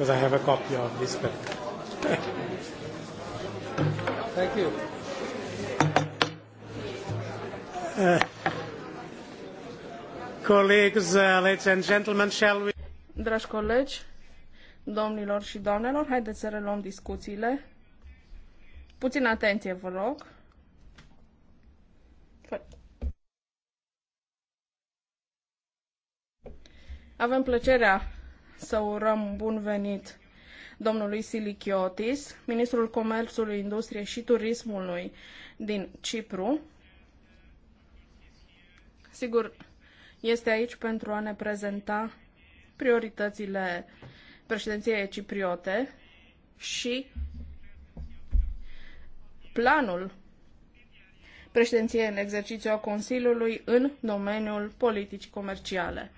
because I have a copy of this book. Thank you. Uh, colleagues, uh, ladies and gentlemen, shall we... Dragi colegi, domnilor și doamnelor, haideți să reluăm discuțiile. Puțin atenție, vă rog. Avem plăcerea să urăm bun venit domnului Silichiotis, ministrul Comerțului, Industriei și Turismului din Cipru. Sigur, este aici pentru a ne prezenta prioritățile președinției cipriote și planul președinției în exercițiu a Consiliului în domeniul politicii comerciale.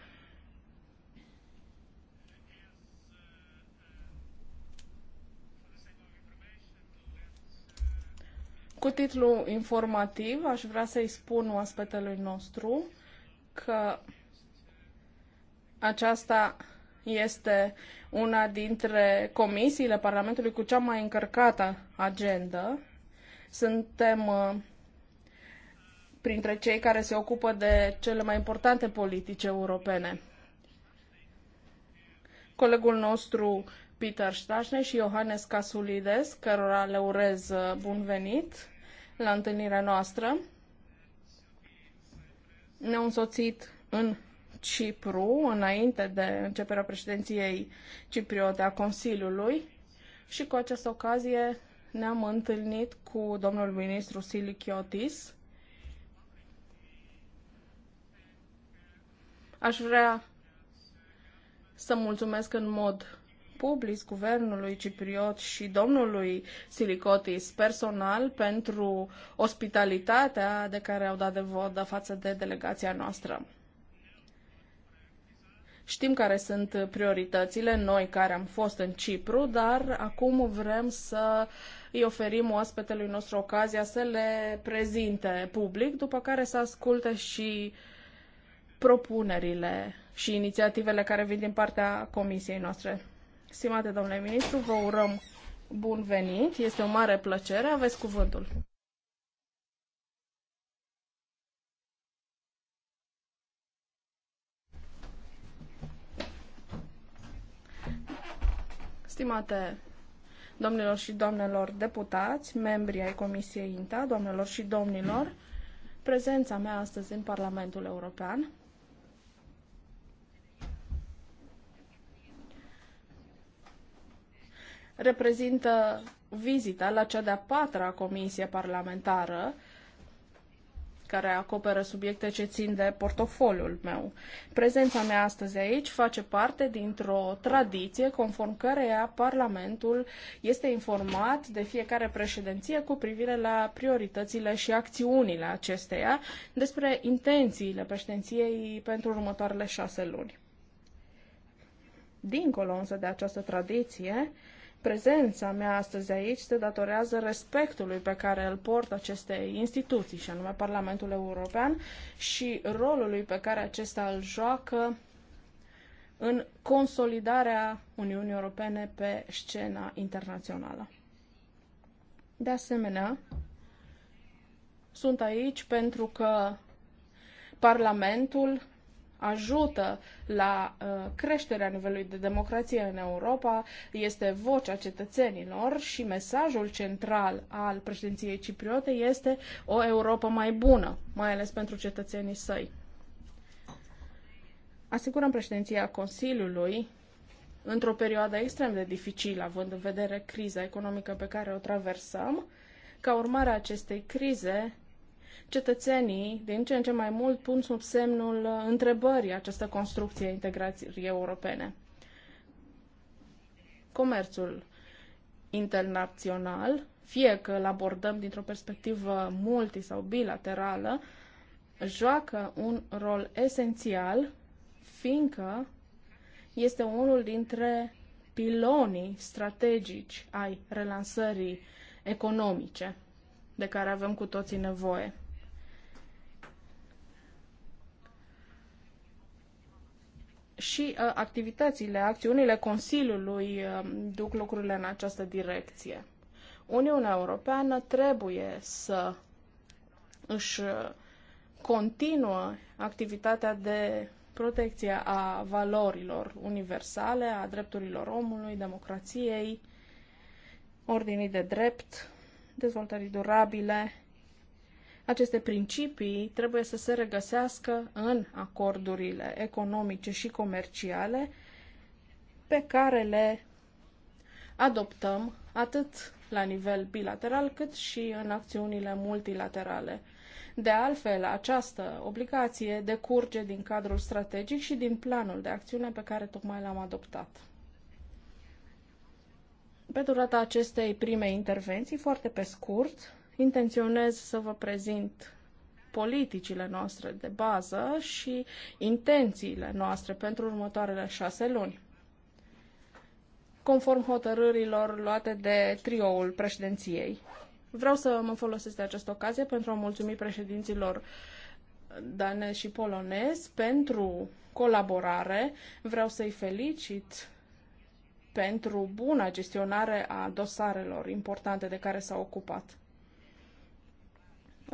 Cu titlu informativ, aș vrea să-i spun oaspetelui nostru că aceasta este una dintre comisiile Parlamentului cu cea mai încărcată agendă. Suntem uh, printre cei care se ocupă de cele mai importante politici europene. Colegul nostru Peter Stașne și Johannes Casulides, cărora le urez uh, bun venit la întâlnirea noastră. Ne-au însoțit în Cipru, înainte de începerea președinției cipriote a Consiliului și cu această ocazie ne-am întâlnit cu domnul ministru Silichiotis. Aș vrea să mulțumesc în mod Publis, guvernului cipriot și domnului Silicotis personal pentru ospitalitatea de care au dat de vodă față de delegația noastră. Știm care sunt prioritățile, noi care am fost în Cipru, dar acum vrem să îi oferim oaspetelui nostru ocazia să le prezinte public, după care să asculte și propunerile și inițiativele care vin din partea comisiei noastre. Stimate domnule ministru, vă urăm bun venit. Este o mare plăcere. Aveți cuvântul. Stimate domnilor și doamnelor deputați, membri ai Comisiei INTA, doamnelor și domnilor, prezența mea astăzi în Parlamentul European reprezintă vizita la cea de-a patra comisie parlamentară care acoperă subiecte ce țin de portofoliul meu. Prezența mea astăzi aici face parte dintr-o tradiție conform căreia Parlamentul este informat de fiecare președinție cu privire la prioritățile și acțiunile acesteia despre intențiile președinției pentru următoarele șase luni. Dincolo însă de această tradiție, Prezența mea astăzi aici se datorează respectului pe care îl port aceste instituții, și anume Parlamentul European, și rolului pe care acesta îl joacă în consolidarea Uniunii Europene pe scena internațională. De asemenea, sunt aici pentru că Parlamentul ajută la uh, creșterea nivelului de democrație în Europa, este vocea cetățenilor și mesajul central al președinției cipriote este o Europa mai bună, mai ales pentru cetățenii săi. Asigurăm președinția Consiliului într-o perioadă extrem de dificilă, având în vedere criza economică pe care o traversăm. Ca urmare a acestei crize, cetățenii din ce în ce mai mult pun sub semnul întrebării această construcție a integrației europene. Comerțul internațional, fie că îl abordăm dintr-o perspectivă multi- sau bilaterală, joacă un rol esențial, fiindcă este unul dintre pilonii strategici ai relansării economice de care avem cu toții nevoie. și uh, activitățile, acțiunile Consiliului uh, duc lucrurile în această direcție. Uniunea Europeană trebuie să își uh, continuă activitatea de protecție a valorilor universale, a drepturilor omului, democrației, ordinii de drept, dezvoltării durabile aceste principii trebuie să se regăsească în acordurile economice și comerciale pe care le adoptăm atât la nivel bilateral cât și în acțiunile multilaterale. De altfel, această obligație decurge din cadrul strategic și din planul de acțiune pe care tocmai l-am adoptat. Pe durata acestei prime intervenții, foarte pe scurt, intenționez să vă prezint politicile noastre de bază și intențiile noastre pentru următoarele șase luni. Conform hotărârilor luate de trioul președinției, vreau să mă folosesc de această ocazie pentru a mulțumi președinților danez și polonez pentru colaborare. Vreau să-i felicit pentru buna gestionare a dosarelor importante de care s-au ocupat.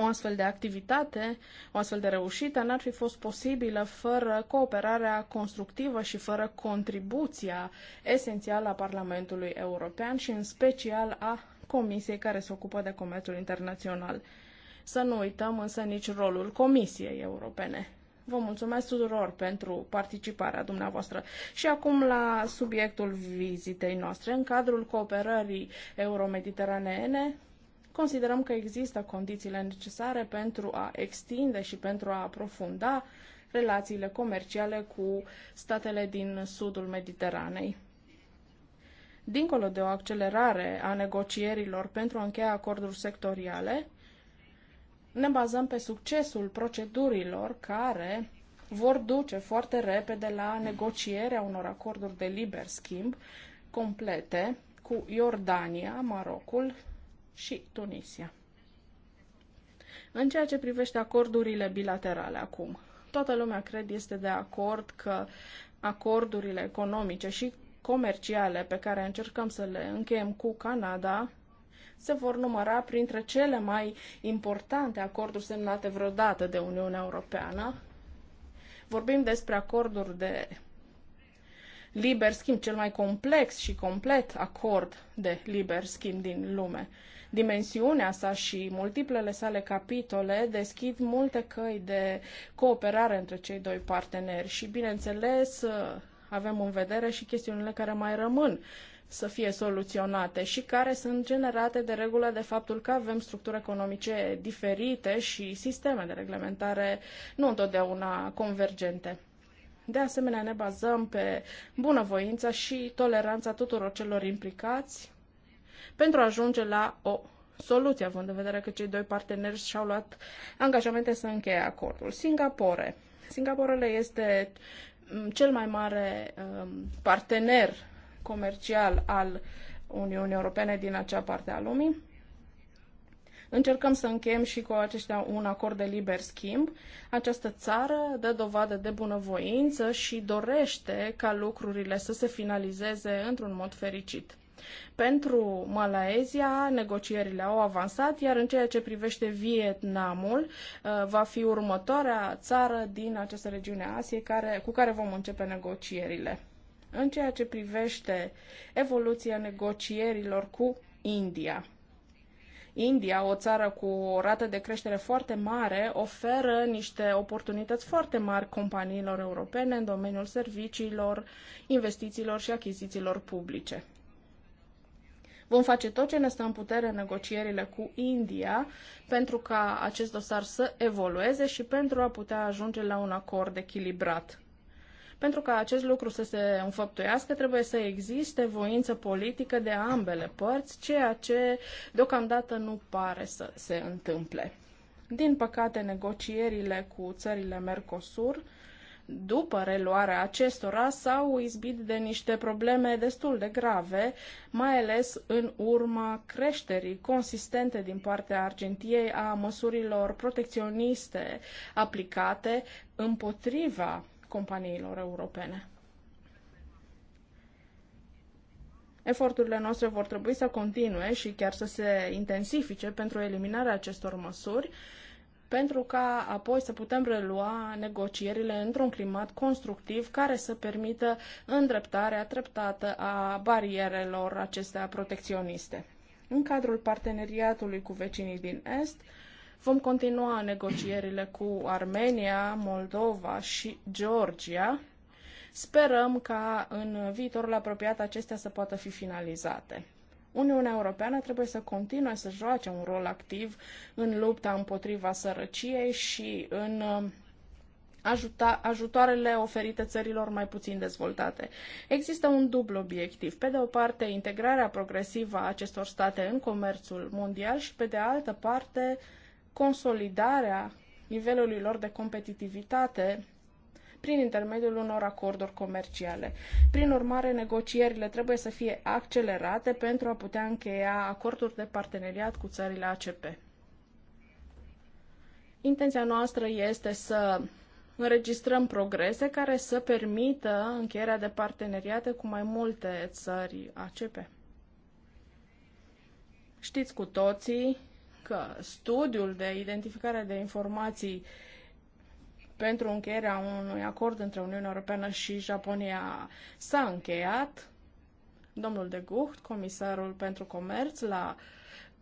O astfel de activitate, o astfel de reușită n-ar fi fost posibilă fără cooperarea constructivă și fără contribuția esențială a Parlamentului European și în special a Comisiei care se ocupă de comerțul internațional. Să nu uităm însă nici rolul Comisiei Europene. Vă mulțumesc tuturor pentru participarea dumneavoastră. Și acum la subiectul vizitei noastre. În cadrul cooperării euromediteraneene, Considerăm că există condițiile necesare pentru a extinde și pentru a aprofunda relațiile comerciale cu statele din sudul Mediteranei. Dincolo de o accelerare a negocierilor pentru a încheia acorduri sectoriale, ne bazăm pe succesul procedurilor care vor duce foarte repede la negocierea unor acorduri de liber schimb complete cu Iordania, Marocul, și Tunisia. În ceea ce privește acordurile bilaterale acum, toată lumea cred este de acord că acordurile economice și comerciale pe care încercăm să le încheiem cu Canada se vor număra printre cele mai importante acorduri semnate vreodată de Uniunea Europeană. Vorbim despre acorduri de liber schimb, cel mai complex și complet acord de liber schimb din lume dimensiunea sa și multiplele sale capitole deschid multe căi de cooperare între cei doi parteneri și, bineînțeles, avem în vedere și chestiunile care mai rămân să fie soluționate și care sunt generate de regulă de faptul că avem structuri economice diferite și sisteme de reglementare nu întotdeauna convergente. De asemenea, ne bazăm pe bunăvoința și toleranța tuturor celor implicați pentru a ajunge la o soluție, având în vedere că cei doi parteneri și-au luat angajamente să încheie acordul. Singapore. Singaporele este mm, cel mai mare mm, partener comercial al Uniunii Europene din acea parte a lumii. Încercăm să încheiem și cu aceștia un acord de liber schimb. Această țară dă dovadă de bunăvoință și dorește ca lucrurile să se finalizeze într-un mod fericit. Pentru Malaezia, negocierile au avansat, iar în ceea ce privește Vietnamul, uh, va fi următoarea țară din această regiune a Asiei care, cu care vom începe negocierile. În ceea ce privește evoluția negocierilor cu India. India, o țară cu o rată de creștere foarte mare, oferă niște oportunități foarte mari companiilor europene în domeniul serviciilor, investițiilor și achizițiilor publice. Vom face tot ce ne stă în putere în negocierile cu India pentru ca acest dosar să evolueze și pentru a putea ajunge la un acord echilibrat. Pentru ca acest lucru să se înfăptuiască, trebuie să existe voință politică de ambele părți, ceea ce deocamdată nu pare să se întâmple. Din păcate, negocierile cu țările Mercosur după reluarea acestora s-au izbit de niște probleme destul de grave, mai ales în urma creșterii consistente din partea Argentiei a măsurilor protecționiste aplicate împotriva companiilor europene. Eforturile noastre vor trebui să continue și chiar să se intensifice pentru eliminarea acestor măsuri pentru ca apoi să putem relua negocierile într-un climat constructiv care să permită îndreptarea treptată a barierelor acestea protecționiste. În cadrul parteneriatului cu vecinii din Est, vom continua negocierile cu Armenia, Moldova și Georgia. Sperăm ca în viitorul apropiat acestea să poată fi finalizate. Uniunea Europeană trebuie să continue să joace un rol activ în lupta împotriva sărăciei și în uh, ajuta, ajutoarele oferite țărilor mai puțin dezvoltate. Există un dublu obiectiv. Pe de o parte, integrarea progresivă a acestor state în comerțul mondial și, pe de altă parte, consolidarea nivelului lor de competitivitate prin intermediul unor acorduri comerciale. Prin urmare, negocierile trebuie să fie accelerate pentru a putea încheia acorduri de parteneriat cu țările ACP. Intenția noastră este să înregistrăm progrese care să permită încheierea de parteneriate cu mai multe țări ACP. Știți cu toții că studiul de identificare de informații uh, pentru încheierea unui acord între Uniunea Europeană și Japonia s-a încheiat. Domnul de Gucht, comisarul pentru comerț, la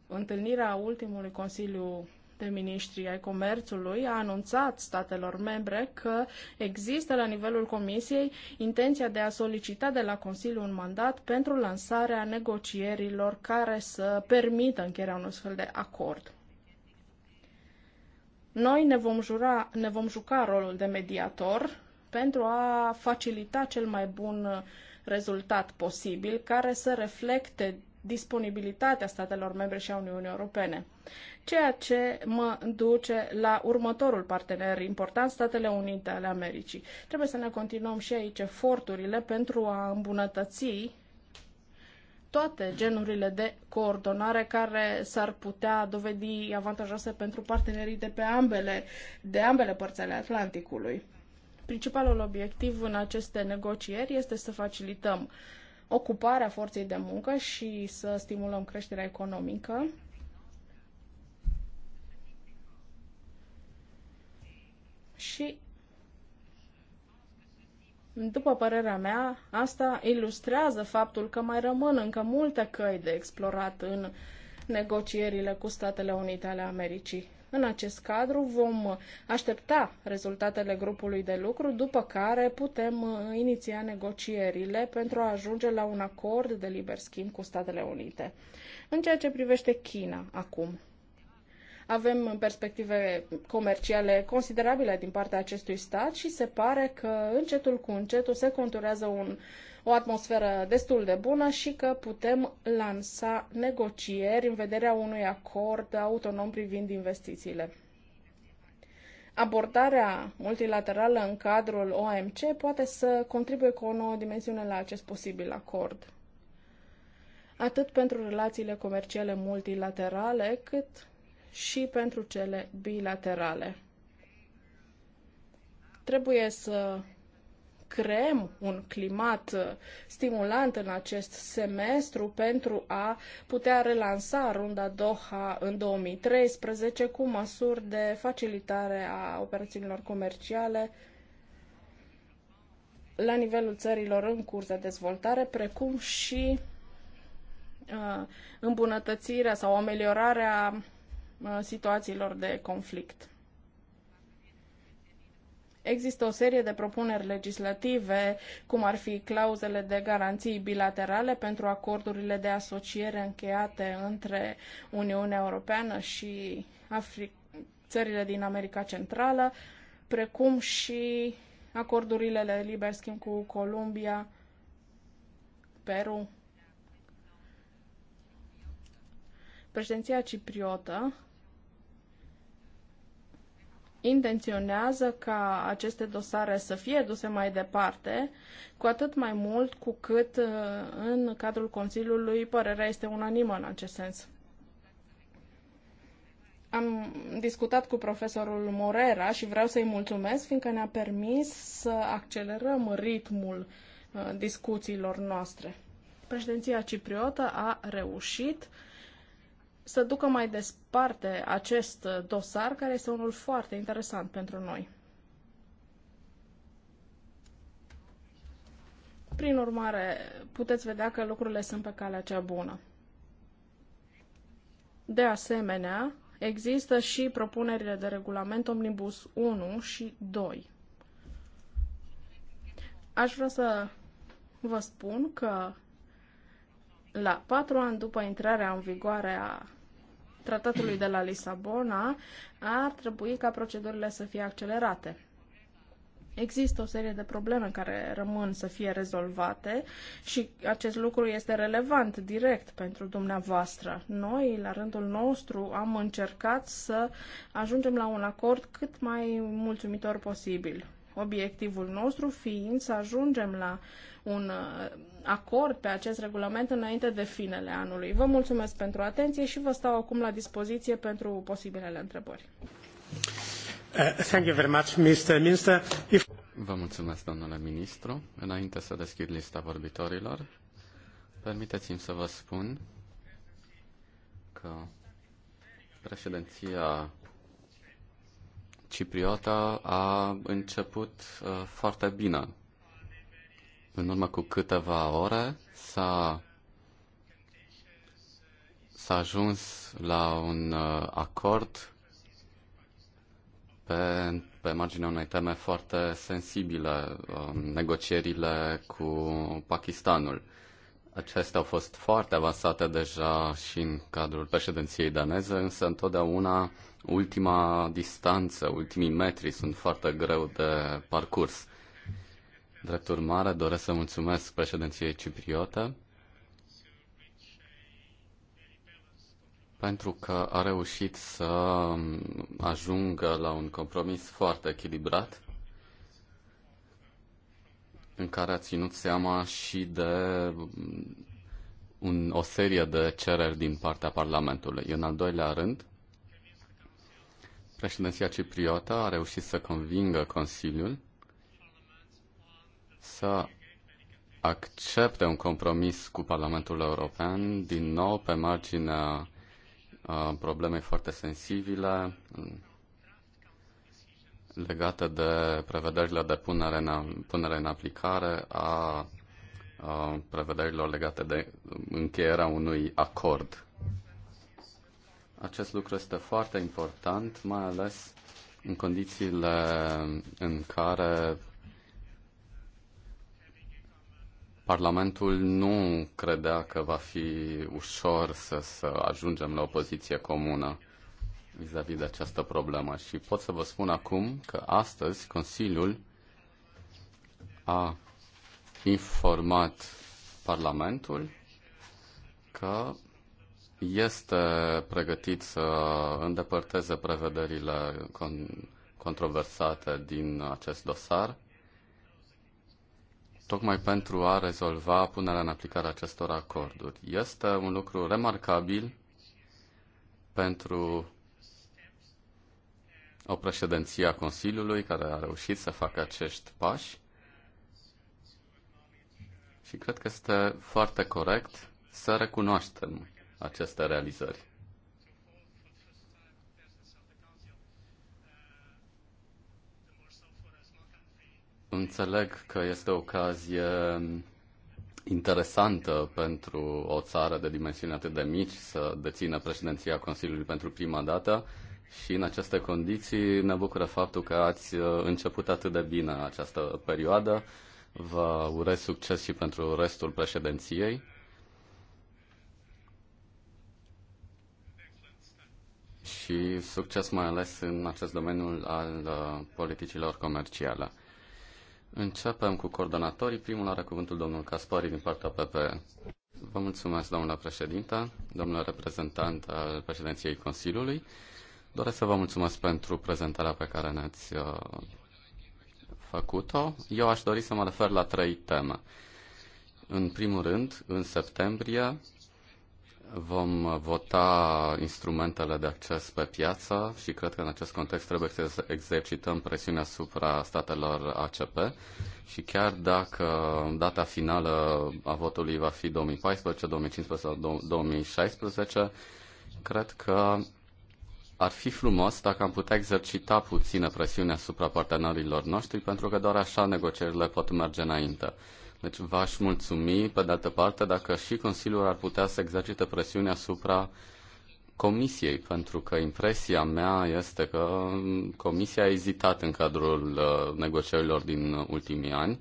întâlnirea ultimului Consiliu de Ministri ai Comerțului a anunțat statelor membre că există la nivelul Comisiei intenția de a solicita de la Consiliu un mandat pentru lansarea negocierilor care să permită încheierea unui astfel de acord. Noi ne vom, jura, ne vom juca rolul de mediator pentru a facilita cel mai bun rezultat posibil care să reflecte disponibilitatea statelor membre și a Uniunii Europene. Ceea ce mă duce la următorul partener important, Statele Unite ale Americii. Trebuie să ne continuăm și aici eforturile pentru a îmbunătăți toate genurile de coordonare care s-ar putea dovedi avantajoase pentru partenerii de pe ambele, de ambele părți ale Atlanticului. Principalul obiectiv în aceste negocieri este să facilităm ocuparea forței de muncă și să stimulăm creșterea economică. Și după părerea mea, asta ilustrează faptul că mai rămân încă multe căi de explorat în negocierile cu Statele Unite ale Americii. În acest cadru vom aștepta rezultatele grupului de lucru, după care putem uh, iniția negocierile pentru a ajunge la un acord de liber schimb cu Statele Unite. În ceea ce privește China acum, avem perspective comerciale considerabile din partea acestui stat și se pare că încetul cu încetul se conturează un, o atmosferă destul de bună și că putem lansa negocieri în vederea unui acord autonom privind investițiile. Abordarea multilaterală în cadrul OMC poate să contribuie cu o nouă dimensiune la acest posibil acord atât pentru relațiile comerciale multilaterale, cât și pentru cele bilaterale. Trebuie să creăm un climat uh, stimulant în acest semestru pentru a putea relansa runda Doha în 2013 cu măsuri de facilitare a operațiunilor comerciale la nivelul țărilor în curs de dezvoltare, precum și uh, îmbunătățirea sau ameliorarea Uh, situațiilor de conflict. Există o serie de propuneri legislative, cum ar fi clauzele de garanții bilaterale pentru acordurile de asociere încheiate între Uniunea Europeană și Afri- țările din America Centrală, precum și acordurile de liber schimb cu Columbia, Peru Președinția cipriotă intenționează ca aceste dosare să fie duse mai departe, cu atât mai mult cu cât uh, în cadrul Consiliului părerea este unanimă în acest sens. Am discutat cu profesorul Morera și vreau să-i mulțumesc, fiindcă ne-a permis să accelerăm ritmul uh, discuțiilor noastre. Președinția cipriotă a reușit să ducă mai departe acest dosar, care este unul foarte interesant pentru noi. Prin urmare, puteți vedea că lucrurile sunt pe calea cea bună. De asemenea, există și propunerile de regulament Omnibus 1 și 2. Aș vrea să vă spun că la patru ani după intrarea în vigoare a tratatului de la Lisabona, ar trebui ca procedurile să fie accelerate. Există o serie de probleme care rămân să fie rezolvate și acest lucru este relevant direct pentru dumneavoastră. Noi, la rândul nostru, am încercat să ajungem la un acord cât mai mulțumitor posibil. Obiectivul nostru fiind să ajungem la un uh, acord pe acest regulament înainte de finele anului. Vă mulțumesc pentru atenție și vă stau acum la dispoziție pentru posibilele întrebări. Uh, vă mulțumesc, domnule ministru. Înainte să deschid lista vorbitorilor, permiteți-mi să vă spun că președinția Cipriota a început uh, foarte bine. În urmă cu câteva ore s-a, s-a ajuns la un uh, acord pe, pe marginea unei teme foarte sensibile, um, negocierile cu Pakistanul. Acestea au fost foarte avansate deja și în cadrul președinției daneze, însă întotdeauna ultima distanță, ultimii metri sunt foarte greu de parcurs. Drept urmare, doresc să mulțumesc președinției cipriote pentru că a reușit să ajungă la un compromis foarte echilibrat în care a ținut seama și de un, o serie de cereri din partea Parlamentului. În al doilea rând, președinția cipriotă a reușit să convingă Consiliul să accepte un compromis cu Parlamentul European, din nou pe marginea uh, problemei foarte sensibile legate de prevederile de punere în, punere în aplicare a, a uh, prevederilor legate de încheierea unui acord acest lucru este foarte important, mai ales în condițiile în care Parlamentul nu credea că va fi ușor să, să ajungem la o poziție comună vis-a-vis -vis de această problemă. Și pot să vă spun acum că astăzi Consiliul a informat Parlamentul că este pregătit să îndepărteze prevederile con- controversate din acest dosar, tocmai pentru a rezolva punerea în aplicare acestor acorduri. Este un lucru remarcabil pentru o președinție a Consiliului care a reușit să facă acești pași și cred că este foarte corect să recunoaștem aceste realizări. Înțeleg că este o ocazie interesantă pentru o țară de dimensiuni atât de mici să dețină președinția Consiliului pentru prima dată și în aceste condiții ne bucură faptul că ați uh, început atât de bine această perioadă. Vă urez succes și pentru restul președinției. și succes mai ales în acest domeniu al uh, politicilor comerciale. Începem cu coordonatorii. Primul are cuvântul domnul Caspari din partea PPE. Vă mulțumesc, domnule președinte, domnule reprezentant al președinției Consiliului. Doresc să vă mulțumesc pentru prezentarea pe care ne-ați uh, făcut-o. Eu aș dori să mă refer la trei teme. În primul rând, în septembrie, Vom vota instrumentele de acces pe piață și cred că în acest context trebuie să exercităm presiunea asupra statelor ACP și chiar dacă data finală a votului va fi 2014, 2015 sau 2016, cred că ar fi frumos dacă am putea exercita puțină presiune asupra partenerilor noștri, pentru că doar așa negocierile pot merge înainte. Deci v-aș mulțumi, pe de altă parte, dacă și Consiliul ar putea să exercite presiune asupra Comisiei, pentru că impresia mea este că Comisia a ezitat în cadrul uh, negocierilor din ultimii ani.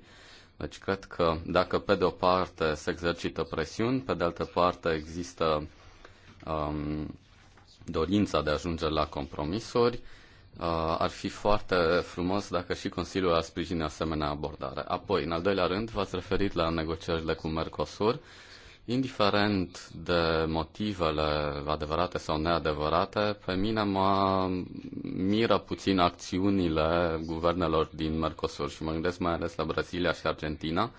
Deci cred că dacă pe de o parte se exercită presiuni, pe de altă parte există um, dorința de a ajunge la compromisuri, Uh, ar fi foarte frumos dacă și Consiliul ar sprijini asemenea abordare. Apoi, în al doilea rând, v-ați referit la negocierile cu Mercosur. Indiferent de motivele adevărate sau neadevărate, pe mine mă miră puțin acțiunile guvernelor din Mercosur și mă gândesc mai ales la Brazilia și Argentina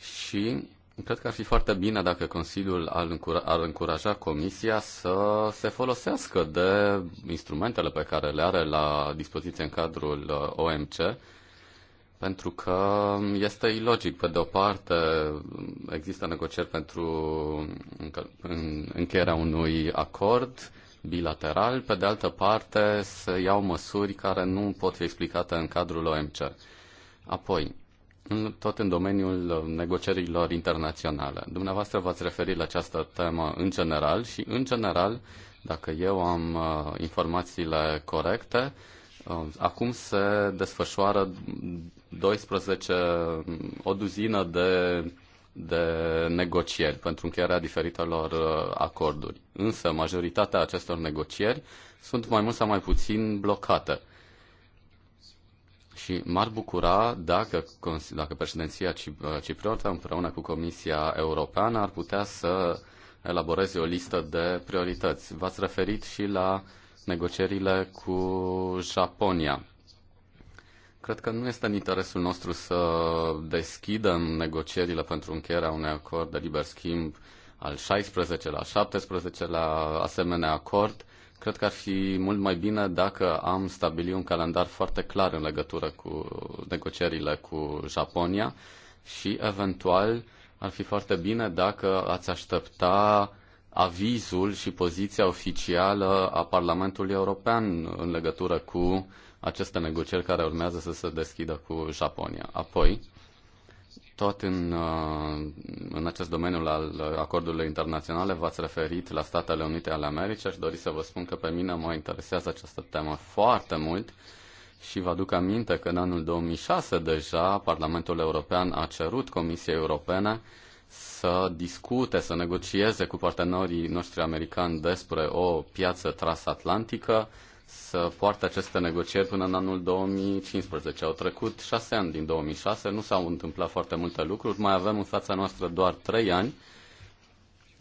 și Cred că ar fi foarte bine dacă Consiliul ar, încura- ar încuraja Comisia să se folosească de instrumentele pe care le are la dispoziție în cadrul uh, OMC, pentru că este ilogic. Pe de o parte, există negocieri pentru încheierea unui acord bilateral, pe de altă parte, se iau măsuri care nu pot fi explicate în cadrul OMC. Apoi, în, tot în domeniul uh, negocierilor internaționale. Dumneavoastră v-ați referit la această temă în general și, în general, dacă eu am uh, informațiile corecte, uh, acum se desfășoară 12, mm, o duzină de, de negocieri pentru încheierea diferitelor uh, acorduri. Însă, majoritatea acestor negocieri sunt mai mult sau mai puțin blocate și m-ar bucura dacă, dacă președinția uh, cipriotă împreună cu Comisia Europeană ar putea să elaboreze o listă de priorități. V-ați referit și la negocierile cu Japonia. Cred că nu este în interesul nostru să deschidem negocierile pentru încheierea unui acord de liber schimb al 16 la 17 la asemenea acord Cred că ar fi mult mai bine dacă am stabilit un calendar foarte clar în legătură cu negocierile cu Japonia și eventual ar fi foarte bine dacă ați aștepta avizul și poziția oficială a Parlamentului European în legătură cu aceste negocieri care urmează să se deschidă cu Japonia. Apoi, tot în, uh, în acest domeniu al acordurilor internaționale v-ați referit la Statele Unite ale Americii. Aș dori să vă spun că pe mine mă interesează această temă foarte mult și vă aduc aminte că în anul 2006 deja Parlamentul European a cerut Comisiei Europene să discute, să negocieze cu partenerii noștri americani despre o piață transatlantică să poartă aceste negocieri până în anul 2015. Au trecut șase ani din 2006, nu s-au întâmplat foarte multe lucruri, mai avem în fața noastră doar trei ani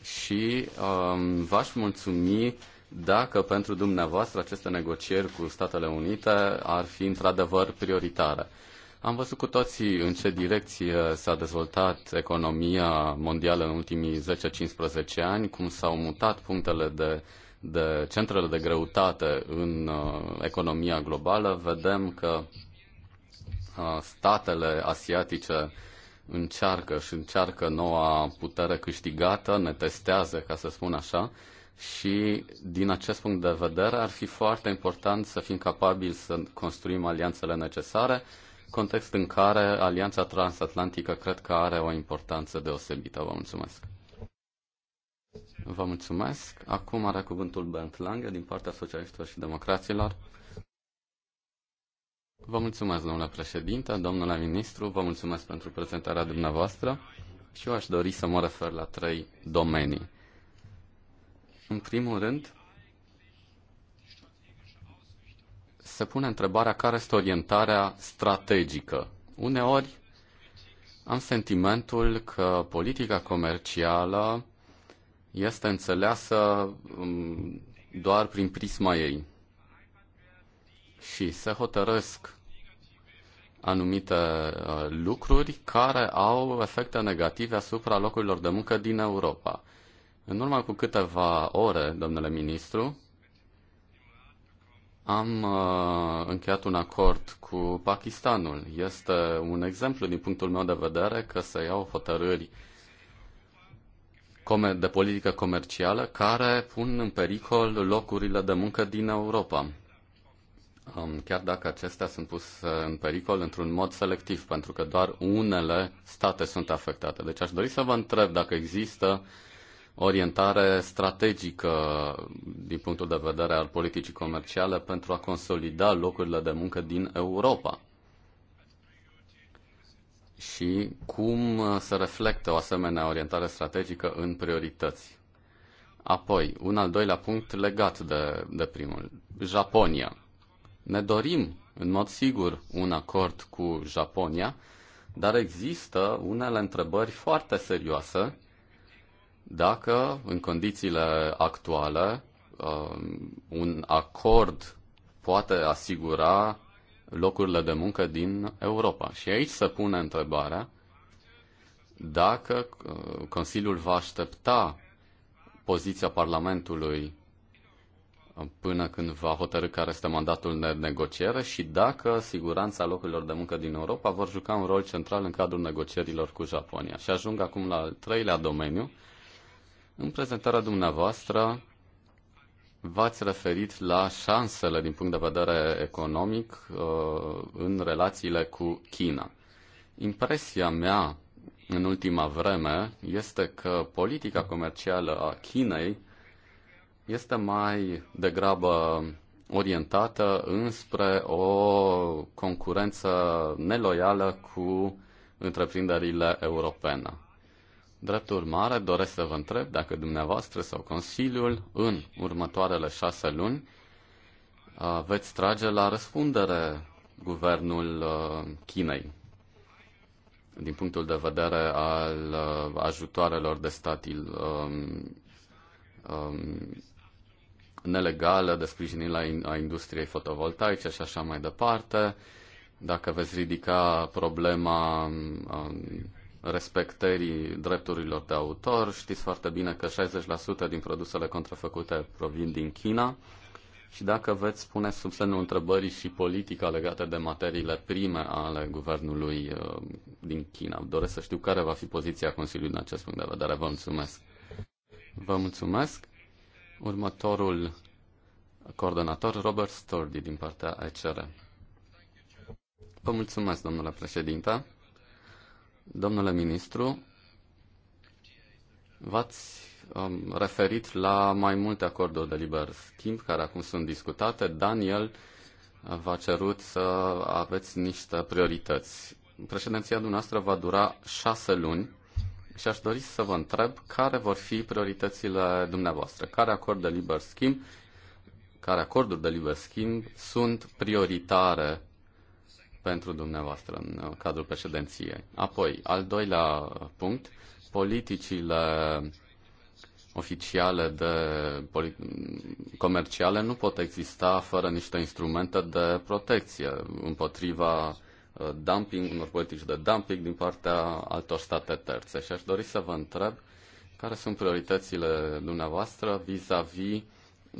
și um, v-aș mulțumi dacă pentru dumneavoastră aceste negocieri cu Statele Unite ar fi într-adevăr prioritare. Am văzut cu toții în ce direcție s-a dezvoltat economia mondială în ultimii 10-15 ani, cum s-au mutat punctele de uh, de centrele de greutate în uh, economia globală, vedem că uh, statele asiatice încearcă și încearcă noua putere câștigată, ne testează, ca să spun așa, și din acest punct de vedere ar fi foarte important să fim capabili să construim alianțele necesare, context în care alianța transatlantică cred că are o importanță deosebită. Vă mulțumesc! Vă mulțumesc. Acum are cuvântul Bernd Lange din partea Socialiștilor și Democraților. Vă mulțumesc, domnule președinte, domnule ministru, vă mulțumesc pentru prezentarea dumneavoastră și eu aș dori să mă refer la trei domenii. În primul rând, se pune întrebarea care este orientarea strategică. Uneori am sentimentul că politica comercială este înțeleasă um, doar prin prisma ei și se hotărăsc anumite uh, lucruri care au efecte negative asupra locurilor de muncă din Europa. În urmă cu câteva ore, domnule ministru, am uh, încheiat un acord cu Pakistanul. Este un exemplu din punctul meu de vedere că se iau hotărâri uh, de politică comercială care pun în pericol locurile de muncă din Europa. Um, chiar dacă acestea sunt puse în pericol într-un mod selectiv, pentru că doar unele state sunt afectate. Deci aș dori să vă întreb dacă există orientare strategică din punctul de vedere al politicii comerciale pentru a consolida locurile de muncă din Europa și cum uh, se reflectă o asemenea orientare strategică în priorități. Apoi, un al doilea punct legat de, de primul, Japonia. Ne dorim, în mod sigur, un acord cu Japonia, dar există unele întrebări foarte serioase dacă, în condițiile actuale, uh, un acord poate asigura locurile de muncă din Europa. Și aici se pune întrebarea dacă uh, Consiliul va aștepta poziția Parlamentului uh, până când va hotărâ care este mandatul de negociere și dacă siguranța locurilor de muncă din Europa vor juca un rol central în cadrul negocierilor cu Japonia. Și ajung acum la al treilea domeniu. În prezentarea dumneavoastră V-ați referit la șansele din punct de vedere economic uh, în relațiile cu China. Impresia mea în ultima vreme este că politica comercială a Chinei este mai degrabă orientată înspre o concurență neloială cu întreprinderile europene. Drept urmare, doresc să vă întreb dacă dumneavoastră sau Consiliul în următoarele șase luni uh, veți trage la răspundere guvernul uh, Chinei din punctul de vedere al uh, ajutoarelor de stat um, um, nelegale, de in, a industriei fotovoltaice și așa mai departe, dacă veți ridica problema um, respectării drepturilor de autor. Știți foarte bine că 60% din produsele contrafăcute provin din China și dacă veți pune sub semnul întrebării și politica legată de materiile prime ale guvernului uh, din China. Doresc să știu care va fi poziția Consiliului în acest punct de vedere. Vă mulțumesc. Vă mulțumesc. Următorul coordonator, Robert Sturdy, din partea ECR. Vă mulțumesc, domnule președinte. Domnule ministru, v-ați um, referit la mai multe acorduri de liber schimb care acum sunt discutate. Daniel v-a cerut să aveți niște priorități. Președinția dumneavoastră va dura șase luni și aș dori să vă întreb care vor fi prioritățile dumneavoastră, care acord de liber schimb, care acorduri de liber schimb sunt prioritare pentru dumneavoastră în cadrul președinției. Apoi, al doilea punct, politicile oficiale de comerciale nu pot exista fără niște instrumente de protecție împotriva uh, dumping, unor politici de dumping din partea altor state terțe. Și aș dori să vă întreb care sunt prioritățile dumneavoastră vis-a-vis -vis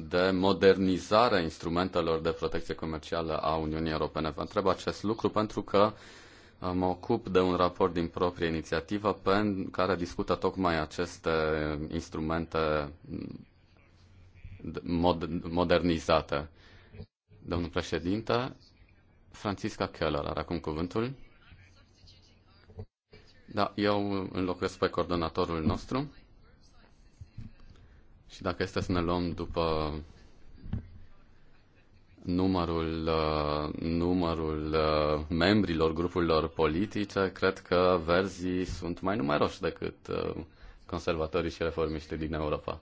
de modernizare a instrumentelor de protecție comercială a Uniunii Europene. Vă întreb acest lucru pentru că uh, mă ocup de un raport din proprie inițiativă pe care discută tocmai aceste instrumente mm, mod- modernizate. Domnul președinte, Francisca Keller are acum cuvântul. Da, eu înlocuiesc pe coordonatorul nostru. Și dacă este să ne luăm după numărul, uh, numărul uh, membrilor grupurilor politice, cred că verzii sunt mai numeroși decât uh, conservatorii și reformiștii din Europa.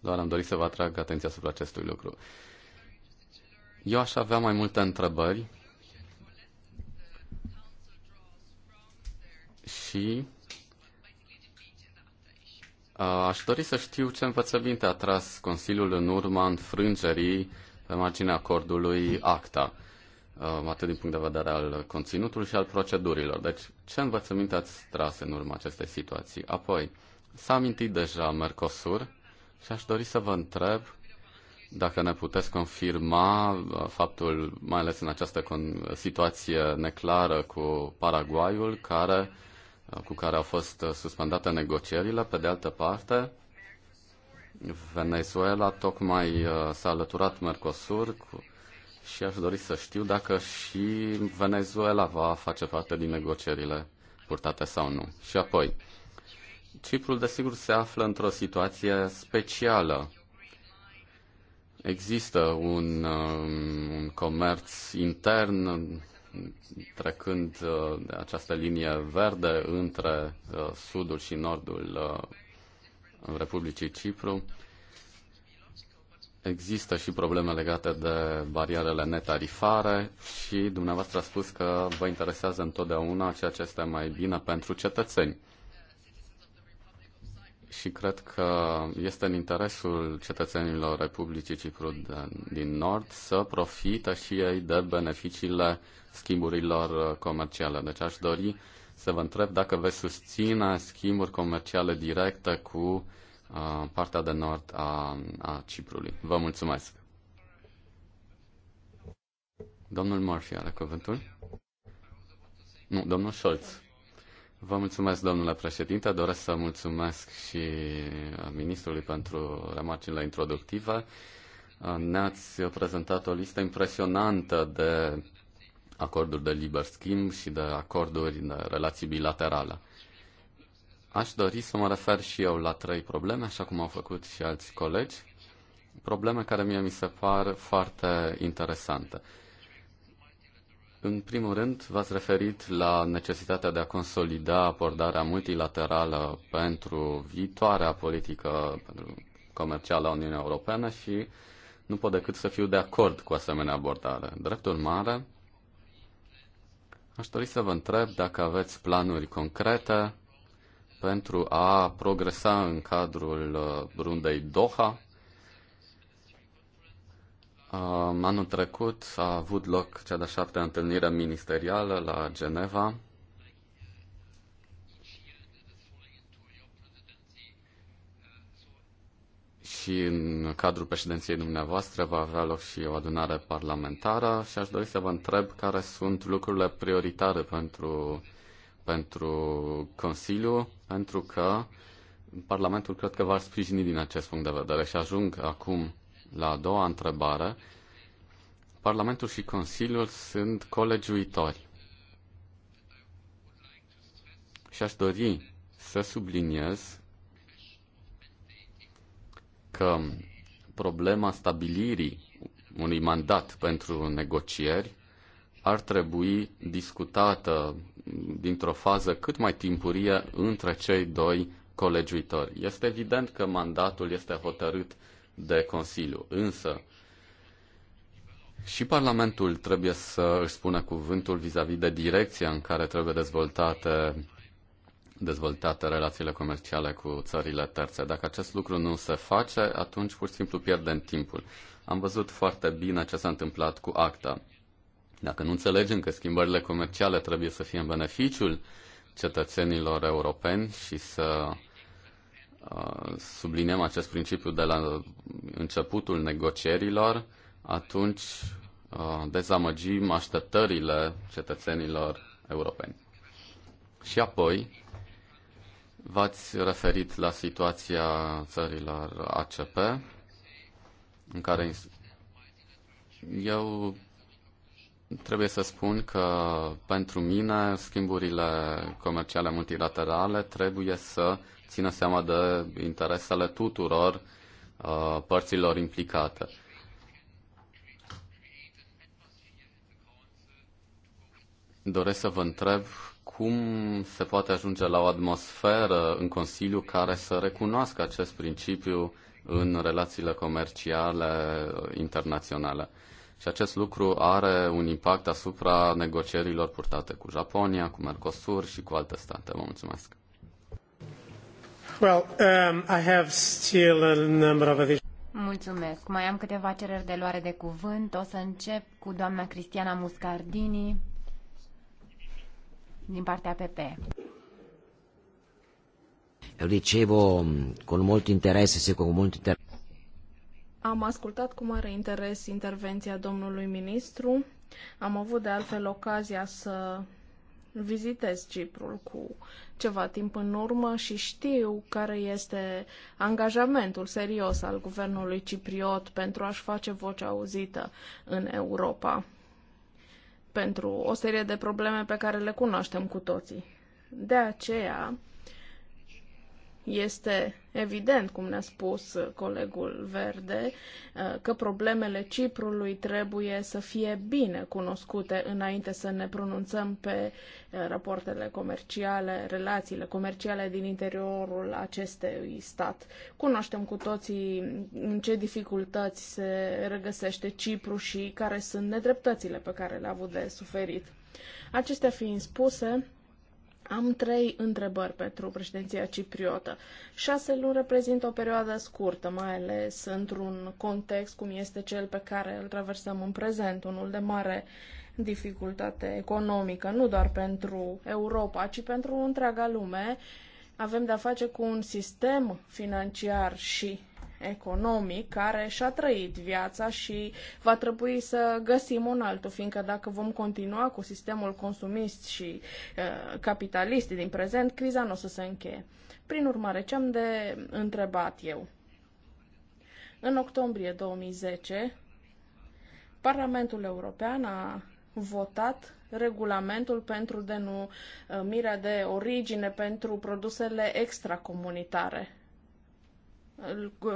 Doar am dorit să vă atrag atenția asupra acestui lucru. Eu aș avea mai multe întrebări și Uh, aș dori să știu ce învățăminte a tras Consiliul în urma înfrângerii pe marginea acordului ACTA, uh, atât din punct de vedere al conținutului și al procedurilor. Deci, ce învățăminte ați tras în urma acestei situații? Apoi, s-a amintit deja Mercosur și aș dori să vă întreb dacă ne puteți confirma uh, faptul, mai ales în această situație neclară cu Paraguayul, care cu care au fost uh, suspendate negocierile. Pe de altă parte, Venezuela tocmai uh, s-a alăturat Mercosur cu, și aș dori să știu dacă și Venezuela va face parte din negocierile purtate sau nu. Și apoi, Ciprul, desigur, se află într-o situație specială. Există un, um, un comerț intern trecând uh, de această linie verde între uh, sudul și nordul uh, Republicii Cipru. Există și probleme legate de barierele netarifare și dumneavoastră a spus că vă interesează întotdeauna ceea ce este mai bine pentru cetățeni și cred că este în interesul cetățenilor Republicii Cipru din Nord să profită și ei de beneficiile schimburilor uh, comerciale. Deci aș dori să vă întreb dacă veți susține schimburi comerciale directe cu uh, partea de nord a, a Ciprului. Vă mulțumesc. Domnul Murphy are cuvântul? Nu, domnul Scholz. Vă mulțumesc, domnule președinte. Doresc să mulțumesc și uh, ministrului pentru remarcile introductive. Uh, ne-ați prezentat o listă impresionantă de acorduri de liber schimb și de acorduri de relații bilaterale. Aș dori să mă refer și eu la trei probleme, așa cum au făcut și alți colegi, probleme care mie mi se par foarte interesante. În primul rând, v-ați referit la necesitatea de a consolida abordarea multilaterală pentru viitoarea politică comercială a Uniunii Europene și nu pot decât să fiu de acord cu asemenea abordare. Drept urmare, aș dori să vă întreb dacă aveți planuri concrete pentru a progresa în cadrul uh, rundei Doha Um, anul trecut a avut loc cea de-a șaptea întâlnire ministerială la Geneva. Și în cadrul președinției dumneavoastră va avea loc și o adunare parlamentară și aș dori să vă întreb care sunt lucrurile prioritare pentru, pentru Consiliu, pentru că Parlamentul cred că va sprijini din acest punct de vedere și ajung acum la a doua întrebare, Parlamentul și Consiliul sunt colegiuitori. Și aș dori să subliniez că problema stabilirii unui mandat pentru negocieri ar trebui discutată dintr-o fază cât mai timpurie între cei doi colegiuitori. Este evident că mandatul este hotărât de Consiliu. Însă, și Parlamentul trebuie să își spună cuvântul vis-a-vis -vis de direcția în care trebuie dezvoltate, dezvoltate relațiile comerciale cu țările terțe. Dacă acest lucru nu se face, atunci pur și simplu pierdem timpul. Am văzut foarte bine ce s-a întâmplat cu ACTA. Dacă nu înțelegem că schimbările comerciale trebuie să fie în beneficiul cetățenilor europeni și să subliniem acest principiu de la începutul negocierilor, atunci uh, dezamăgim așteptările cetățenilor europeni. Și apoi, v-ați referit la situația țărilor ACP, în care eu trebuie să spun că pentru mine schimburile comerciale multilaterale trebuie să țină seama de interesele tuturor uh, părților implicate. Doresc să vă întreb cum se poate ajunge la o atmosferă în Consiliu care să recunoască acest principiu în relațiile comerciale uh, internaționale. Și acest lucru are un impact asupra negocierilor purtate cu Japonia, cu Mercosur și cu alte state. Vă mulțumesc! Well, um, I have still a number of Mulțumesc. Mai am câteva cereri de luare de cuvânt. O să încep cu doamna Cristiana Muscardini din partea PP. Eu ricevo um, cu mult interes, și cu mult interesse. Am ascultat cu mare interes intervenția domnului ministru. Am avut de altfel ocazia să vizitez Ciprul cu ceva timp în urmă și știu care este angajamentul serios al guvernului cipriot pentru a-și face vocea auzită în Europa pentru o serie de probleme pe care le cunoaștem cu toții. De aceea, este evident, cum ne-a spus colegul Verde, uh, că problemele Ciprului trebuie să fie bine cunoscute înainte să ne pronunțăm pe uh, rapoartele comerciale, relațiile comerciale din interiorul acestui stat. Cunoaștem cu toții în ce dificultăți se regăsește Cipru și care sunt nedreptățile pe care le-a avut de suferit. Acestea fiind spuse, am trei întrebări pentru președinția cipriotă. Șase luni reprezintă o perioadă scurtă, mai ales într-un context cum este cel pe care îl traversăm în prezent, unul de mare dificultate economică, nu doar pentru Europa, ci pentru întreaga lume. Avem de-a face cu un sistem financiar și economic care și-a trăit viața și va trebui să găsim un altul, fiindcă dacă vom continua cu sistemul consumist și uh, capitalist din prezent, criza nu o să se încheie. Prin urmare, ce am de întrebat eu? În octombrie 2010, Parlamentul European a votat regulamentul pentru denumirea uh, de origine pentru produsele extracomunitare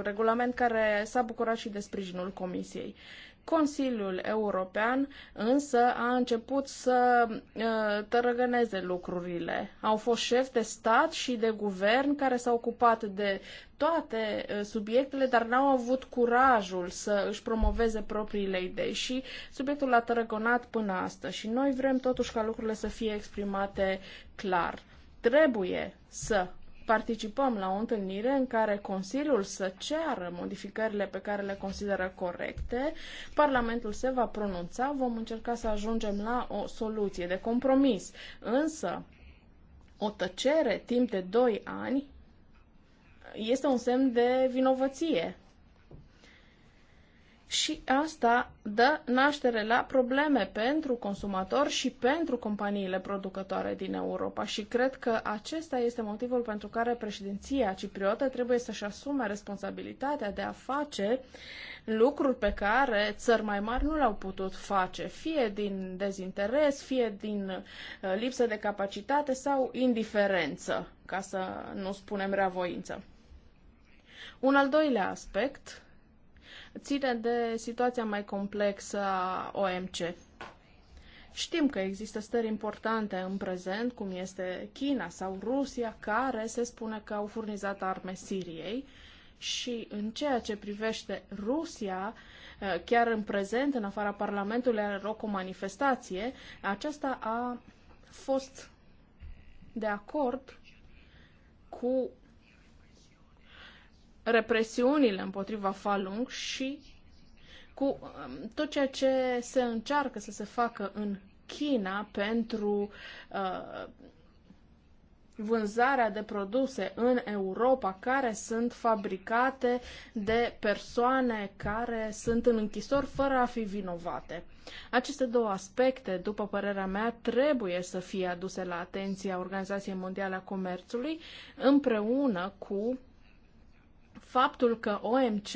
regulament care s-a bucurat și de sprijinul Comisiei. Consiliul European însă a început să uh, tărăgăneze lucrurile. Au fost șefi de stat și de guvern care s-au ocupat de toate uh, subiectele, dar n-au avut curajul să își promoveze propriile idei și subiectul a tărăgonat până astăzi. Și noi vrem totuși ca lucrurile să fie exprimate clar. Trebuie să participăm la o întâlnire în care Consiliul să ceară modificările pe care le consideră corecte, Parlamentul se va pronunța, vom încerca să ajungem la o soluție de compromis. Însă, o tăcere timp de 2 ani este un semn de vinovăție și asta dă naștere la probleme pentru consumator și pentru companiile producătoare din Europa și cred că acesta este motivul pentru care președinția cipriotă trebuie să-și asume responsabilitatea de a face lucruri pe care țări mai mari nu le-au putut face, fie din dezinteres, fie din uh, lipsă de capacitate sau indiferență, ca să nu spunem reavoință. Un al doilea aspect ține de situația mai complexă a OMC. Știm că există stări importante în prezent, cum este China sau Rusia, care se spune că au furnizat arme Siriei și în ceea ce privește Rusia, eh, chiar în prezent, în afara Parlamentului, are loc o manifestație. Aceasta a fost de acord cu represiunile împotriva Falun și cu um, tot ceea ce se încearcă să se facă în China pentru uh, vânzarea de produse în Europa care sunt fabricate de persoane care sunt în închisori fără a fi vinovate. Aceste două aspecte, după părerea mea, trebuie să fie aduse la atenția Organizației Mondiale a Comerțului împreună cu faptul că OMC,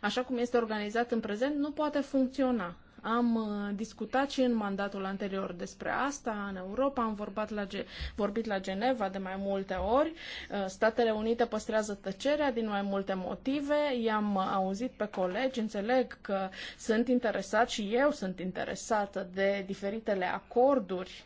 așa cum este organizat în prezent, nu poate funcționa. Am uh, discutat și în mandatul anterior despre asta în Europa, am vorbit la, Ge- vorbit la Geneva de mai multe ori. Uh, Statele Unite păstrează tăcerea din mai multe motive. I-am uh, auzit pe colegi, înțeleg că sunt interesat și eu sunt interesată de diferitele acorduri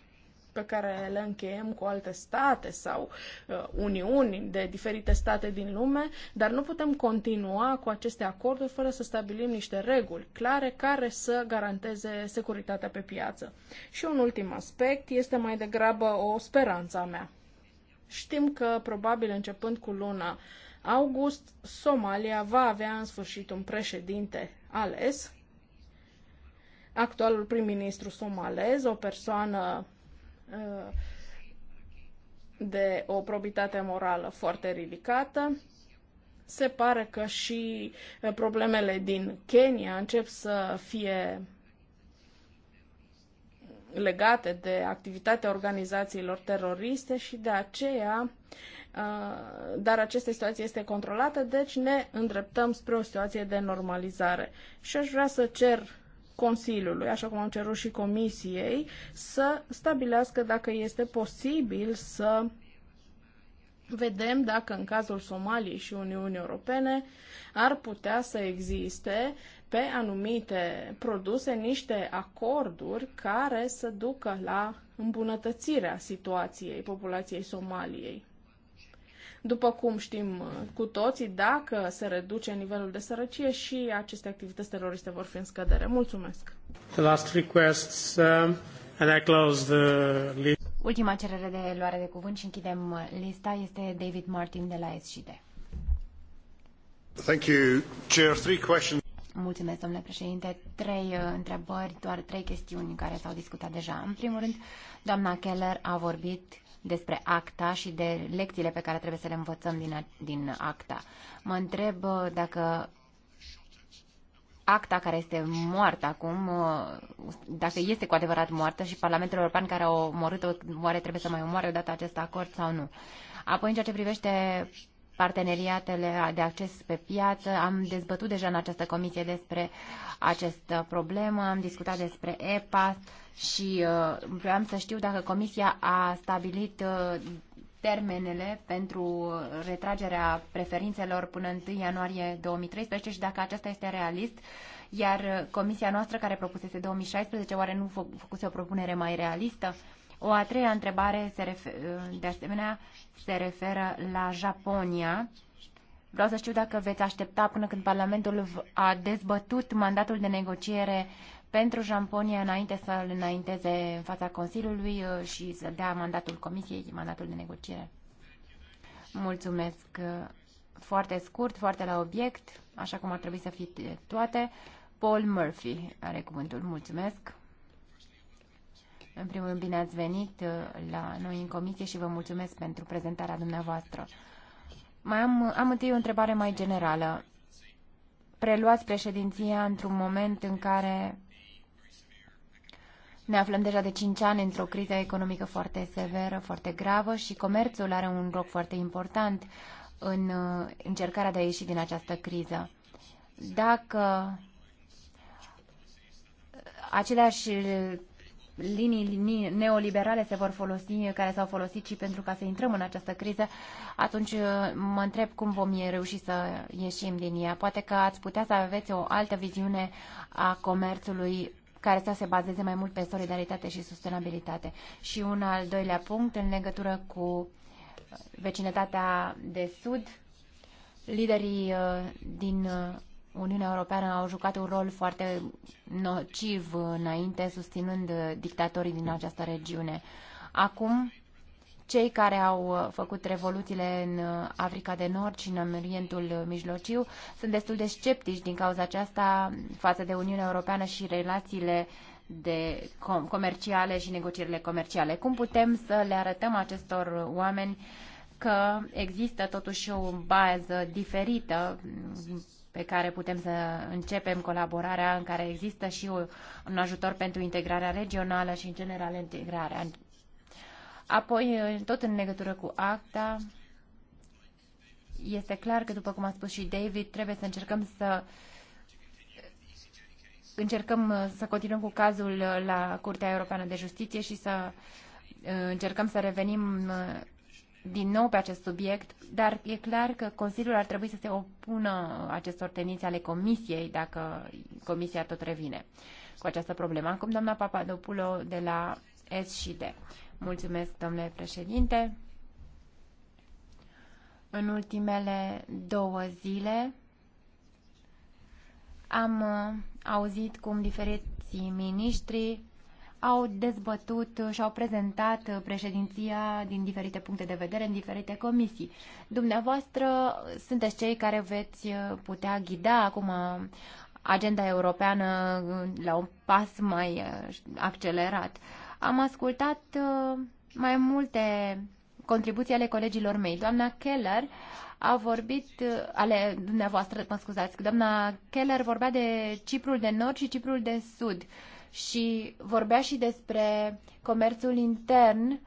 pe care le încheiem cu alte state sau uh, uniuni de diferite state din lume, dar nu putem continua cu aceste acorduri fără să stabilim niște reguli clare care să garanteze securitatea pe piață. Și un ultim aspect este mai degrabă o speranță a mea. Știm că probabil începând cu luna august, Somalia va avea în sfârșit un președinte ales, actualul prim-ministru somalez, o persoană Uh, de o probitate morală foarte ridicată. Se pare că și uh, problemele din Kenya încep să fie legate de activitatea organizațiilor teroriste și de aceea, uh, dar această situație este controlată, deci ne îndreptăm spre o situație de normalizare. Și aș vrea să cer Consiliului, așa cum am cerut și Comisiei, să stabilească dacă este posibil să vedem dacă în cazul Somaliei și Uniunii Europene ar putea să existe pe anumite produse niște acorduri care să ducă la îmbunătățirea situației populației Somaliei. După cum știm uh, cu toții, dacă se reduce nivelul de sărăcie și aceste activități teroriste vor fi în scădere. Mulțumesc! The last requests, um, and I close the list. Ultima cerere de luare de cuvânt și închidem uh, lista este David Martin de la SGD. Thank you, Chair. Three questions. Mulțumesc, domnule președinte. Trei uh, întrebări, doar trei chestiuni care s-au discutat deja. În primul rând, doamna Keller a vorbit despre acta și de lecțiile pe care trebuie să le învățăm din, din acta. Mă întreb uh, dacă acta care este moartă acum, uh, dacă este cu adevărat moartă și Parlamentul European care a omorât-o, oare trebuie să mai omoare odată acest acord sau nu. Apoi, în ceea ce privește parteneriatele de acces pe piață. Am dezbătut deja în această comisie despre această problemă, am discutat despre EPAS, și uh, vreau să știu dacă Comisia a stabilit uh, termenele pentru retragerea preferințelor până 1 ianuarie 2013 și dacă acesta este realist, iar Comisia noastră care propusese 2016, oare nu făcuse o propunere mai realistă? O a treia întrebare se refer, uh, de asemenea se referă la Japonia. Vreau să știu dacă veți aștepta până când Parlamentul a dezbătut mandatul de negociere uh, pentru Jamponia înainte să îl înainteze în fața Consiliului uh, și să dea mandatul Comisiei, mandatul de negociere. Mulțumesc uh, foarte scurt, foarte la obiect, așa cum ar trebui să fie toate. Paul Murphy are cuvântul. Mulțumesc! În primul rând, bine ați venit uh, la noi în comisie și vă mulțumesc pentru prezentarea dumneavoastră. Mai am, am întâi o întrebare mai generală. Preluați președinția într-un moment în care ne aflăm deja de 5 ani într-o criză economică foarte severă, foarte gravă și comerțul are un loc foarte important în uh, încercarea de a ieși din această criză. Dacă aceleași linii neoliberale se vor folosi, care s-au folosit și pentru ca să intrăm în această criză, atunci uh, mă întreb cum vom reuși să ieșim din ea. Poate că ați putea să aveți o altă viziune a comerțului care să se bazeze mai mult pe solidaritate și sustenabilitate. Și un al doilea punct în legătură cu uh, vecinătatea de sud. Liderii uh, din uh, Uniunea Europeană au jucat un rol foarte nociv înainte, susținând dictatorii din această regiune. Acum, cei care au uh, făcut revoluțiile în uh, Africa de Nord și în Orientul Mijlociu sunt destul de sceptici din cauza aceasta față de Uniunea Europeană și relațiile de com- comerciale și negocierile comerciale. Cum putem să le arătăm acestor oameni că există totuși o bază diferită pe care putem să începem colaborarea, în care există și un ajutor pentru integrarea regională și, în general, integrarea Apoi, tot în legătură cu acta, este clar că, după cum a spus și David, trebuie să încercăm să încercăm uh, să continuăm cu cazul uh, la Curtea Europeană de Justiție și să uh, încercăm să revenim din nou pe acest subiect, dar e clar că Consiliul ar trebui să se opună acestor tendințe ale Comisiei, dacă Comisia tot revine cu această problemă. Acum, doamna Papadopulo de la S și D. Mulțumesc, domnule președinte. În ultimele două zile am uh, auzit cum diferiții miniștri au dezbătut și au prezentat președinția din diferite puncte de vedere, în diferite comisii. Dumneavoastră sunteți cei care veți putea ghida acum agenda europeană la un pas mai uh, accelerat. Am ascultat uh, mai multe contribuții ale colegilor mei. Doamna Keller a vorbit, uh, ale dumneavoastră, mă scuzați, doamna Keller vorbea de Ciprul de Nord și Ciprul de Sud și vorbea și despre comerțul intern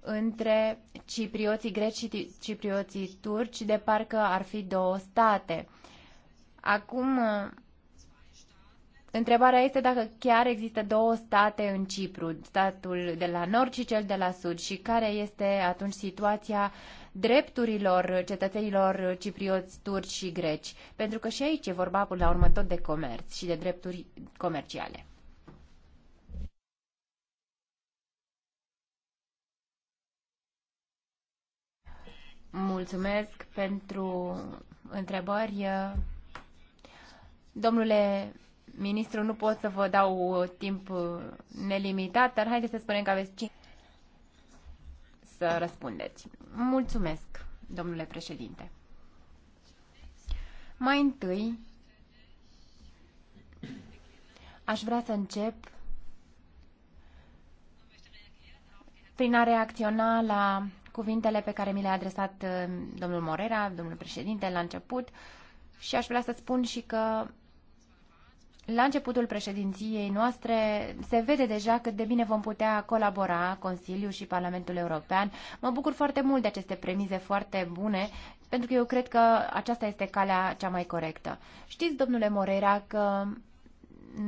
între ciprioții greci și ciprioții turci, de parcă ar fi două state. Acum, uh, Întrebarea este dacă chiar există două state în Cipru, statul de la nord și cel de la sud, și care este atunci situația drepturilor cetățenilor ciprioți, turci și greci. Pentru că și aici e vorba până la urmă tot de comerț și de drepturi comerciale. Mulțumesc pentru întrebări. Domnule ministru, nu pot să vă dau uh, timp uh, nelimitat, dar haideți să spunem că aveți 5 să răspundeți. Mulțumesc, domnule președinte. Mai întâi, aș vrea să încep prin a reacționa la cuvintele pe care mi le-a adresat uh, domnul Morera, domnul președinte, la început și aș vrea să spun și că la începutul președinției noastre se vede deja cât de bine vom putea colabora Consiliul și Parlamentul European. Mă bucur foarte mult de aceste premize foarte bune, pentru că eu cred că aceasta este calea cea mai corectă. Știți, domnule Moreira, că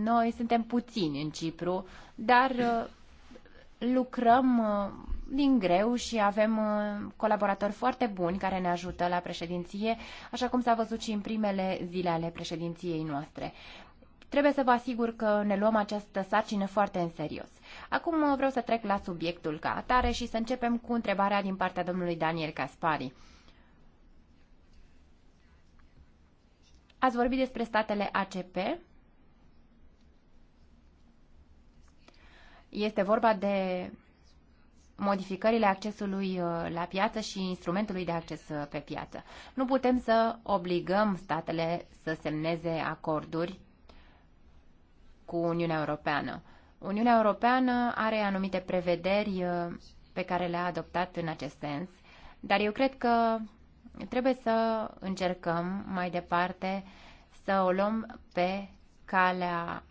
noi suntem puțini în Cipru, dar uh, lucrăm uh, din greu și avem uh, colaboratori foarte buni care ne ajută la președinție, așa cum s-a văzut și în primele zile ale președinției noastre. Trebuie să vă asigur că ne luăm această sarcină foarte în serios. Acum uh, vreau să trec la subiectul ca atare și să începem cu întrebarea din partea domnului Daniel Caspari. Ați vorbit despre statele ACP. Este vorba de modificările accesului uh, la piață și instrumentului de acces uh, pe piață. Nu putem să obligăm statele să semneze acorduri cu Uniunea Europeană. Uniunea Europeană are anumite prevederi uh, pe care le-a adoptat în acest sens, dar eu cred că trebuie să încercăm mai departe să o luăm pe calea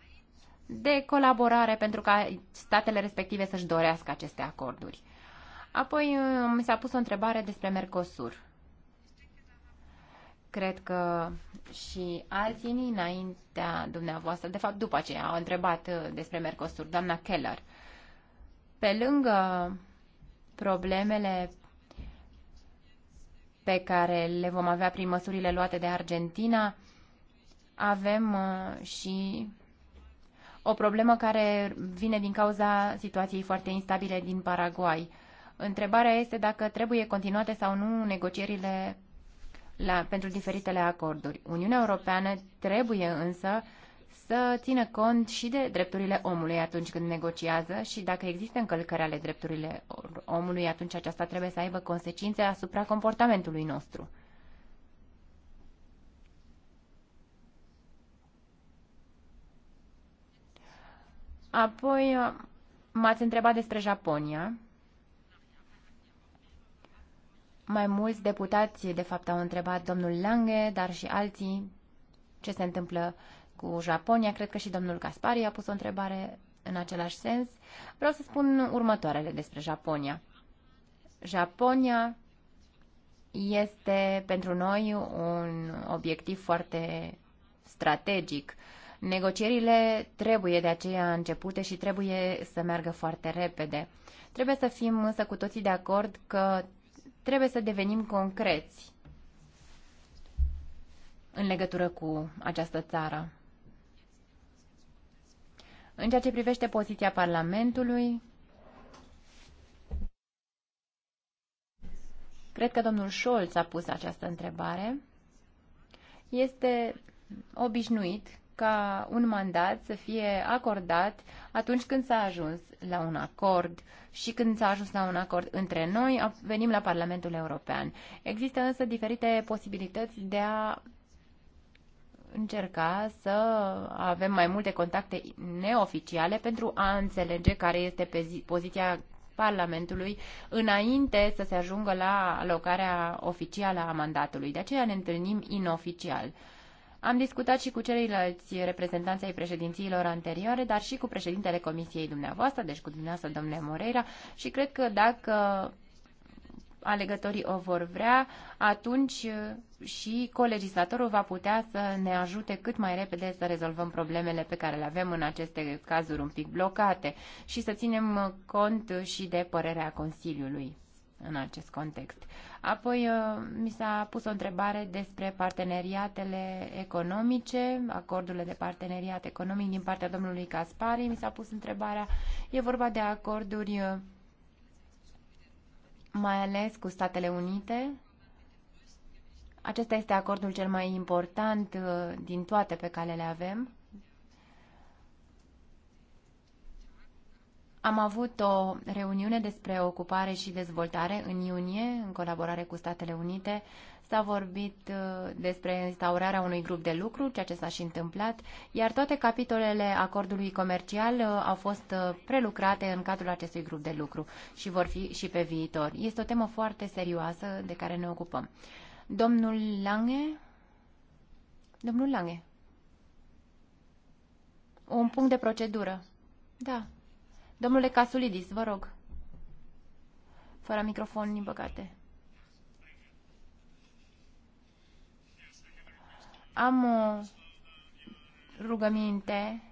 de colaborare pentru ca statele respective să-și dorească aceste acorduri. Apoi uh, mi s-a pus o întrebare despre Mercosur. Cred că și alții înaintea dumneavoastră, de fapt după aceea, au întrebat uh, despre Mercosur, doamna Keller. Pe lângă problemele pe care le vom avea prin măsurile luate de Argentina, avem uh, și o problemă care vine din cauza situației foarte instabile din Paraguay. Întrebarea este dacă trebuie continuate sau nu negocierile la, pentru diferitele acorduri. Uniunea Europeană trebuie însă să țină cont și de drepturile omului atunci când negociază și dacă există încălcări ale drepturile omului, atunci aceasta trebuie să aibă consecințe asupra comportamentului nostru. Apoi m-ați întrebat despre Japonia. Mai mulți deputați, de fapt, au întrebat domnul Lange, dar și alții, ce se întâmplă cu Japonia. Cred că și domnul Caspari a pus o întrebare în același sens. Vreau să spun următoarele despre Japonia. Japonia este pentru noi un obiectiv foarte strategic. Negocierile trebuie de aceea începute și trebuie să meargă foarte repede. Trebuie să fim însă cu toții de acord că Trebuie să devenim concreți în legătură cu această țară. În ceea ce privește poziția Parlamentului, cred că domnul Scholz a pus această întrebare. Este obișnuit ca un mandat să fie acordat atunci când s-a ajuns la un acord și când s-a ajuns la un acord între noi, venim la Parlamentul European. Există însă diferite posibilități de a încerca să avem mai multe contacte neoficiale pentru a înțelege care este poziția Parlamentului înainte să se ajungă la alocarea oficială a mandatului. De aceea ne întâlnim inoficial. Am discutat și cu ceilalți reprezentanți ai președințiilor anterioare, dar și cu președintele comisiei dumneavoastră, deci cu dumneavoastră, domnule Moreira, și cred că dacă alegătorii o vor vrea, atunci uh, și colegislatorul va putea să ne ajute cât mai repede să rezolvăm problemele pe care le avem în aceste cazuri un pic blocate și să ținem cont și de părerea Consiliului în acest context. Apoi uh, mi s-a pus o întrebare despre parteneriatele economice, acordurile de parteneriat economic din partea domnului Caspari. Mi s-a pus întrebarea, e vorba de acorduri uh, mai ales cu Statele Unite. Acesta este acordul cel mai important uh, din toate pe care le avem. Am avut o reuniune despre ocupare și dezvoltare în iunie, în colaborare cu Statele Unite. S-a vorbit uh, despre instaurarea unui grup de lucru, ceea ce s-a și întâmplat, iar toate capitolele acordului comercial uh, au fost uh, prelucrate în cadrul acestui grup de lucru și vor fi și pe viitor. Este o temă foarte serioasă de care ne ocupăm. Domnul Lange? Domnul Lange? Un punct de procedură. Da. Domnule Casulidis, vă rog. Fără microfon, din păcate. Am o rugăminte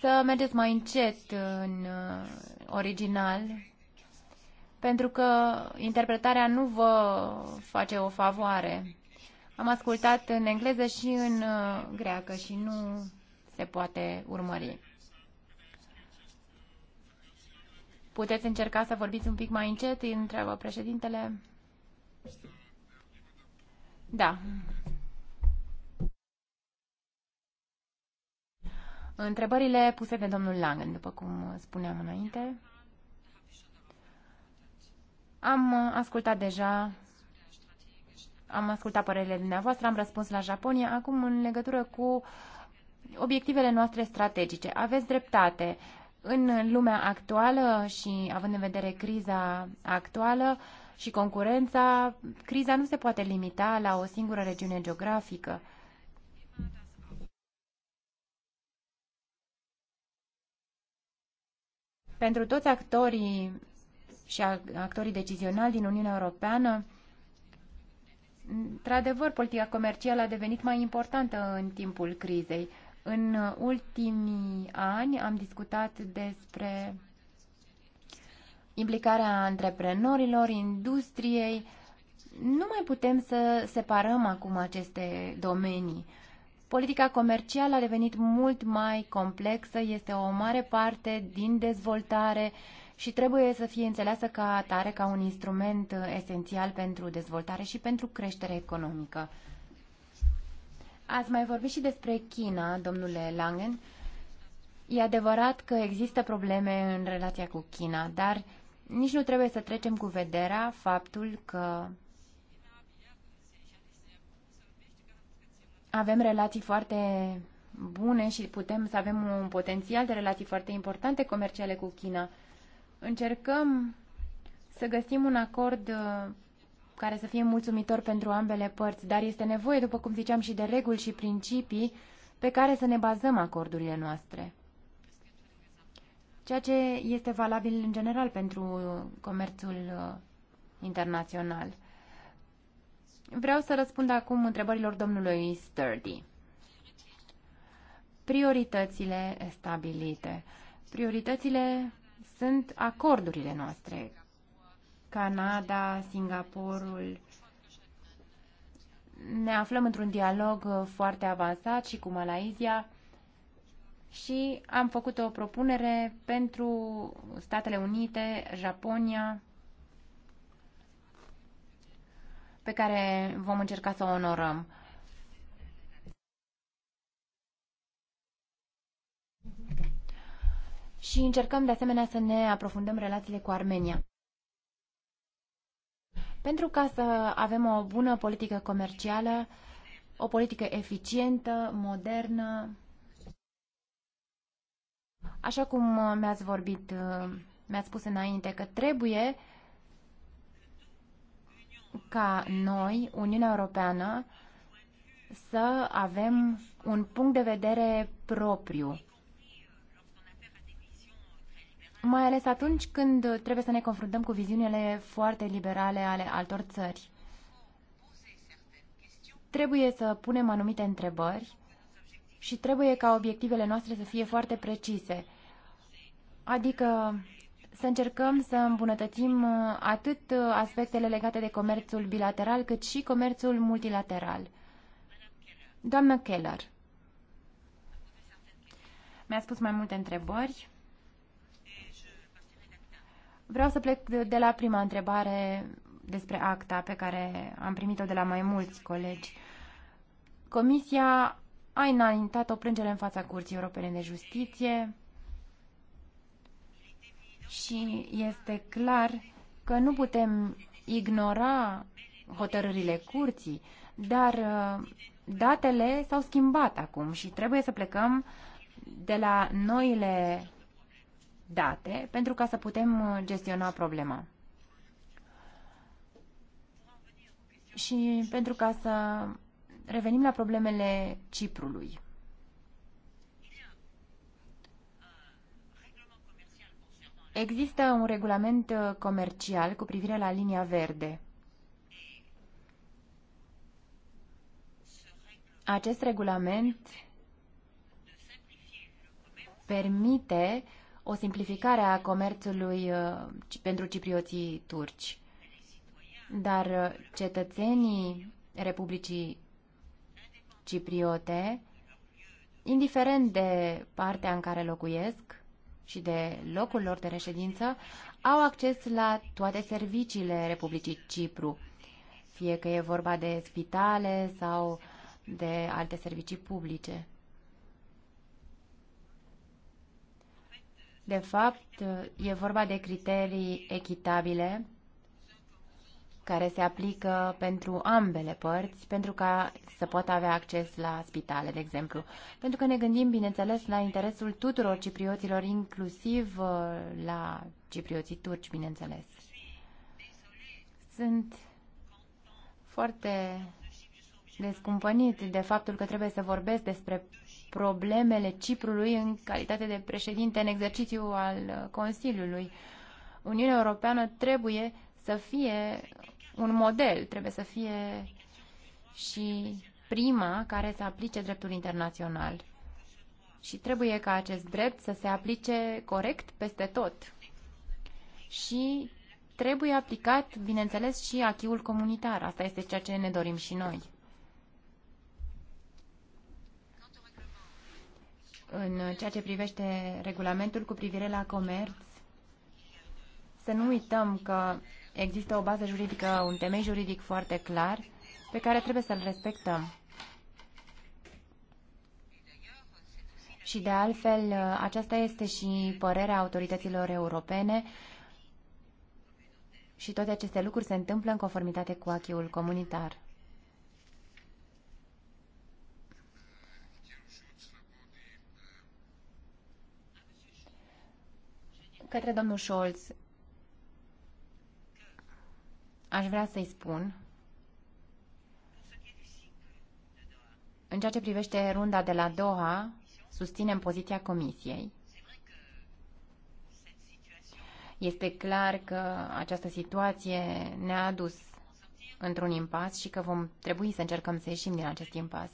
să mergeți mai încet în uh, original, pentru că interpretarea nu vă face o favoare. Am ascultat în engleză și în uh, greacă și nu se poate urmări. Puteți încerca să vorbiți un pic mai încet, îi întreabă președintele. Da. Întrebările puse de domnul Langen, după cum spuneam înainte. Am ascultat deja, am ascultat părerile dumneavoastră, am răspuns la Japonia. Acum, în legătură cu obiectivele noastre strategice, aveți dreptate. Uh, în lumea actuală și având în vedere criza actuală și concurența, criza nu se poate limita la o singură regiune geografică. Pentru toți actorii și actorii decizionali din Uniunea Europeană, într-adevăr, politica comercială a devenit mai importantă în timpul crizei. În ultimii ani am discutat despre implicarea antreprenorilor, industriei. Nu mai putem să separăm acum aceste domenii. Politica comercială a devenit mult mai complexă, este o mare parte din dezvoltare și trebuie să fie înțeleasă ca atare, ca un instrument esențial pentru dezvoltare și pentru creștere economică. Ați mai vorbit și despre China, domnule Langen. E adevărat că există probleme în relația cu China, dar nici nu trebuie să trecem cu vederea faptul că avem relații foarte bune și putem să avem un potențial de relații foarte importante comerciale cu China. Încercăm să găsim un acord care să fie mulțumitor pentru ambele părți, dar este nevoie, după cum ziceam, și de reguli și principii pe care să ne bazăm acordurile noastre. Ceea ce este valabil în general pentru comerțul uh, internațional. Vreau să răspund acum întrebărilor domnului Sturdy. Prioritățile stabilite. Prioritățile sunt acordurile noastre Canada, Singaporul. Ne aflăm într-un dialog uh, foarte avansat și cu Malaysia și am făcut o propunere pentru Statele Unite, Japonia, pe care vom încerca să o onorăm. Și încercăm de asemenea să ne aprofundăm relațiile cu Armenia. Pentru ca să avem o bună politică comercială, o politică eficientă, modernă, așa cum mi-ați vorbit, mi-ați spus înainte, că trebuie ca noi, Uniunea Europeană, să avem un punct de vedere propriu mai ales atunci când trebuie să ne confruntăm cu viziunile foarte liberale ale altor țări. Trebuie să punem anumite întrebări și trebuie ca obiectivele noastre să fie foarte precise. Adică să încercăm să îmbunătățim uh, atât uh, aspectele legate de comerțul bilateral, cât și comerțul multilateral. Doamnă Keller, mi-a spus mai multe întrebări. Vreau să plec de la prima întrebare despre acta pe care am primit-o de la mai mulți colegi. Comisia a înaintat o plângere în fața Curții Europene de Justiție și este clar că nu putem ignora hotărârile curții, dar uh, datele s-au schimbat acum și trebuie să plecăm de la noile date pentru ca să putem uh, gestiona problema. Și pentru ca să revenim la problemele Ciprului. Există un regulament uh, comercial cu privire la linia verde. Acest regulament permite o simplificare a comerțului uh, pentru ciprioții turci. Dar uh, cetățenii Republicii Cipriote, indiferent de partea în care locuiesc și de locul lor de reședință, au acces la toate serviciile Republicii Cipru, fie că e vorba de spitale sau de alte servicii publice. De fapt, e vorba de criterii echitabile care se aplică pentru ambele părți, pentru ca să poată avea acces la spitale, de exemplu. Pentru că ne gândim, bineînțeles, la interesul tuturor ciprioților, inclusiv uh, la ciprioții turci, bineînțeles. Sunt foarte descumpănit de faptul că trebuie să vorbesc despre problemele Ciprului în calitate de președinte în exercițiu al Consiliului. Uniunea Europeană trebuie să fie un model, trebuie să fie și prima care să aplice dreptul internațional. Și trebuie ca acest drept să se aplice corect peste tot. Și trebuie aplicat, bineînțeles, și achiul comunitar. Asta este ceea ce ne dorim și noi. în ceea ce privește regulamentul cu privire la comerț, să nu uităm că există o bază juridică, un temei juridic foarte clar pe care trebuie să-l respectăm. Și de altfel, aceasta este și părerea autorităților europene și toate aceste lucruri se întâmplă în conformitate cu achiul comunitar. Către domnul Scholz aș vrea să-i spun în ceea ce privește runda de la Doha, susținem poziția Comisiei. Este clar că această situație ne-a adus într-un impas și că vom trebui să încercăm să ieșim din acest impas.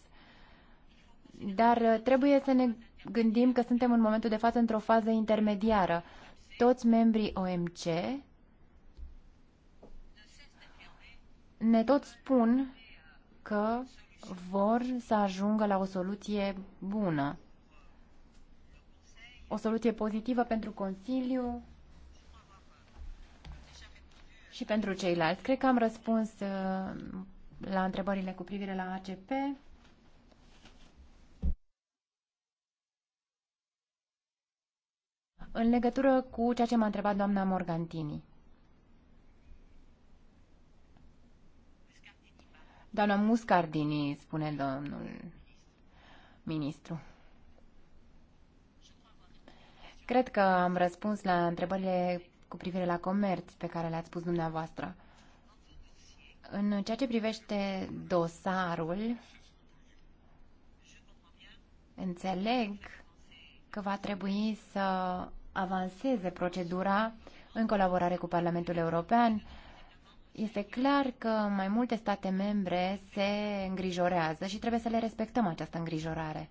Dar trebuie să ne gândim că suntem în momentul de față într-o fază intermediară toți membrii OMC ne tot spun că vor să ajungă la o soluție bună, o soluție pozitivă pentru Consiliu și pentru ceilalți. Cred că am răspuns uh, la întrebările cu privire la ACP. în legătură cu ceea ce m-a întrebat doamna Morgantini. Doamna Muscardini, spune domnul ministru. Cred că am răspuns la întrebările cu privire la comerț pe care le-ați pus dumneavoastră. În ceea ce privește dosarul, înțeleg că va trebui să avanseze procedura în colaborare cu Parlamentul European. Este clar că mai multe state membre se îngrijorează și trebuie să le respectăm această îngrijorare.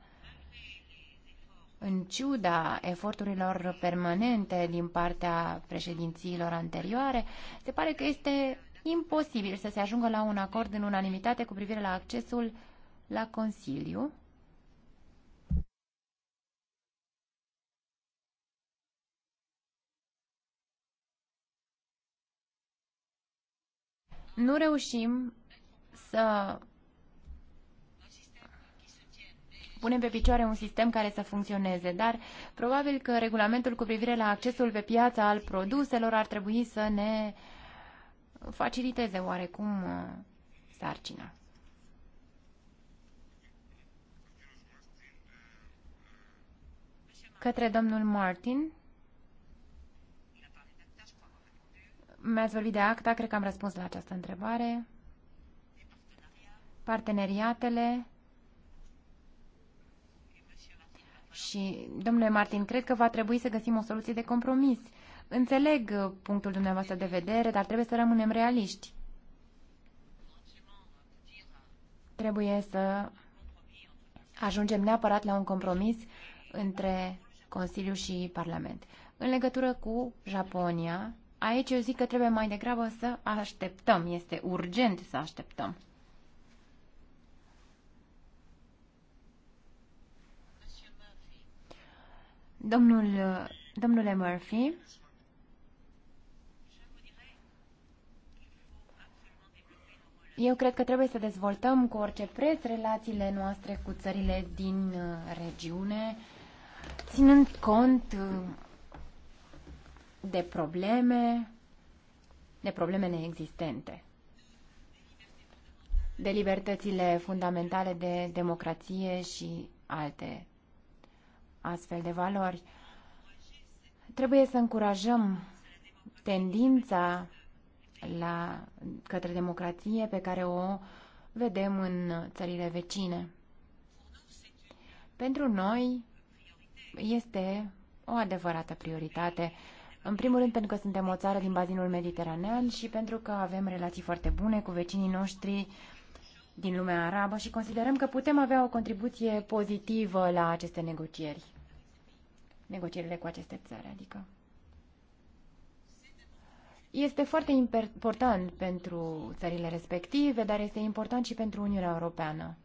În ciuda eforturilor permanente din partea președințiilor anterioare, se pare că este imposibil să se ajungă la un acord în unanimitate cu privire la accesul la Consiliu nu reușim să punem pe picioare un sistem care să funcționeze, dar probabil că regulamentul cu privire la accesul pe piață al produselor ar trebui să ne faciliteze oarecum uh, sarcina. Către domnul Martin, Mi-ați vorbit de acta, cred că am răspuns la această întrebare. Parteneriatele. Și, domnule Martin, cred că va trebui să găsim o soluție de compromis. Înțeleg uh, punctul dumneavoastră de vedere, dar trebuie să rămânem realiști. Trebuie să ajungem neapărat la un compromis între Consiliu și Parlament. În legătură cu Japonia, Aici eu zic că trebuie mai degrabă să așteptăm. Este urgent să așteptăm. Domnul, domnule Murphy, eu cred că trebuie să dezvoltăm cu orice preț relațiile noastre cu țările din uh, regiune, ținând cont uh, de probleme, de probleme neexistente, de libertățile fundamentale de democrație și alte astfel de valori. Trebuie să încurajăm tendința la, către democrație pe care o vedem în țările vecine. Pentru noi este o adevărată prioritate în primul rând pentru că suntem o țară din bazinul mediteranean și pentru că avem relații foarte bune cu vecinii noștri din lumea arabă și considerăm că putem avea o contribuție pozitivă la aceste negocieri. Negocierile cu aceste țări, adică. Este foarte important pentru țările respective, dar este important și pentru Uniunea Europeană.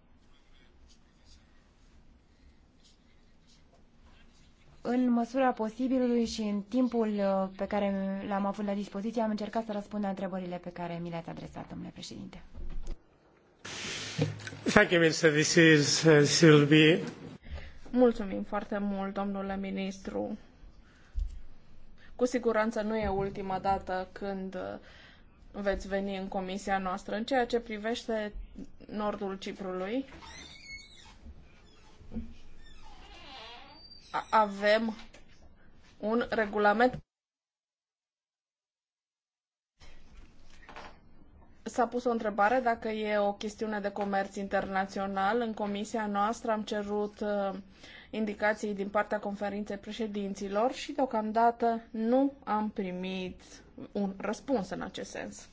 În măsura posibilului și în timpul uh, pe care l-am avut la dispoziție, am încercat să răspund la întrebările pe care mi le-ați adresat, domnule președinte. Thank you, Mr. This is uh, Sylvie. Mulțumim foarte mult, domnule ministru. Cu siguranță nu e ultima dată când uh, veți veni în comisia noastră. În ceea ce privește nordul Ciprului, avem un regulament. S-a pus o întrebare dacă e o chestiune de comerț internațional. În comisia noastră am cerut uh, indicații din partea conferinței președinților și deocamdată nu am primit un răspuns în acest sens.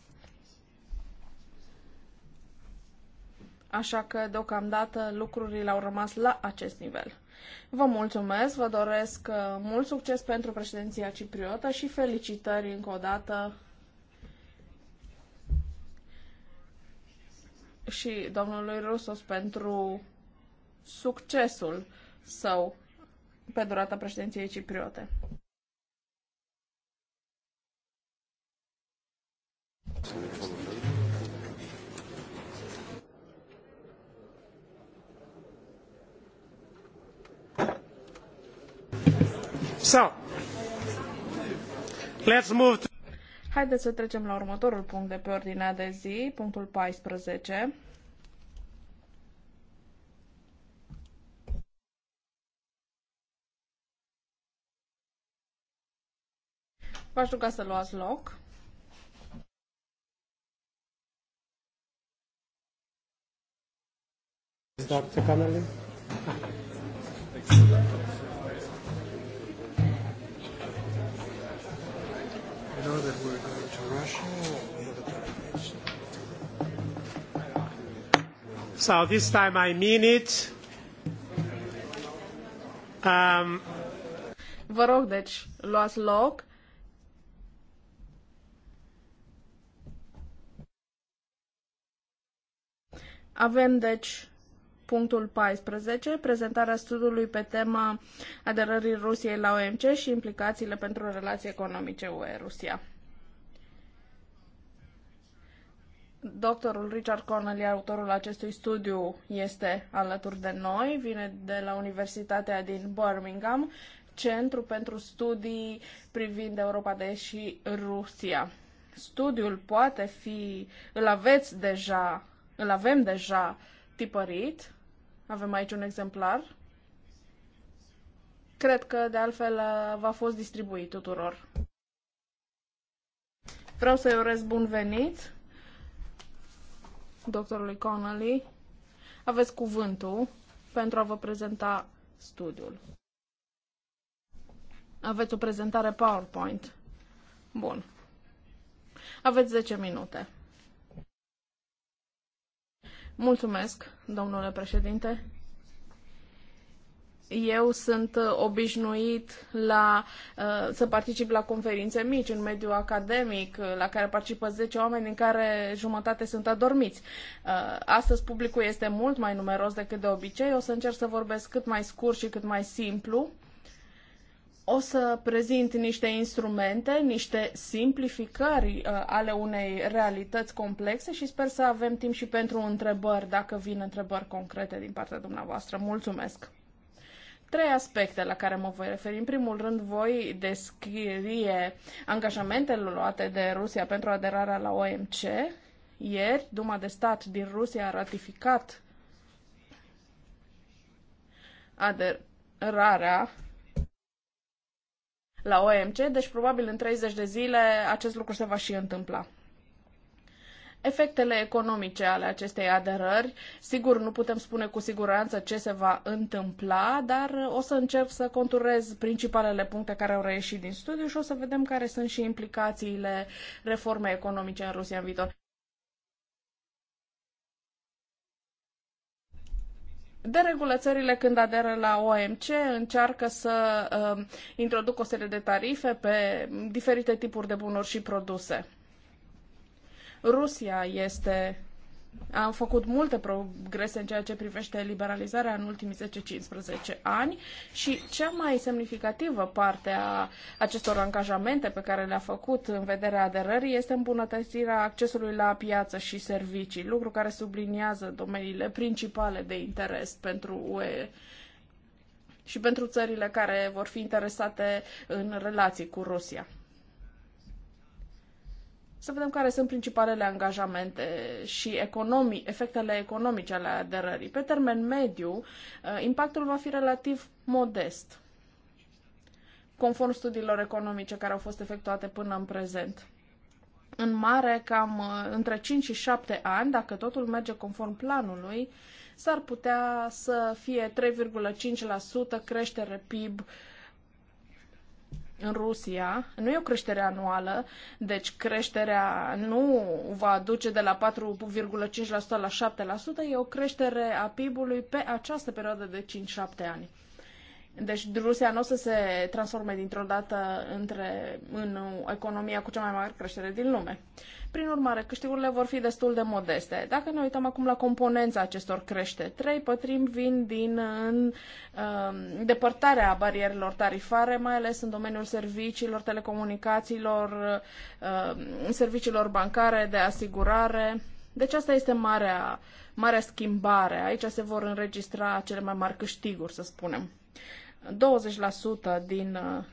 Așa că deocamdată lucrurile au rămas la acest nivel. Vă mulțumesc, vă doresc uh, mult succes pentru președinția cipriotă și felicitări încă o dată și domnului Rusos pentru succesul său pe durata președinției cipriote. So, let's move to... Haideți să trecem la următorul punct de pe ordinea de zi, punctul 14. V-aș ruga să luați loc. Dr. Connelly? So this time I mean it. Um... Vă rog, deci, luați loc. Avem, deci, punctul 14, prezentarea studiului pe tema aderării Rusiei la OMC și implicațiile pentru relații economice UE-Rusia. Doctorul Richard Connelly, autorul acestui studiu, este alături de noi, vine de la Universitatea din Birmingham, Centru pentru Studii privind Europa de Est și Rusia. Studiul poate fi, îl aveți deja, îl avem deja tipărit. Avem aici un exemplar. Cred că, de altfel, va fost distribuit tuturor. Vreau să-i urez bun venit doctorului Connolly. Aveți cuvântul pentru a vă prezenta studiul. Aveți o prezentare PowerPoint. Bun. Aveți 10 minute. Mulțumesc, domnule președinte eu sunt uh, obișnuit la, uh, să particip la conferințe mici în mediul academic, uh, la care participă 10 oameni, în care jumătate sunt adormiți. Astăzi publicul este mult mai numeros decât de obicei. O să încerc să vorbesc cât mai scurt și cât mai simplu. O să prezint niște instrumente, niște simplificări ale unei realități complexe și sper să avem timp și pentru întrebări, dacă vin întrebări concrete din partea dumneavoastră. Mulțumesc! trei aspecte la care mă voi referi. În primul rând, voi descrie angajamentele luate de Rusia pentru aderarea la OMC. Ieri, Duma de Stat din Rusia a ratificat aderarea la OMC, deci probabil în 30 de zile acest lucru se va și întâmpla efectele economice ale acestei aderări. Sigur, nu putem spune cu siguranță ce se va întâmpla, dar o să încerc să conturez principalele puncte care au reieșit din studiu și o să vedem care sunt și implicațiile reformei economice în Rusia în viitor. De regulă, țările când aderă la OMC încearcă să uh, introducă o serie de tarife pe diferite tipuri de bunuri și produse. Rusia este am făcut multe progrese în ceea ce privește liberalizarea în ultimii 10-15 ani și cea mai semnificativă parte a acestor angajamente pe care le-a făcut în vederea aderării este îmbunătățirea accesului la piață și servicii, lucru care subliniază domeniile principale de interes pentru UE și pentru țările care vor fi interesate în relații cu Rusia să vedem care sunt principalele angajamente și economii, efectele economice ale aderării. Pe termen mediu, uh, impactul va fi relativ modest, conform studiilor economice care au fost efectuate până în prezent. În mare, cam uh, între 5 și 7 ani, dacă totul merge conform planului, s-ar putea să fie 3,5% creștere PIB în Rusia nu e o creștere anuală, deci creșterea nu va duce de la 4,5% la 7%, e o creștere a PIB-ului pe această perioadă de 5-7 ani. Deci Rusia nu o să se transforme dintr-o dată între, în economia cu cea mai mare creștere din lume. Prin urmare, câștigurile vor fi destul de modeste. Dacă ne uităm acum la componența acestor crește, trei pătrimi vin din în, în, um, depărtarea barierelor tarifare, mai ales în domeniul serviciilor, telecomunicațiilor, în um, serviciilor bancare, de asigurare. Deci asta este marea, marea schimbare. Aici se vor înregistra cele mai mari câștiguri, să spunem. 20% din uh,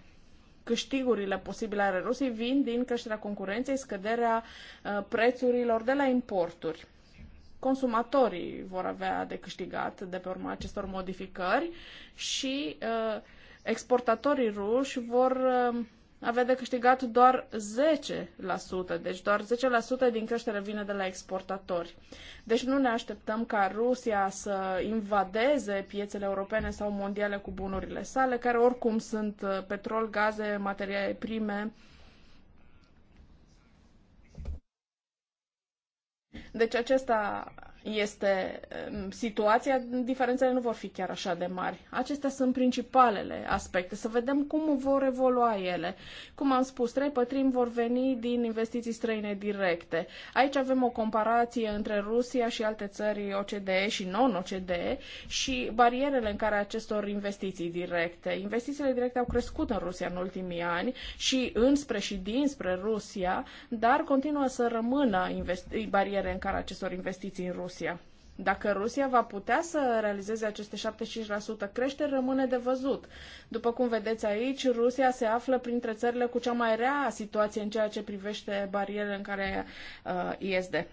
câștigurile posibile ale Rusiei vin din creșterea concurenței, scăderea uh, prețurilor de la importuri. Consumatorii vor avea de câștigat de pe urma acestor modificări și uh, exportatorii ruși vor avea de câștigat doar 10%, deci doar 10% din creștere vine de la exportatori. Deci nu ne așteptăm ca Rusia să invadeze piețele europene sau mondiale cu bunurile sale, care oricum sunt uh, petrol, gaze, materiale prime. Deci acesta este um, situația, diferențele nu vor fi chiar așa de mari. Acestea sunt principalele aspecte. Să vedem cum vor evolua ele. Cum am spus, trei pătrimi vor veni din investiții străine directe. Aici avem o comparație între Rusia și alte țări OCDE și non-OCDE și barierele în care acestor investiții directe. Investițiile directe au crescut în Rusia în ultimii ani și înspre și dinspre Rusia, dar continuă să rămână bariere în care acestor investiții în Rusia Rusia. Dacă Rusia va putea să realizeze aceste 75% creșteri, rămâne de văzut. După cum vedeți aici, Rusia se află printre țările cu cea mai rea situație în ceea ce privește barierele în care uh, ISD.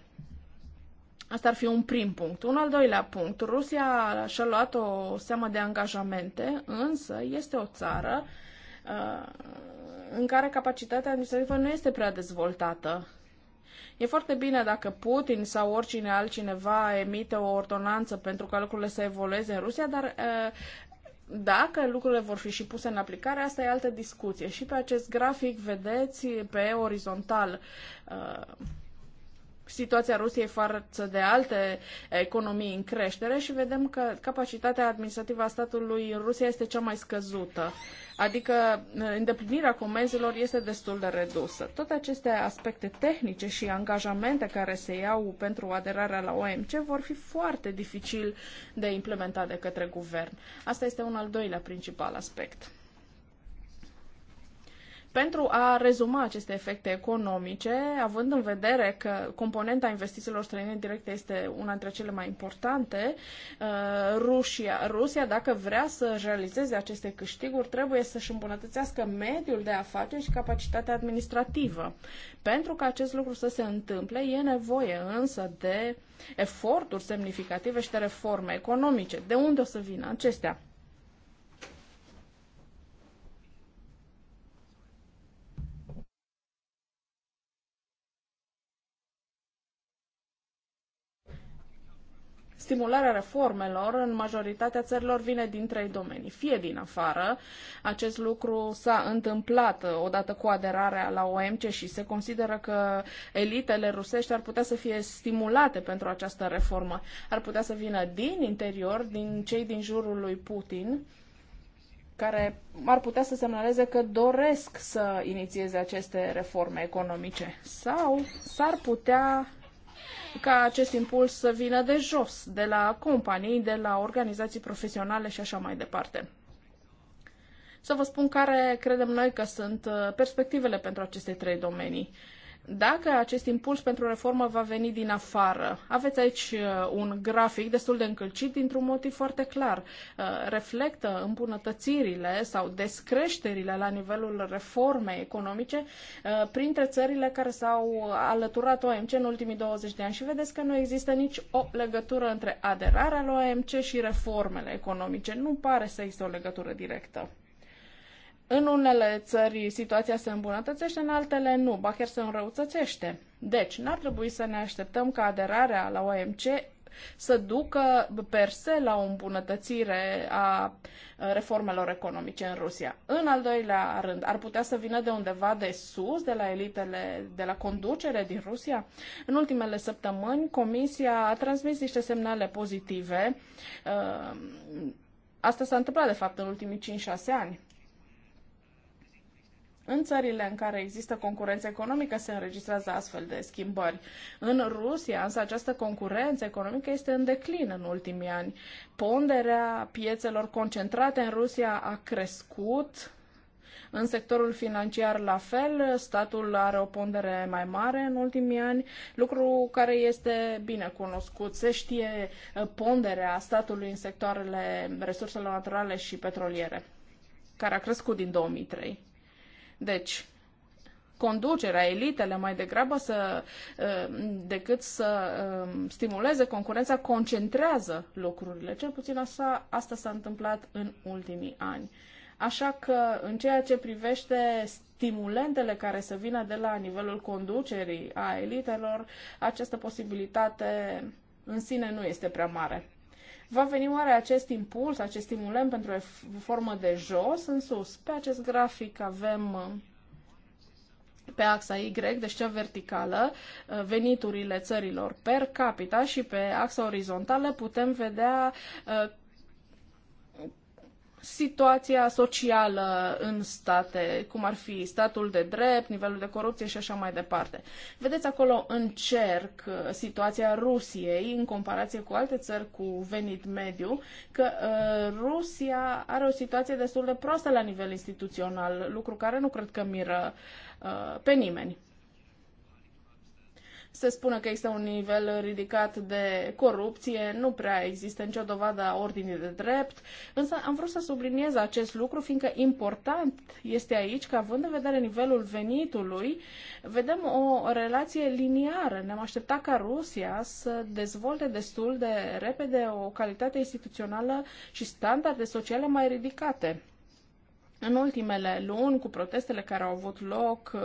Asta ar fi un prim punct. Un al doilea punct. Rusia și-a luat o seamă de angajamente, însă este o țară uh, în care capacitatea administrativă nu este prea dezvoltată E foarte bine dacă Putin sau oricine altcineva emite o ordonanță pentru ca lucrurile să evolueze în Rusia, dar dacă lucrurile vor fi și puse în aplicare, asta e altă discuție. Și pe acest grafic vedeți pe orizontal situația Rusiei față de alte economii în creștere și vedem că capacitatea administrativă a statului Rusia este cea mai scăzută. Adică îndeplinirea comenzilor este destul de redusă. Toate aceste aspecte tehnice și angajamente care se iau pentru aderarea la OMC vor fi foarte dificil de implementat de către guvern. Asta este un al doilea principal aspect. Pentru a rezuma aceste efecte economice, având în vedere că componenta investițiilor străine directe este una dintre cele mai importante, uh, Rusia, Rusia dacă vrea să realizeze aceste câștiguri, trebuie să-și îmbunătățească mediul de afaceri și capacitatea administrativă. Pentru ca acest lucru să se întâmple, e nevoie însă de eforturi semnificative și de reforme economice. De unde o să vină acestea? Stimularea reformelor în majoritatea țărilor vine din trei domenii. Fie din afară, acest lucru s-a întâmplat odată cu aderarea la OMC și se consideră că elitele rusești ar putea să fie stimulate pentru această reformă. Ar putea să vină din interior, din cei din jurul lui Putin, care ar putea să semnaleze că doresc să inițieze aceste reforme economice sau s-ar putea ca acest impuls să vină de jos, de la companii, de la organizații profesionale și așa mai departe. Să vă spun care credem noi că sunt uh, perspectivele pentru aceste trei domenii dacă acest impuls pentru reformă va veni din afară. Aveți aici uh, un grafic destul de încălcit dintr-un motiv foarte clar. Uh, reflectă îmbunătățirile sau descreșterile la nivelul reformei economice uh, printre țările care s-au alăturat OMC în ultimii 20 de ani și vedeți că nu există nici o legătură între aderarea la OMC și reformele economice. Nu pare să există o legătură directă. În unele țări situația se îmbunătățește, în altele nu, ba chiar se înrăutățește. Deci, n-ar trebui să ne așteptăm ca aderarea la OMC să ducă per se la o îmbunătățire a reformelor economice în Rusia. În al doilea rând, ar putea să vină de undeva de sus, de la elitele, de la conducere din Rusia? În ultimele săptămâni, Comisia a transmis niște semnale pozitive. Asta s-a întâmplat, de fapt, în ultimii 5-6 ani. În țările în care există concurență economică se înregistrează astfel de schimbări. În Rusia, însă, această concurență economică este în declin în ultimii ani. Ponderea piețelor concentrate în Rusia a crescut. În sectorul financiar, la fel, statul are o pondere mai mare în ultimii ani, lucru care este bine cunoscut. Se știe uh, ponderea statului în sectoarele resurselor naturale și petroliere, care a crescut din 2003. Deci, conducerea, elitele mai degrabă să, ă, decât să ă, stimuleze concurența, concentrează lucrurile. Cel puțin asta, asta s-a întâmplat în ultimii ani. Așa că, în ceea ce privește stimulentele care să vină de la nivelul conducerii a elitelor, această posibilitate în sine nu este prea mare. Va veni oare acest impuls, acest stimulent pentru o formă de jos în sus? Pe acest grafic avem uh, pe axa Y, deci cea verticală, uh, veniturile țărilor per capita și pe axa orizontală putem vedea uh, situația socială în state, cum ar fi statul de drept, nivelul de corupție și așa mai departe. Vedeți acolo în cerc uh, situația Rusiei în comparație cu alte țări cu venit mediu, că uh, Rusia are o situație destul de proastă la nivel instituțional, lucru care nu cred că miră uh, pe nimeni se spune că există un nivel ridicat de corupție, nu prea există nicio dovadă a ordinii de drept, însă am vrut să subliniez acest lucru, fiindcă important este aici că, având în vedere nivelul venitului, vedem o relație liniară. Ne-am așteptat ca Rusia să dezvolte destul de repede o calitate instituțională și standarde sociale mai ridicate. În ultimele luni, cu protestele care au avut loc uh,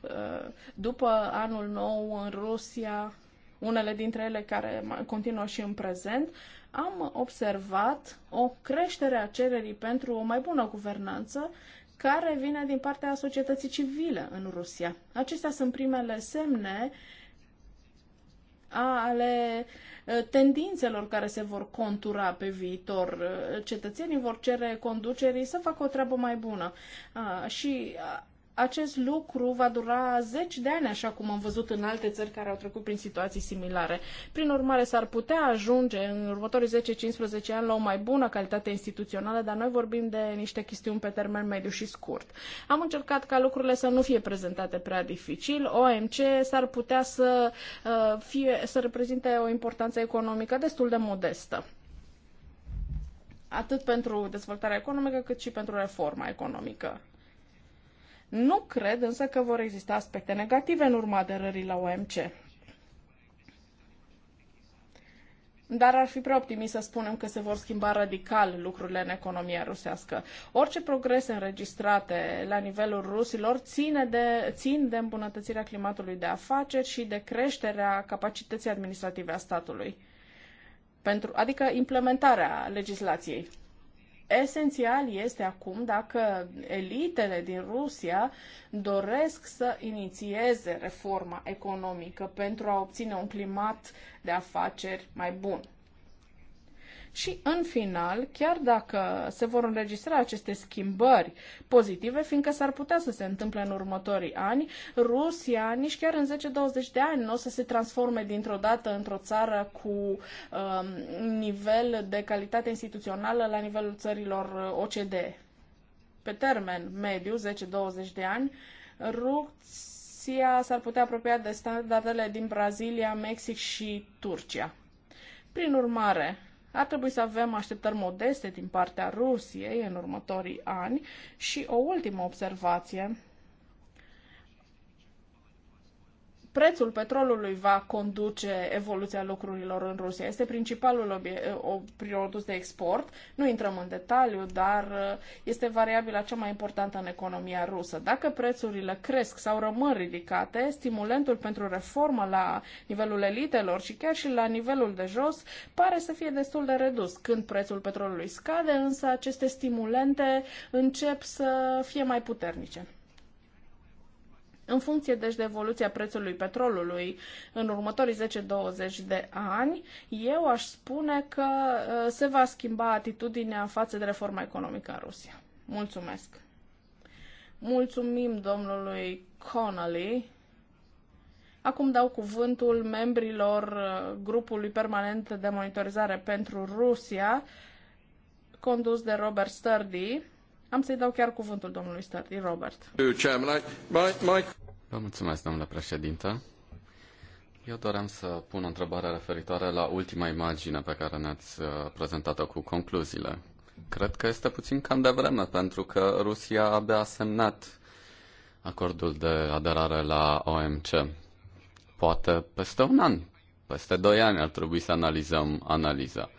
uh, după anul nou în Rusia, unele dintre ele care continuă și în prezent, am observat o creștere a cererii pentru o mai bună guvernanță care vine din partea societății civile în Rusia. Acestea sunt primele semne uh, ale tendințelor care se vor contura pe viitor. Cetățenii vor cere conducerii să facă o treabă mai bună. Și acest lucru va dura zeci de ani, așa cum am văzut în alte țări care au trecut prin situații similare. Prin urmare, s-ar putea ajunge în următorii 10-15 ani la o mai bună calitate instituțională, dar noi vorbim de niște chestiuni pe termen mediu și scurt. Am încercat ca lucrurile să nu fie prezentate prea dificil. OMC s-ar putea să, uh, fie, să reprezinte o importanță economică destul de modestă atât pentru dezvoltarea economică, cât și pentru reforma economică. Nu cred însă că vor exista aspecte negative în urma aderării la OMC. dar ar fi prea optimist să spunem că se vor schimba radical lucrurile în economia rusească. Orice progrese înregistrate la nivelul rusilor ține de, țin de îmbunătățirea climatului de afaceri și de creșterea capacității administrative a statului, pentru, adică implementarea legislației. Esențial este acum dacă elitele din Rusia doresc să inițieze reforma economică pentru a obține un climat de afaceri mai bun. Și, în final, chiar dacă se vor înregistra aceste schimbări pozitive, fiindcă s-ar putea să se întâmple în următorii ani, Rusia nici chiar în 10-20 de ani nu o să se transforme dintr-o dată într-o țară cu um, nivel de calitate instituțională la nivelul țărilor uh, OCD. Pe termen mediu, 10-20 de ani, Rusia s-ar putea apropia de standardele din Brazilia, Mexic și Turcia. Prin urmare, ar trebui să avem așteptări modeste din partea Rusiei în următorii ani și o ultimă observație prețul petrolului va conduce evoluția lucrurilor în Rusia. Este principalul produs de export. Nu intrăm în detaliu, dar uh, este variabila cea mai importantă în economia rusă. Dacă prețurile cresc sau rămân ridicate, stimulentul pentru reformă la nivelul elitelor și chiar și la nivelul de jos pare să fie destul de redus. Când prețul petrolului scade, însă aceste stimulente încep să fie mai puternice. În funcție deci de evoluția prețului petrolului în următorii 10-20 de ani, eu aș spune că uh, se va schimba atitudinea față de reforma economică în Rusia. Mulțumesc! Mulțumim domnului Connolly. Acum dau cuvântul membrilor uh, grupului permanent de monitorizare pentru Rusia, condus de Robert Sturdy am să-i dau chiar cuvântul domnului Sturdy Robert. Vă mulțumesc, domnule președinte. Eu doream să pun o întrebare referitoare la ultima imagine pe care ne-ați uh, prezentat-o cu concluziile. Cred că este puțin cam de vreme, pentru că Rusia abia a semnat acordul de aderare la OMC. Poate peste un an, peste doi ani ar trebui să analizăm analiza.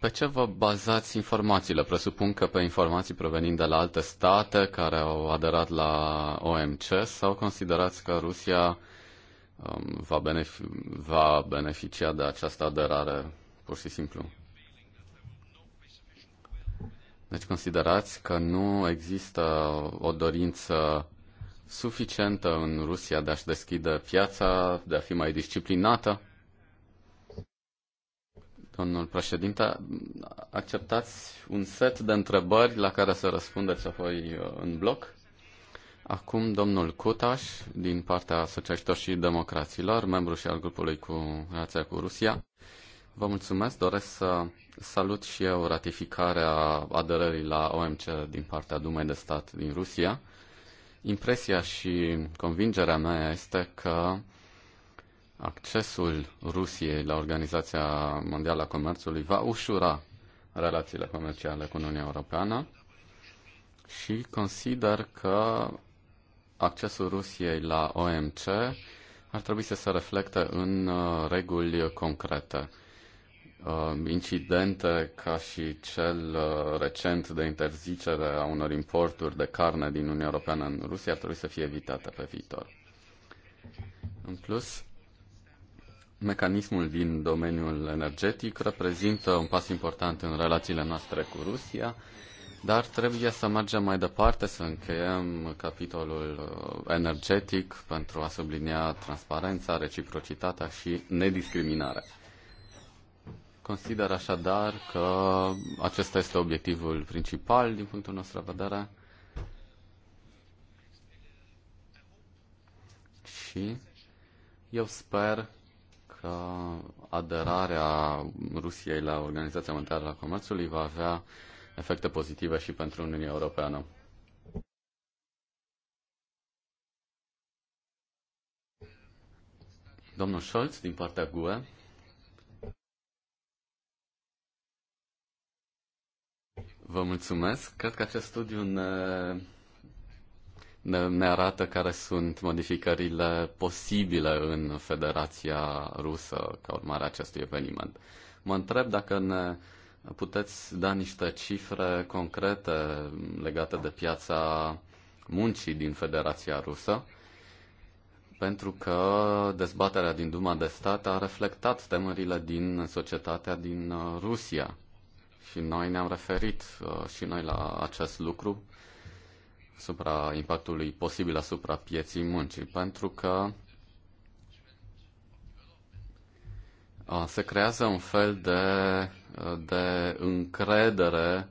Pe ce vă bazați informațiile? Presupun că pe informații provenind de la alte state care au aderat la OMC sau considerați că Rusia um, va, benef- va beneficia de această aderare pur și simplu? Deci considerați că nu există o dorință suficientă în Rusia de a-și deschide piața, de a fi mai disciplinată? domnul președinte. Acceptați un set de întrebări la care să răspundeți apoi uh, în bloc? Acum domnul Cutaș, din partea Socialiștilor și Democraților, membru și al grupului cu relația cu Rusia. Vă mulțumesc, doresc să salut și eu ratificarea aderării la OMC din partea Dumei de Stat din Rusia. Impresia și convingerea mea este că accesul Rusiei la Organizația Mondială a Comerțului va ușura relațiile comerciale cu Uniunea Europeană și consider că accesul Rusiei la OMC ar trebui să se reflecte în uh, reguli concrete. Uh, incidente ca și cel uh, recent de interzicere a unor importuri de carne din Uniunea Europeană în Rusia ar trebui să fie evitate pe viitor. În plus, mecanismul din domeniul energetic reprezintă un pas important în relațiile noastre cu Rusia, dar trebuie să mergem mai departe, să încheiem capitolul uh, energetic pentru a sublinia transparența, reciprocitatea și nediscriminarea. Consider așadar că acesta este obiectivul principal din punctul nostru de vedere și eu sper că aderarea Rusiei la Organizația Mondială a Comerțului va avea efecte pozitive și pentru Uniunea Europeană. Domnul Scholz, din partea GUE. Vă mulțumesc. Cred că acest studiu ne ne, ne arată care sunt modificările posibile în Federația Rusă ca urmare a acestui eveniment. Mă întreb dacă ne puteți da niște cifre concrete legate de piața muncii din Federația Rusă, pentru că dezbaterea din Duma de Stat a reflectat temerile din societatea din uh, Rusia. Și noi ne-am referit uh, și noi la acest lucru asupra impactului posibil asupra pieții muncii, pentru că se creează un fel de, de încredere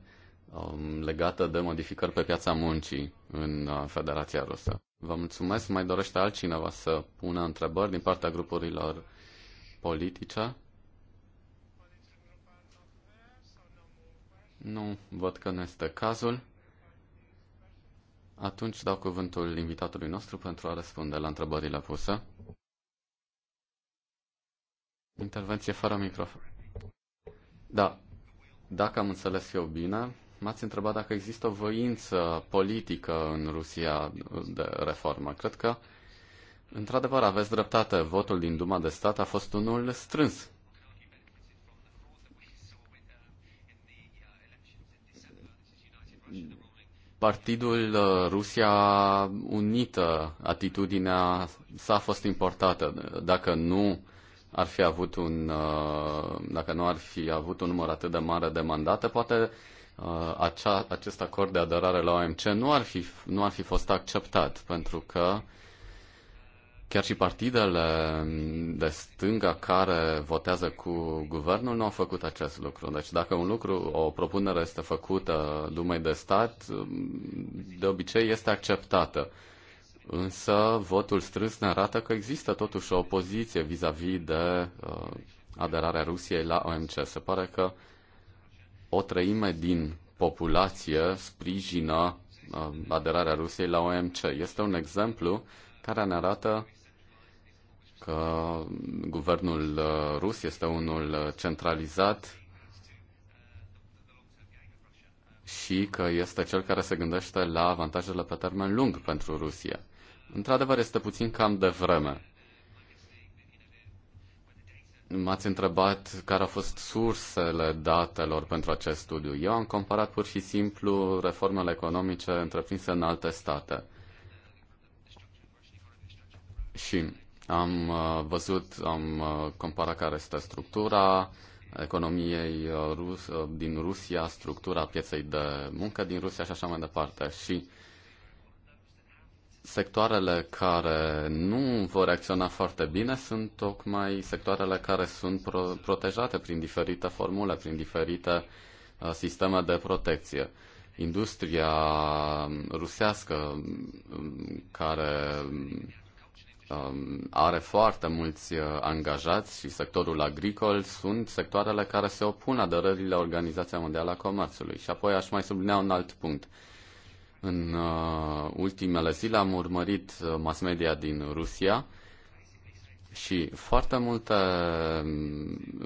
um, legată de modificări pe piața muncii în Federația Rusă. Vă mulțumesc. Mai dorește altcineva să pună întrebări din partea grupurilor politice? Nu, văd că nu este cazul. Atunci dau cuvântul invitatului nostru pentru a răspunde la întrebările puse. Intervenție fără microfon. Da. Dacă am înțeles eu bine, m-ați întrebat dacă există o voință politică în Rusia de reformă. Cred că, într-adevăr, aveți dreptate. Votul din Duma de Stat a fost unul strâns. Partidul uh, Rusia Unită, atitudinea s-a fost importată. Dacă nu ar fi avut un, uh, dacă nu ar fi avut un număr atât de mare de mandate, poate uh, acea, acest acord de aderare la OMC nu ar fi, nu ar fi fost acceptat, pentru că Chiar și partidele de stânga care votează cu guvernul nu au făcut acest lucru. Deci dacă un lucru, o propunere este făcută lumei de stat, de obicei este acceptată. Însă votul strâns ne arată că există totuși o opoziție vis-a-vis -vis de uh, aderarea Rusiei la OMC. Se pare că o treime din populație sprijină uh, aderarea Rusiei la OMC. Este un exemplu care ne arată că guvernul uh, rus este unul uh, centralizat și că este cel care se gândește la avantajele pe termen lung pentru Rusia. Într-adevăr, este puțin cam de vreme. M-ați întrebat care au fost sursele datelor pentru acest studiu. Eu am comparat pur și simplu reformele economice întreprinse în alte state. Și am uh, văzut, am uh, comparat care este structura economiei uh, rus, din Rusia, structura pieței de muncă din Rusia și așa mai departe. Și sectoarele care nu vor reacționa foarte bine sunt tocmai sectoarele care sunt pro- protejate prin diferite formule, prin diferite sisteme de protecție. Industria rusească um, care um, Um, are foarte mulți uh, angajați și sectorul agricol sunt sectoarele care se opun aderării la Organizația Mondială a Comerțului. Și apoi aș mai sublinea un alt punct. În uh, ultimele zile am urmărit uh, mass media din Rusia și foarte multe,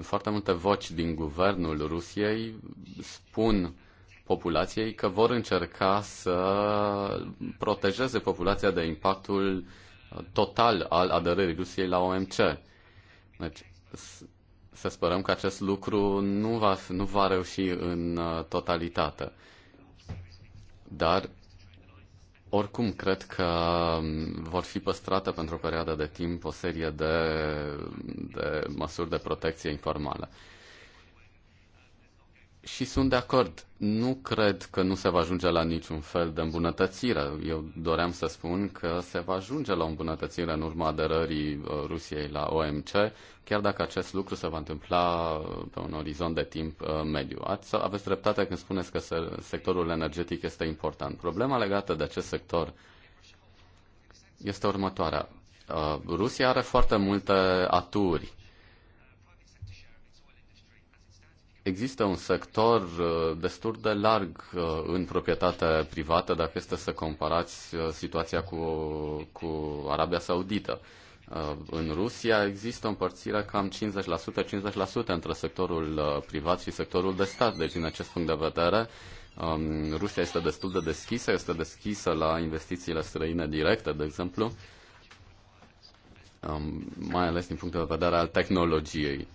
foarte multe voci din guvernul Rusiei spun populației că vor încerca să protejeze populația de impactul uh, total al aderării Rusiei la OMC. Deci, să sperăm că acest lucru nu va, nu va reuși în uh, totalitate. Dar, oricum, cred că um, vor fi păstrate pentru o perioadă de timp o serie de, de măsuri de protecție informală și sunt de acord. Nu cred că nu se va ajunge la niciun fel de îmbunătățire. Eu doream să spun că se va ajunge la o îmbunătățire în urma aderării uh, Rusiei la OMC, chiar dacă acest lucru se va întâmpla uh, pe un orizont de timp uh, mediu. Ați, aveți dreptate când spuneți că sectorul energetic este important. Problema legată de acest sector este următoarea. Rusia are foarte multe aturi Există un sector uh, destul de larg uh, în proprietate privată, dacă este să comparați uh, situația cu, cu Arabia Saudită. În Rusia există o împărțire cam 50%-50% între sectorul privat și sectorul de stat. Deci, din acest punct de vedere, um, Rusia este destul de deschisă, este deschisă la investițiile străine directe, de exemplu, um, mai ales din punct de vedere al tehnologiei.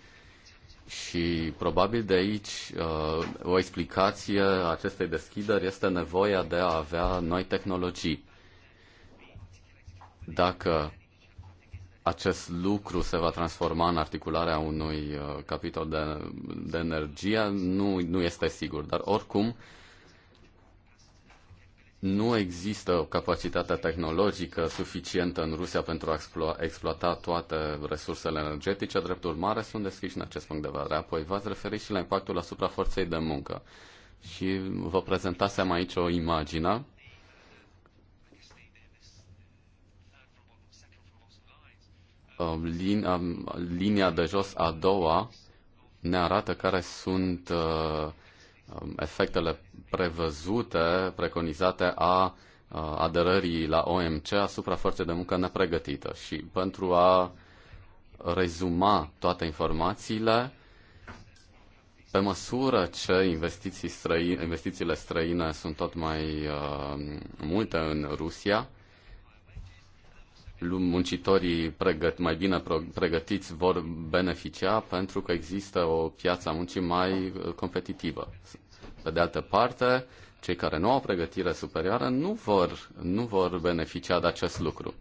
Și probabil de aici uh, o explicație a acestei deschideri este nevoia de a avea noi tehnologii. Dacă acest lucru se va transforma în articularea unui uh, capitol de, de energie, nu, nu este sigur. Dar oricum, uh, nu există o capacitate tehnologică suficientă în Rusia pentru a explo- exploata toate resursele energetice, drept urmare sunt deschiși în acest punct de vedere. Apoi v-ați referit și la impactul asupra forței de muncă. Și vă prezentasem aici o imagine um, um, linia de jos a doua ne arată care sunt uh, Um, efectele prevăzute, preconizate a aderării la OMC asupra forței de muncă nepregătită. Și pentru a rezuma toate informațiile, pe măsură ce investiții străine, investițiile străine sunt tot mai uh, multe în Rusia, muncitorii pregăt, mai bine pregătiți vor beneficia pentru că există o piață a muncii mai uh, competitivă. Pe de altă parte, cei care nu au pregătire superioară nu vor, nu vor beneficia de acest lucru.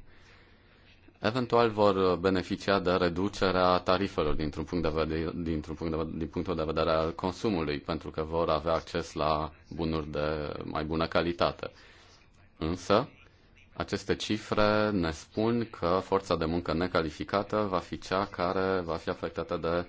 Eventual vor uh, beneficia de reducerea tarifelor dintr-un punct de vedere, dintr-un punct de, din punctul de vedere al consumului, pentru că vor avea acces la bunuri de mai bună calitate. Însă, aceste cifre ne spun că forța de muncă necalificată va fi cea care va fi afectată de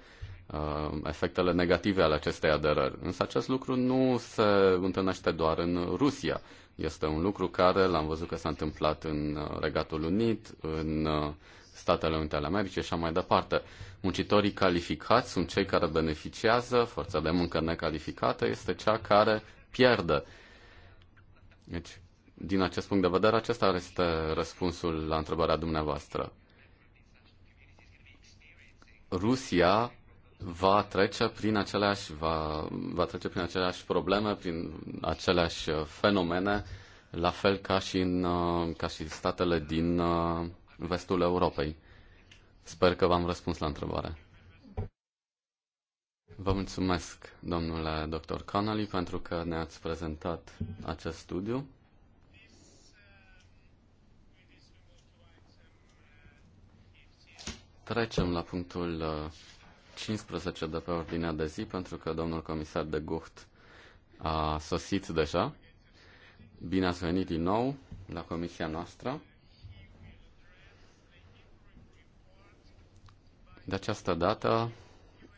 uh, efectele negative ale acestei aderări. Însă acest lucru nu se întâlnește doar în Rusia. Este un lucru care l-am văzut că s-a întâmplat în uh, Regatul Unit, în uh, Statele Unite ale Americii și așa mai departe. Muncitorii calificați sunt cei care beneficiază, forța de muncă necalificată este cea care pierde. Deci, din acest punct de vedere, acesta este răspunsul la întrebarea dumneavoastră. Rusia va trece prin aceleași, va, va trece prin aceleași probleme, prin aceleași fenomene, la fel ca și, în, ca și statele din uh, vestul Europei. Sper că v-am răspuns la întrebare. Vă mulțumesc, domnule dr. Connolly, pentru că ne-ați prezentat acest studiu. Trecem la punctul 15 uh, de pe ordinea de zi, pentru că domnul comisar de Gucht a sosit deja. Bine ați venit din nou la comisia noastră. De această dată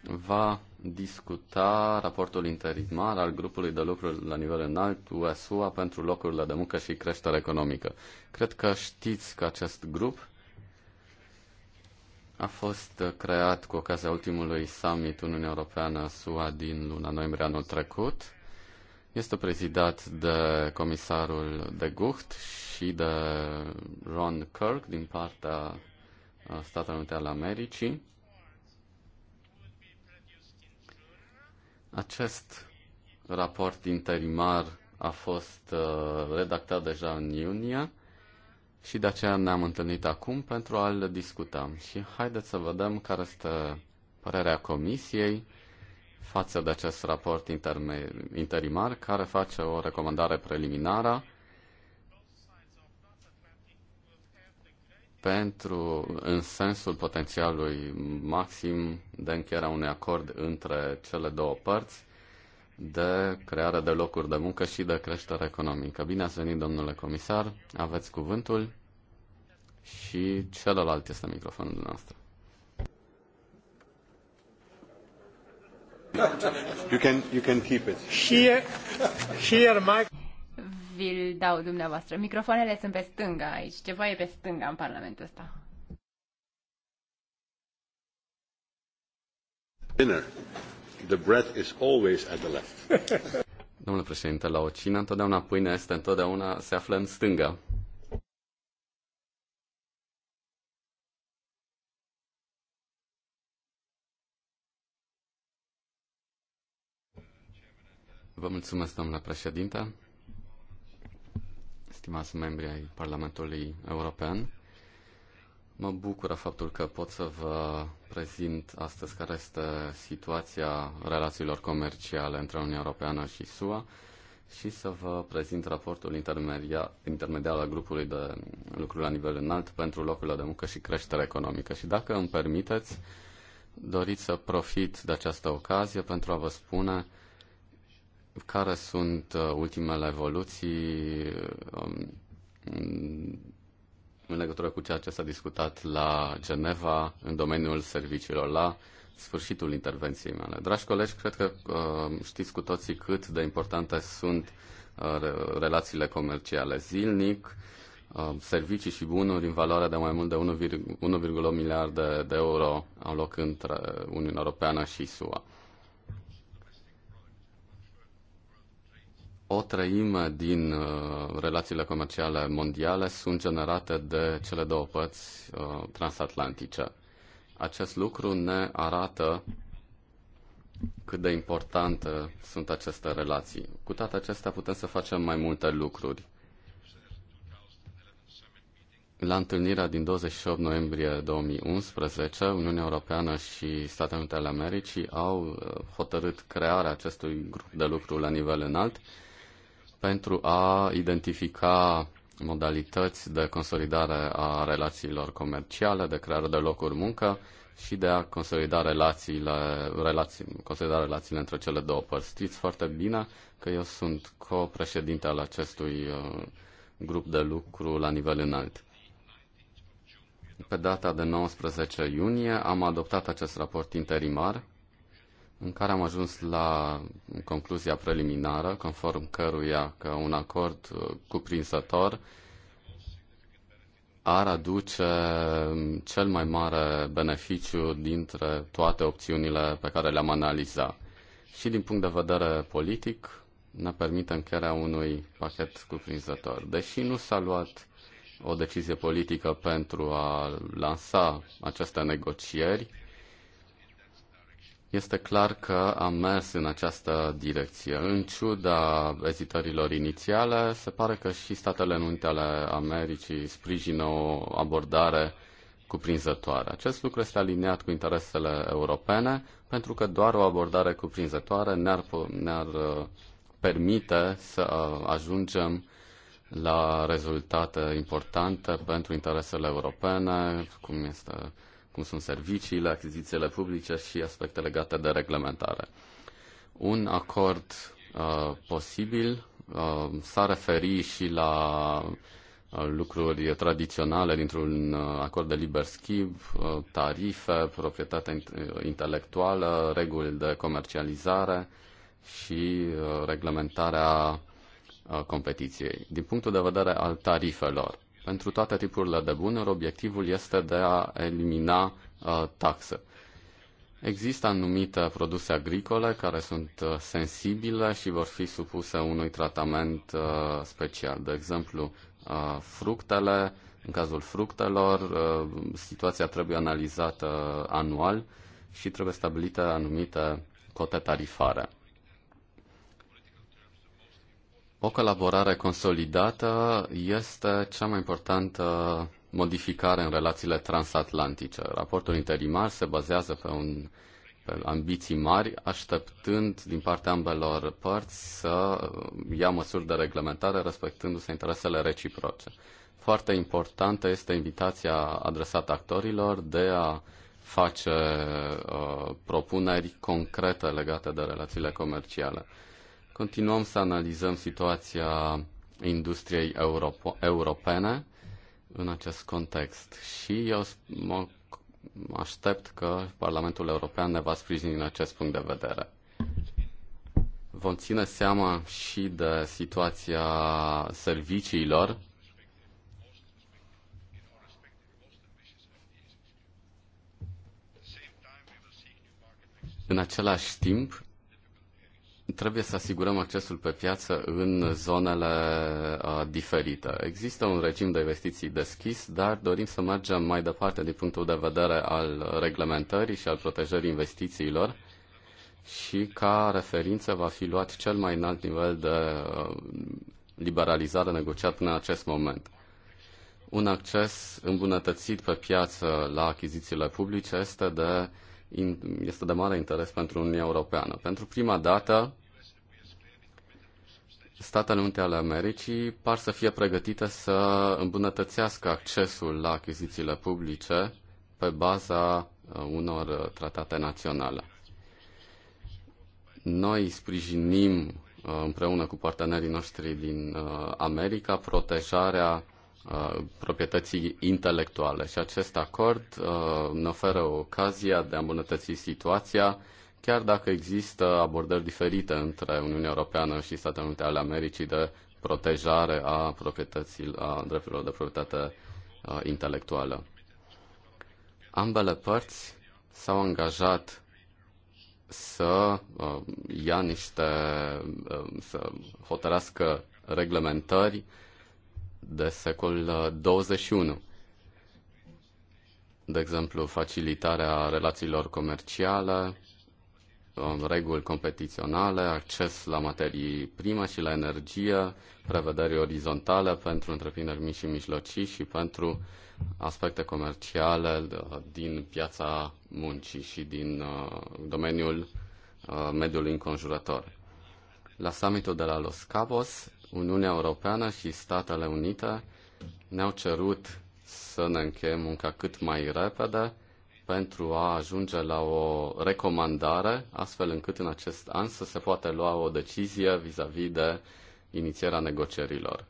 va discuta raportul interimar al grupului de lucru la nivel înalt USUA pentru locurile de muncă și creștere economică. Cred că știți că acest grup a fost uh, creat cu ocazia ultimului summit Uniunea Europeană-SUA din luna noiembrie anul trecut. Este prezidat de comisarul de Gucht și de Ron Kirk din partea uh, Statelor Unite ale Americii. Acest raport interimar a fost uh, redactat deja în iunie și de aceea ne-am întâlnit acum pentru a-l discuta. Și haideți să vedem care este părerea Comisiei față de acest raport interimar care face o recomandare preliminară pentru, în sensul potențialului maxim de încheierea unui acord între cele două părți de creare de locuri de muncă și de creștere economică. Bine ați venit, domnule comisar, aveți cuvântul și celălalt este microfonul dumneavoastră. You can, you can keep it. Here, here, Mike. Vi-l dau dumneavoastră. Microfoanele sunt pe stânga aici. Ceva e pe stânga în Parlamentul ăsta. Dinner the bread is always at the left. Domnule președinte, la o cină întotdeauna pâinea este întotdeauna se află în stânga. Vă mulțumesc, domnule președinte, stimați membri ai Parlamentului European. Mă bucură faptul că pot să vă prezint astăzi care este situația relațiilor comerciale între Uniunea Europeană și SUA și să vă prezint raportul intermediar al grupului de lucru la nivel înalt pentru locurile de muncă și creștere economică. Și dacă îmi permiteți, doriți să profit de această ocazie pentru a vă spune care sunt uh, ultimele evoluții um, în legătură cu ceea ce s-a discutat la Geneva în domeniul serviciilor la sfârșitul intervenției mele. Dragi colegi, cred că uh, știți cu toții cât de importante sunt uh, relațiile comerciale zilnic, uh, servicii și bunuri în valoare de mai mult de 1,8 miliarde de euro au loc între uh, Uniunea Europeană și SUA. o treime din uh, relațiile comerciale mondiale sunt generate de cele două părți uh, transatlantice. Acest lucru ne arată cât de importante sunt aceste relații. Cu toate acestea putem să facem mai multe lucruri. La întâlnirea din 28 noiembrie 2011, Uniunea Europeană și Statele Unite ale Americii au uh, hotărât crearea acestui grup de lucru la nivel înalt pentru a identifica modalități de consolidare a relațiilor comerciale, de creare de locuri muncă și de a consolida relațiile, relații, consolida relațiile între cele două părți. Știți foarte bine că eu sunt co-președinte al acestui uh, grup de lucru la nivel înalt. Pe data de 19 iunie am adoptat acest raport interimar în care am ajuns la concluzia preliminară, conform căruia că un acord uh, cuprinsător ar aduce um, cel mai mare beneficiu dintre toate opțiunile pe care le-am analizat. Și din punct de vedere politic, ne permite încheierea unui pachet cuprinzător. Deși nu s-a luat o decizie politică pentru a lansa aceste negocieri, este clar că am mers în această direcție. În ciuda ezitărilor inițiale, se pare că și Statele Unite ale Americii sprijină o abordare cuprinzătoare. Acest lucru este aliniat cu interesele europene, pentru că doar o abordare cuprinzătoare ne-ar, ne-ar uh, permite să uh, ajungem la rezultate importante pentru interesele europene, cum este cum sunt serviciile, achizițiile publice și aspecte legate de reglementare. Un acord uh, posibil uh, s-a referi și la uh, lucruri tradiționale dintr-un uh, acord de liber schimb, uh, tarife, proprietate intelectuală, reguli de comercializare și reglementarea competiției. Din punctul de vedere al tarifelor, pentru toate tipurile de bunuri, obiectivul este de a elimina uh, taxe. Există anumite produse agricole care sunt uh, sensibile și vor fi supuse unui tratament uh, special. De exemplu, uh, fructele, în cazul fructelor, uh, situația trebuie analizată uh, anual și trebuie stabilite anumite cote tarifare. O colaborare consolidată este cea mai importantă modificare în relațiile transatlantice. Raportul interimar se bazează pe, un, pe ambiții mari, așteptând din partea ambelor părți să ia măsuri de reglementare respectându-se interesele reciproce. Foarte importantă este invitația adresată actorilor de a face uh, propuneri concrete legate de relațiile comerciale. Continuăm să analizăm situația industriei europo- europene în acest context și eu mă aștept că Parlamentul European ne va sprijini în acest punct de vedere. Vom ține seama și de situația serviciilor În același timp, trebuie să asigurăm accesul pe piață în zonele uh, diferite. Există un regim de investiții deschis, dar dorim să mergem mai departe din punctul de vedere al reglementării și al protejării investițiilor și ca referință va fi luat cel mai înalt nivel de uh, liberalizare negociat în acest moment. Un acces îmbunătățit pe piață la achizițiile publice este de este de mare interes pentru Uniunea Europeană. Pentru prima dată Statele Unite ale Americii par să fie pregătite să îmbunătățească accesul la achizițiile publice pe baza uh, unor uh, tratate naționale. Noi sprijinim uh, împreună cu partenerii noștri din America protejarea proprietății intelectuale și acest acord ne oferă ocazia de a îmbunătăți situația chiar dacă există abordări diferite între Uniunea Europeană și Statele Unite ale Americii de protejare a, proprietății, a drepturilor de proprietate intelectuală. Ambele părți s-au angajat să ia niște, să hotărească reglementări de secol 21. De exemplu, facilitarea relațiilor comerciale, reguli competiționale, acces la materii prime și la energie, prevederi orizontale pentru întreprinderi mici și mijlocii și pentru aspecte comerciale uh, din piața muncii și din uh, domeniul uh, mediului înconjurător. La summitul de la Los Cabos, Uniunea Europeană și Statele Unite ne-au cerut să ne încheiem munca cât mai repede pentru a ajunge la o recomandare, astfel încât în acest an să se poată lua o decizie vis-a-vis -vis de inițierea negocierilor.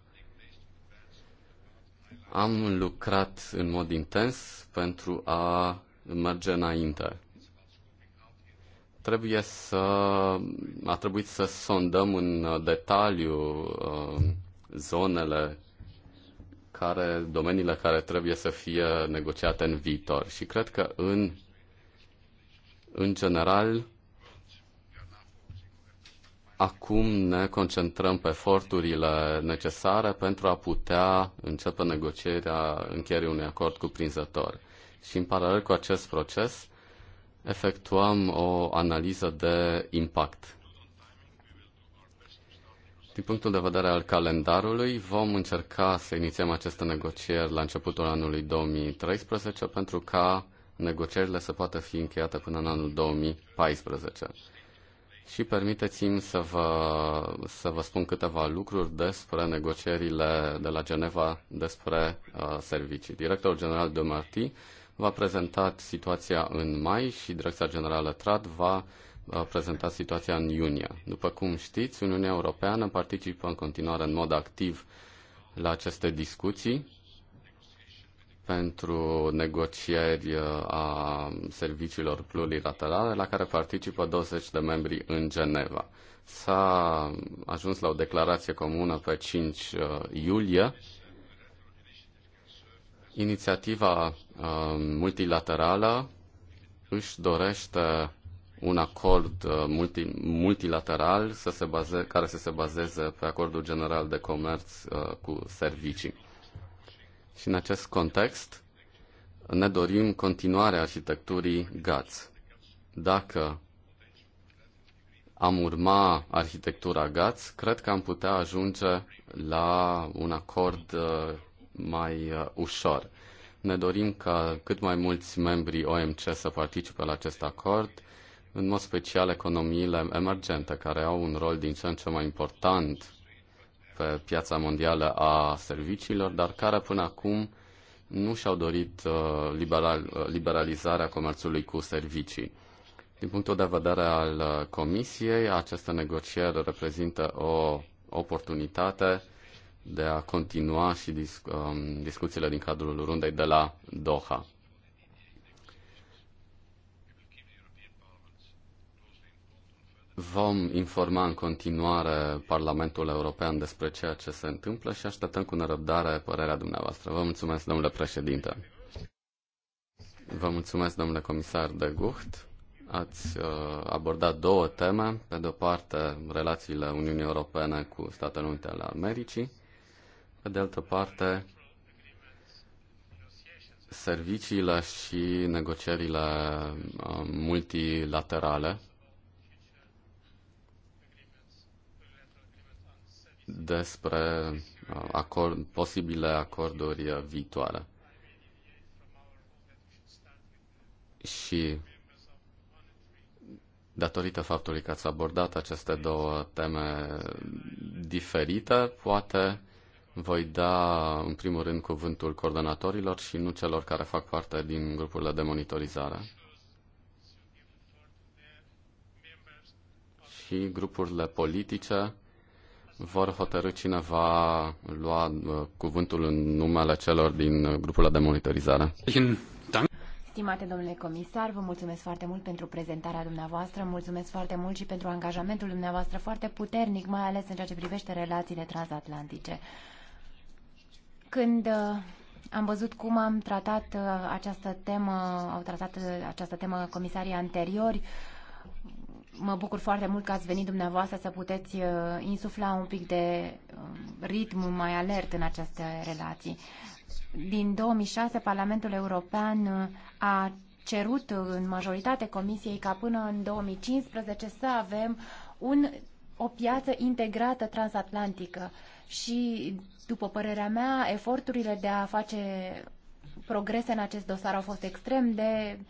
Am lucrat în mod intens pentru a merge înainte. Trebuie să, a trebuit să sondăm în detaliu uh, zonele care, domeniile care trebuie să fie negociate în viitor. Și cred că în, în general acum ne concentrăm pe eforturile necesare pentru a putea începe negocierea încheierii unui acord cuprinzător. Și în paralel cu acest proces efectuăm o analiză de impact din punctul de vedere al calendarului, vom încerca să inițiem aceste negocieri la începutul anului 2013 pentru ca negocierile să poată fi încheiate până în anul 2014. Și permiteți-mi să vă, să vă spun câteva lucruri despre negocierile de la Geneva despre uh, servicii. Directorul general de Marti va prezenta situația în mai și Direcția Generală Trad va prezenta situația în iunie. După cum știți, Uniunea Europeană participă în continuare în mod activ la aceste discuții pentru negocieri uh, a serviciilor plurilaterale la care participă 20 de membri în Geneva. S-a ajuns la o declarație comună pe 5 uh, iulie. Inițiativa uh, multilaterală își dorește un acord uh, multi, multilateral să se baze, care să se bazeze pe acordul general de comerț uh, cu servicii. Și în acest context ne dorim continuarea arhitecturii GATS. Dacă am urma arhitectura GATS, cred că am putea ajunge la un acord uh, mai uh, ușor. Ne dorim ca cât mai mulți membri OMC să participe la acest acord, în mod special economiile emergente, care au un rol din ce în ce mai important pe piața mondială a serviciilor, dar care până acum nu și-au dorit uh, liberal, uh, liberalizarea comerțului cu servicii. Din punctul de vedere al uh, Comisiei, aceste negocieri reprezintă o oportunitate de a continua și discu- um, discuțiile din cadrul rundei de la Doha. Vom informa în continuare Parlamentul European despre ceea ce se întâmplă și așteptăm cu nerăbdare părerea dumneavoastră. Vă mulțumesc, domnule președinte. Vă mulțumesc, domnule comisar de Gucht. Ați uh, abordat două teme. Pe de-o parte, relațiile Uniunii Europene cu Statele Unite ale Americii. Pe de altă parte, serviciile și negocierile uh, multilaterale despre uh, acord, posibile acorduri viitoare. Și datorită faptului că ați abordat aceste două teme diferite, poate voi da în primul rând cuvântul coordonatorilor și nu celor care fac parte din grupurile de monitorizare. Și grupurile politice vor hotărâ cine va lua uh, cuvântul în numele celor din grupul de monitorizare. Stimate domnule comisar, vă mulțumesc foarte mult pentru prezentarea dumneavoastră, mulțumesc foarte mult și pentru angajamentul dumneavoastră foarte puternic, mai ales în ceea ce privește relațiile transatlantice. Când uh, am văzut cum am tratat uh, această temă, au tratat această temă comisarii anteriori, mă bucur foarte mult că ați venit dumneavoastră să puteți uh, insufla un pic de um, ritm mai alert în aceste relații. Din 2006, Parlamentul European uh, a cerut uh, în majoritate Comisiei ca până în 2015 să avem un, o piață integrată transatlantică și, după părerea mea, eforturile de a face progrese în acest dosar au fost extrem de uh,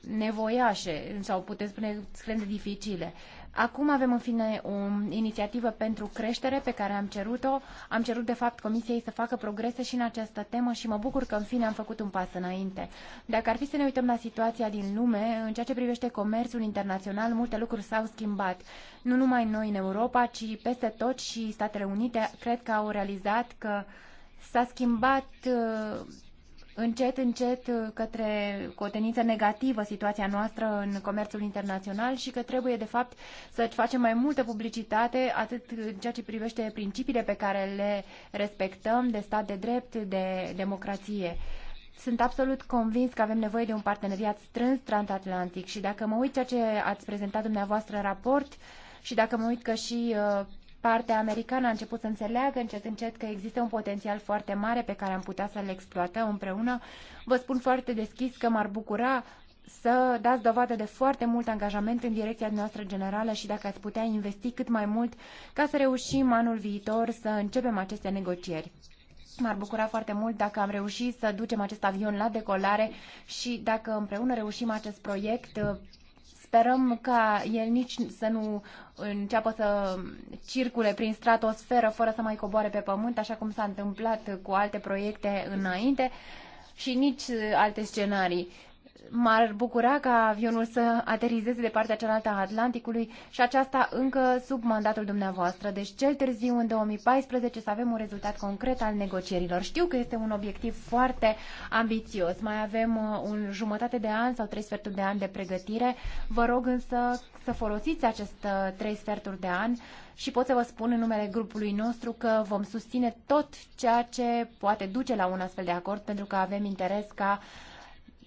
nevoiașe sau puteți spune extrem de dificile. Acum avem în fine o inițiativă pentru creștere pe care am cerut-o. Am cerut de fapt Comisiei să facă progrese și în această temă și mă bucur că în fine am făcut un pas înainte. Dacă ar fi să ne uităm la situația din lume, în ceea ce privește comerțul internațional, multe lucruri s-au schimbat. Nu numai noi în Europa, ci peste tot și Statele Unite cred că au realizat că s-a schimbat uh, încet, încet către cu o tendință negativă situația noastră în comerțul internațional și că trebuie, de fapt, să facem mai multă publicitate, atât în ceea ce privește principiile pe care le respectăm de stat de drept, de democrație. Sunt absolut convins că avem nevoie de un parteneriat strâns transatlantic și dacă mă uit ceea ce ați prezentat dumneavoastră în raport și dacă mă uit că și uh, partea americană a început să înțeleagă încet, încet că există un potențial foarte mare pe care am putea să-l exploatăm împreună. Vă spun foarte deschis că m-ar bucura să dați dovadă de foarte mult angajament în direcția noastră generală și dacă ați putea investi cât mai mult ca să reușim anul viitor să începem aceste negocieri. M-ar bucura foarte mult dacă am reușit să ducem acest avion la decolare și dacă împreună reușim acest proiect Sperăm ca el nici să nu înceapă să circule prin stratosferă fără să mai coboare pe pământ, așa cum s-a întâmplat cu alte proiecte înainte și nici alte scenarii m-ar bucura ca avionul să aterizeze de partea cealaltă a Atlanticului și aceasta încă sub mandatul dumneavoastră. Deci cel târziu în 2014 să avem un rezultat concret al negocierilor. Știu că este un obiectiv foarte ambițios. Mai avem uh, un jumătate de an sau trei sferturi de an de pregătire. Vă rog însă să folosiți acest uh, trei sferturi de an și pot să vă spun în numele grupului nostru că vom susține tot ceea ce poate duce la un astfel de acord pentru că avem interes ca uh,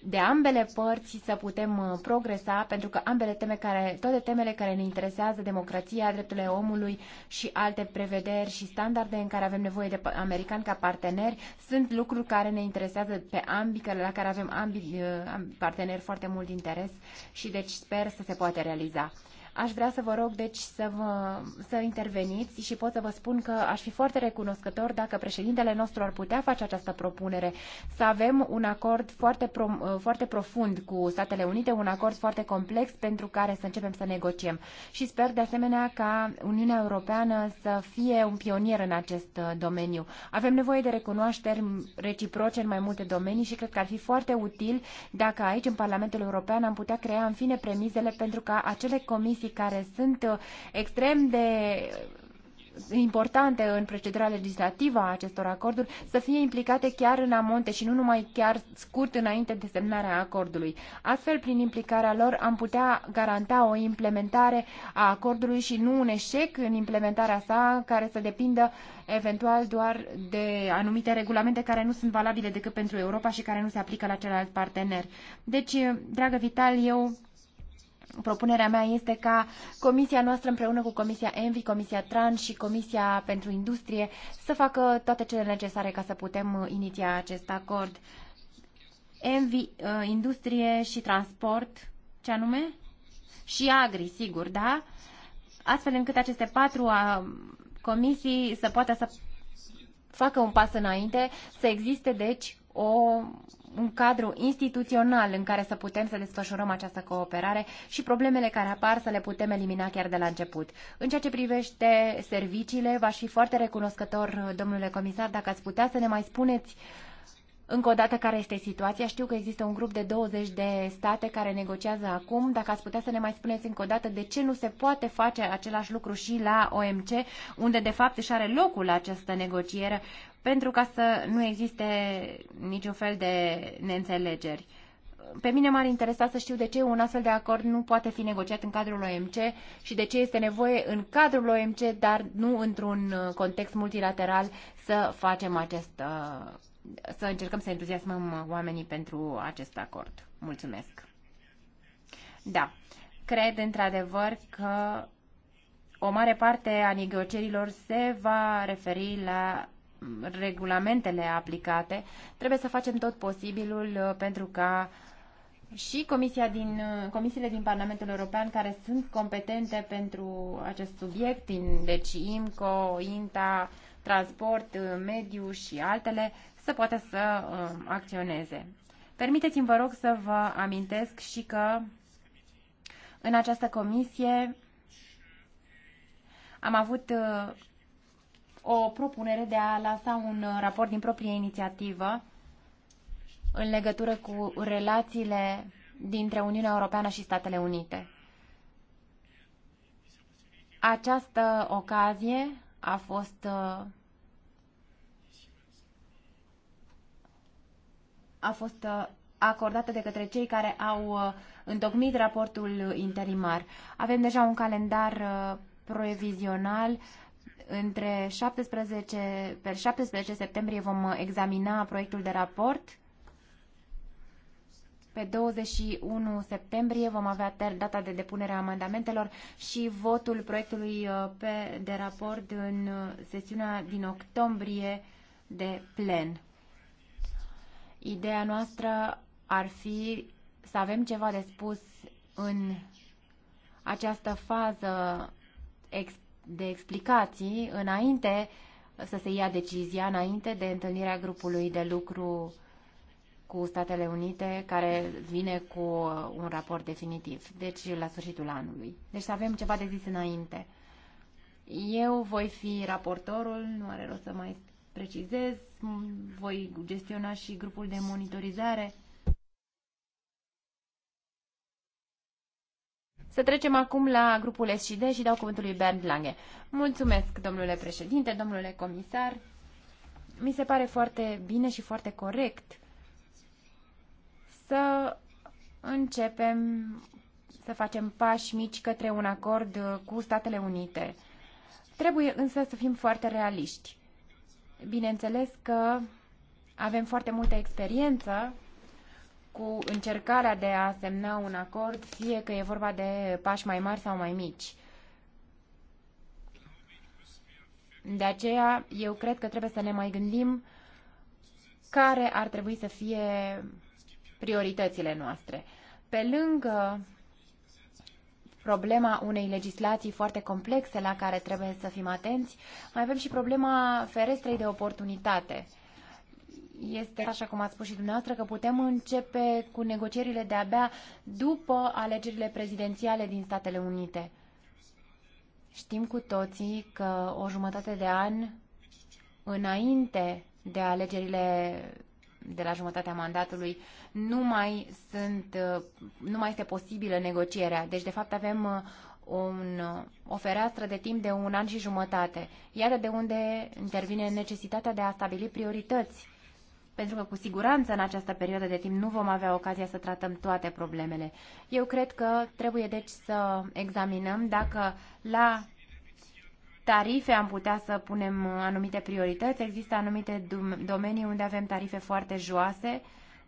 de ambele părți să putem uh, progresa, pentru că ambele teme care, toate temele care ne interesează, democrația, drepturile omului și alte prevederi și standarde în care avem nevoie de americani ca parteneri, sunt lucruri care ne interesează pe ambii, la care avem ambii uh, parteneri foarte mult interes și deci sper să se poate realiza. Aș vrea să vă rog, deci, să, vă, să interveniți și pot să vă spun că aș fi foarte recunoscător dacă președintele nostru ar putea face această propunere, să avem un acord foarte, pro, uh, foarte profund cu Statele Unite, un acord foarte complex pentru care să începem să negociem. Și sper, de asemenea, ca Uniunea Europeană să fie un pionier în acest uh, domeniu. Avem nevoie de recunoașteri reciproce în mai multe domenii și cred că ar fi foarte util dacă aici, în Parlamentul European, am putea crea, în fine, premizele pentru ca acele comisii chestii care sunt uh, extrem de importante în procedura legislativă a acestor acorduri să fie implicate chiar în amonte și nu numai chiar scurt înainte de semnarea acordului. Astfel, prin implicarea lor, am putea garanta o implementare a acordului și nu un eșec în implementarea sa care să depindă eventual doar de anumite regulamente care nu sunt valabile decât pentru Europa și care nu se aplică la celălalt partener. Deci, dragă Vital, eu Propunerea mea este ca comisia noastră împreună cu comisia ENVI, comisia TRAN și comisia pentru industrie să facă toate cele necesare ca să putem uh, iniția acest acord. ENVI, uh, industrie și transport, ce anume? Și agri, sigur, da? Astfel încât aceste patru uh, comisii să poată să facă un pas înainte, să existe, deci, o un cadru instituțional în care să putem să desfășurăm această cooperare și problemele care apar să le putem elimina chiar de la început. În ceea ce privește serviciile, v-aș fi foarte recunoscător, domnule comisar, dacă ați putea să ne mai spuneți încă o dată care este situația. Știu că există un grup de 20 de state care negociază acum. Dacă ați putea să ne mai spuneți încă o dată de ce nu se poate face același lucru și la OMC, unde de fapt își are locul această negociere pentru ca să nu existe niciun fel de neînțelegeri. Pe mine m-ar interesa să știu de ce un astfel de acord nu poate fi negociat în cadrul OMC și de ce este nevoie în cadrul OMC, dar nu într-un uh, context multilateral să facem acest, uh, să încercăm să entuziasmăm oamenii pentru acest acord. Mulțumesc! Da, cred într-adevăr că o mare parte a negocierilor se va referi la regulamentele aplicate, trebuie să facem tot posibilul uh, pentru ca și comisia din, uh, comisiile din Parlamentul European care sunt competente pentru acest subiect, din, deci IMCO, INTA, transport, uh, mediu și altele, să poată să acționeze. Permiteți-mi, vă rog, să vă amintesc și că în această comisie am avut o propunere de a lansa un uh, raport din proprie inițiativă în legătură cu relațiile dintre Uniunea Europeană și Statele Unite. Această ocazie a fost uh, a fost uh, acordată de către cei care au întocmit raportul interimar. Avem deja un calendar provizional. Între 17, pe 17 septembrie vom examina proiectul de raport. Pe 21 septembrie vom avea data de depunere a amendamentelor și votul proiectului uh, pe, de raport în uh, sesiunea din octombrie de plen. Ideea noastră ar fi să avem ceva de spus în această fază extremă de explicații înainte să se ia decizia, înainte de întâlnirea grupului de lucru cu Statele Unite, care vine cu un raport definitiv, deci la sfârșitul anului. Deci să avem ceva de zis înainte. Eu voi fi raportorul, nu are rost să mai precizez, voi gestiona și grupul de monitorizare Să trecem acum la grupul SCD și dau cuvântul lui Bernd Lange. Mulțumesc, domnule președinte, domnule comisar. Mi se pare foarte bine și foarte corect să începem să facem pași mici către un acord cu Statele Unite. Trebuie însă să fim foarte realiști. Bineînțeles că avem foarte multă experiență cu încercarea de a semna un acord, fie că e vorba de pași mai mari sau mai mici. De aceea, eu cred că trebuie să ne mai gândim care ar trebui să fie prioritățile noastre. Pe lângă problema unei legislații foarte complexe la care trebuie să fim atenți, mai avem și problema ferestrei de oportunitate – este, așa cum ați spus și dumneavoastră, că putem începe cu negocierile de-abia după alegerile prezidențiale din Statele Unite. Știm cu toții că o jumătate de an înainte de alegerile de la jumătatea mandatului nu mai, sunt, nu mai este posibilă negocierea. Deci, de fapt, avem uh, un, uh, o fereastră de timp de un an și jumătate. Iată de unde intervine necesitatea de a stabili priorități pentru că cu siguranță în această perioadă de timp nu vom avea ocazia să tratăm toate problemele. Eu cred că trebuie deci să examinăm dacă la tarife am putea să punem anumite priorități. Există anumite domenii unde avem tarife foarte joase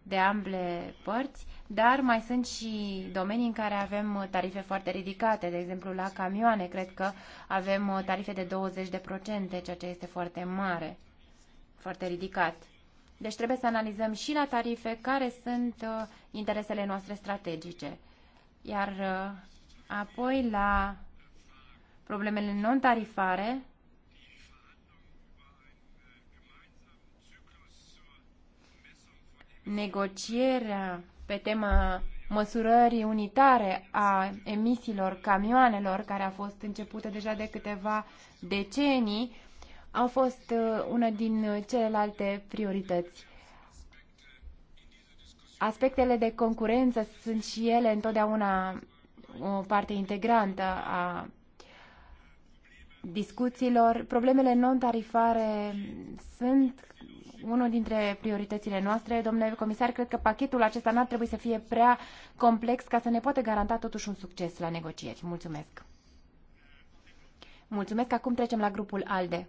de ambele părți, dar mai sunt și domenii în care avem tarife foarte ridicate, de exemplu la camioane, cred că avem tarife de 20%, ceea ce este foarte mare, foarte ridicat. Deci trebuie să analizăm și la tarife care sunt uh, interesele noastre strategice. Iar uh, apoi la problemele non-tarifare, negocierea pe tema măsurării unitare a emisiilor camioanelor, care a fost începută deja de câteva decenii, au fost uh, una din uh, celelalte priorități. Aspectele de concurență sunt și ele întotdeauna o parte integrantă a discuțiilor. Problemele non-tarifare sunt unul dintre prioritățile noastre. Domnule comisar, cred că pachetul acesta n-ar trebui să fie prea complex ca să ne poată garanta totuși un succes la negocieri. Mulțumesc! Mulțumesc! Acum trecem la grupul ALDE.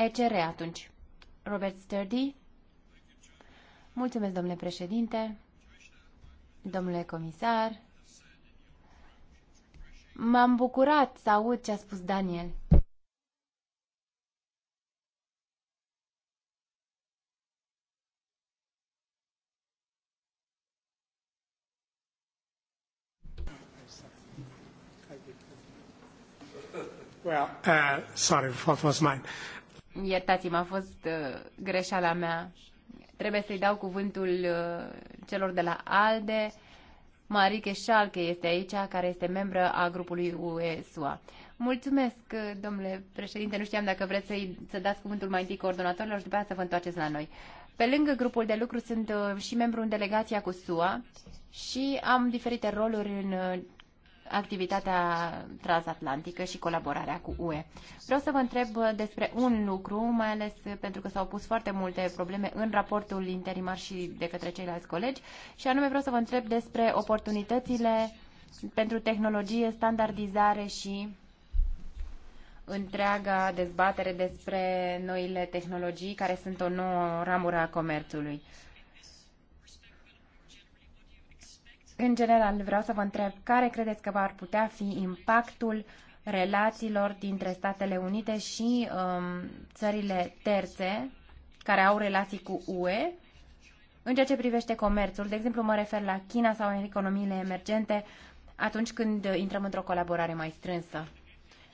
ECR atunci. Robert Sturdy. Mulțumesc, domnule președinte, domnule comisar. M-am bucurat să aud ce a spus Daniel. Well, uh, sorry, what was mine? Iertați-mă, a fost uh, greșeala mea. Trebuie să-i dau cuvântul uh, celor de la ALDE. Marike Schalke este aici, care este membră a grupului UE-SUA. Mulțumesc, uh, domnule președinte. Nu știam dacă vreți să-i, să dați cuvântul mai întâi coordonatorilor și după aceea să vă întoarceți la noi. Pe lângă grupul de lucru sunt uh, și membru în delegația cu SUA și am diferite roluri în uh, activitatea transatlantică și colaborarea cu UE. Vreau să vă întreb despre un lucru, mai ales pentru că s-au pus foarte multe probleme în raportul interimar și de către ceilalți colegi, și anume vreau să vă întreb despre oportunitățile pentru tehnologie, standardizare și întreaga dezbatere despre noile tehnologii care sunt o nouă ramură a comerțului. În general, vreau să vă întreb care credeți că ar putea fi impactul relațiilor dintre Statele Unite și um, țările terțe care au relații cu UE în ceea ce privește comerțul. De exemplu, mă refer la China sau economiile emergente atunci când intrăm într-o colaborare mai strânsă.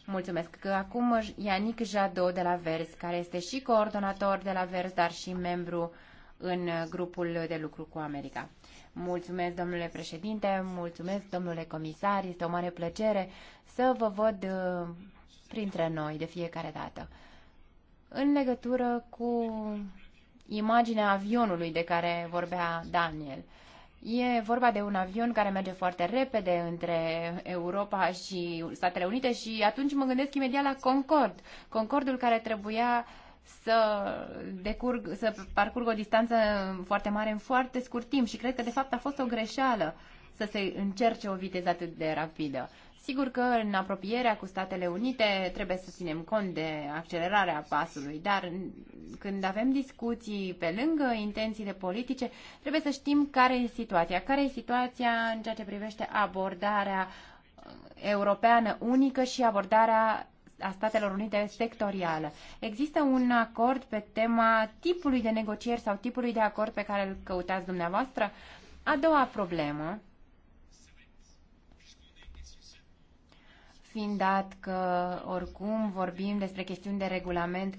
Mulțumesc. Că acum Ianic Jadot de la Vers, care este și coordonator de la Vers, dar și membru uh, în grupul de lucru cu America. Mulțumesc, domnule președinte, mulțumesc, domnule comisar, este o mare plăcere să vă văd uh, printre noi de fiecare dată. În legătură cu imaginea avionului de care vorbea Daniel, E vorba de un avion care merge foarte repede între Europa și Statele Unite și atunci mă gândesc imediat la Concord. Concordul care trebuia să, decurg, să parcurg o distanță foarte mare în foarte scurt timp și cred că de fapt a fost o greșeală să se încerce o viteză atât de rapidă. Sigur că în apropierea cu Statele Unite trebuie să ținem cont de accelerarea pasului, dar când avem discuții pe lângă intențiile politice, trebuie să știm care e situația. Care e situația în ceea ce privește abordarea europeană unică și abordarea a Statelor Unite sectorială. Există un acord pe tema tipului de negocieri sau tipului de acord pe care îl căutați dumneavoastră? A doua problemă, fiind dat că oricum vorbim despre chestiuni de regulament,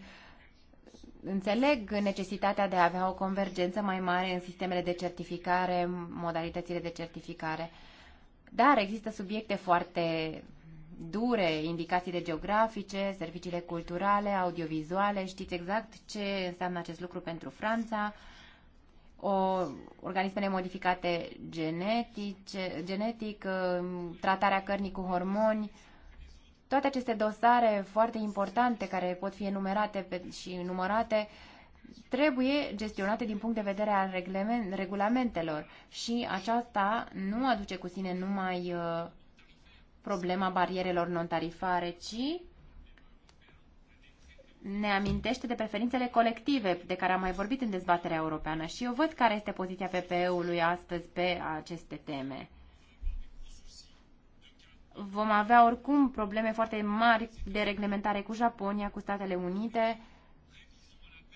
înțeleg necesitatea de a avea o convergență mai mare în sistemele de certificare, modalitățile de certificare, dar există subiecte foarte dure, indicațiile geografice, serviciile culturale, audiovizuale, știți exact ce înseamnă acest lucru pentru Franța, o, organismele modificate genetice, genetic, uh, tratarea cărnii cu hormoni, toate aceste dosare foarte importante care pot fi enumerate pe, și numărate trebuie gestionate din punct de vedere al regulamentelor și aceasta nu aduce cu sine numai uh, problema barierelor non-tarifare, ci ne amintește de preferințele colective de care am mai vorbit în dezbaterea europeană și eu văd care este poziția PPE-ului astăzi pe aceste teme. Vom avea oricum probleme foarte mari de reglementare cu Japonia, cu Statele Unite,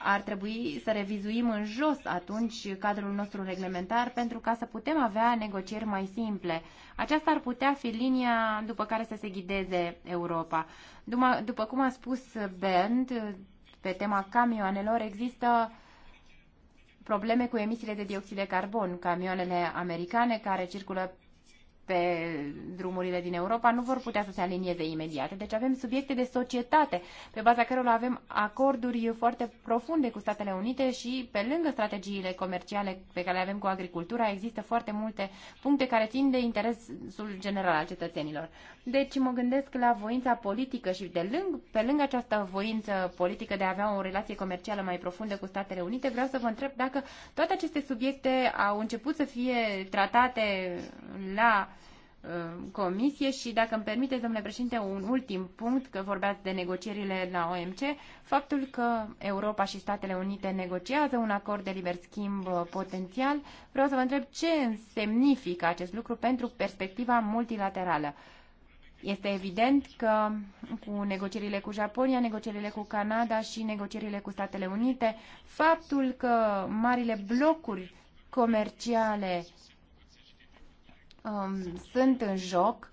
ar trebui să revizuim în jos atunci cadrul nostru reglementar pentru ca să putem avea negocieri mai simple. Aceasta ar putea fi linia după care să se ghideze Europa. După cum a spus Bernd, pe tema camioanelor există probleme cu emisiile de dioxid de carbon. Camioanele americane care circulă pe drumurile din Europa nu vor putea să se alinieze imediat. Deci avem subiecte de societate, pe baza cărora avem acorduri foarte profunde cu Statele Unite și pe lângă strategiile comerciale pe care le avem cu agricultura, există foarte multe puncte care țin de interesul general al cetățenilor. Deci mă gândesc la voința politică și de lâng, pe lângă această voință politică de a avea o relație comercială mai profundă cu Statele Unite, vreau să vă întreb dacă toate aceste subiecte au început să fie tratate la Uh, comisie și dacă îmi permite, domnule președinte, un ultim punct, că vorbeați de negocierile la OMC, faptul că Europa și Statele Unite negociază un acord de liber schimb uh, potențial, vreau să vă întreb ce însemnifică acest lucru pentru perspectiva multilaterală. Este evident că cu negocierile cu Japonia, negocierile cu Canada și negocierile cu Statele Unite, faptul că marile blocuri comerciale um, sunt în joc.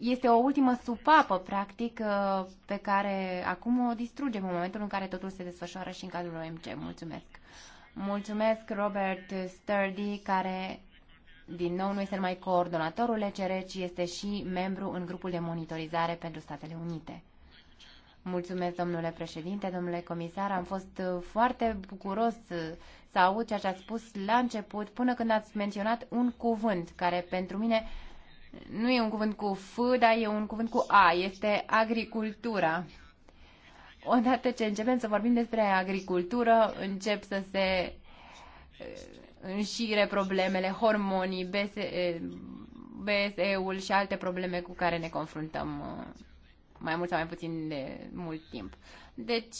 Este o ultimă supapă, practic, uh, pe care acum o distrugem în momentul în care totul se desfășoară și în cadrul OMC. Mulțumesc! Mulțumesc, Robert Sturdy, care din nou nu este mai coordonatorul ECR, ci este și membru în grupul de monitorizare pentru Statele Unite. Mulțumesc, domnule președinte, domnule comisar. Am fost uh, foarte bucuros uh, să aud ceea ce ați spus la început, până când ați menționat un cuvânt care pentru mine nu e un cuvânt cu F, dar e un cuvânt cu A, este agricultura. Odată ce începem să vorbim despre agricultură, încep să se eh, înșire problemele, hormonii, BSE, BSE-ul și alte probleme cu care ne confruntăm eh, mai mult sau mai puțin de mult timp. Deci,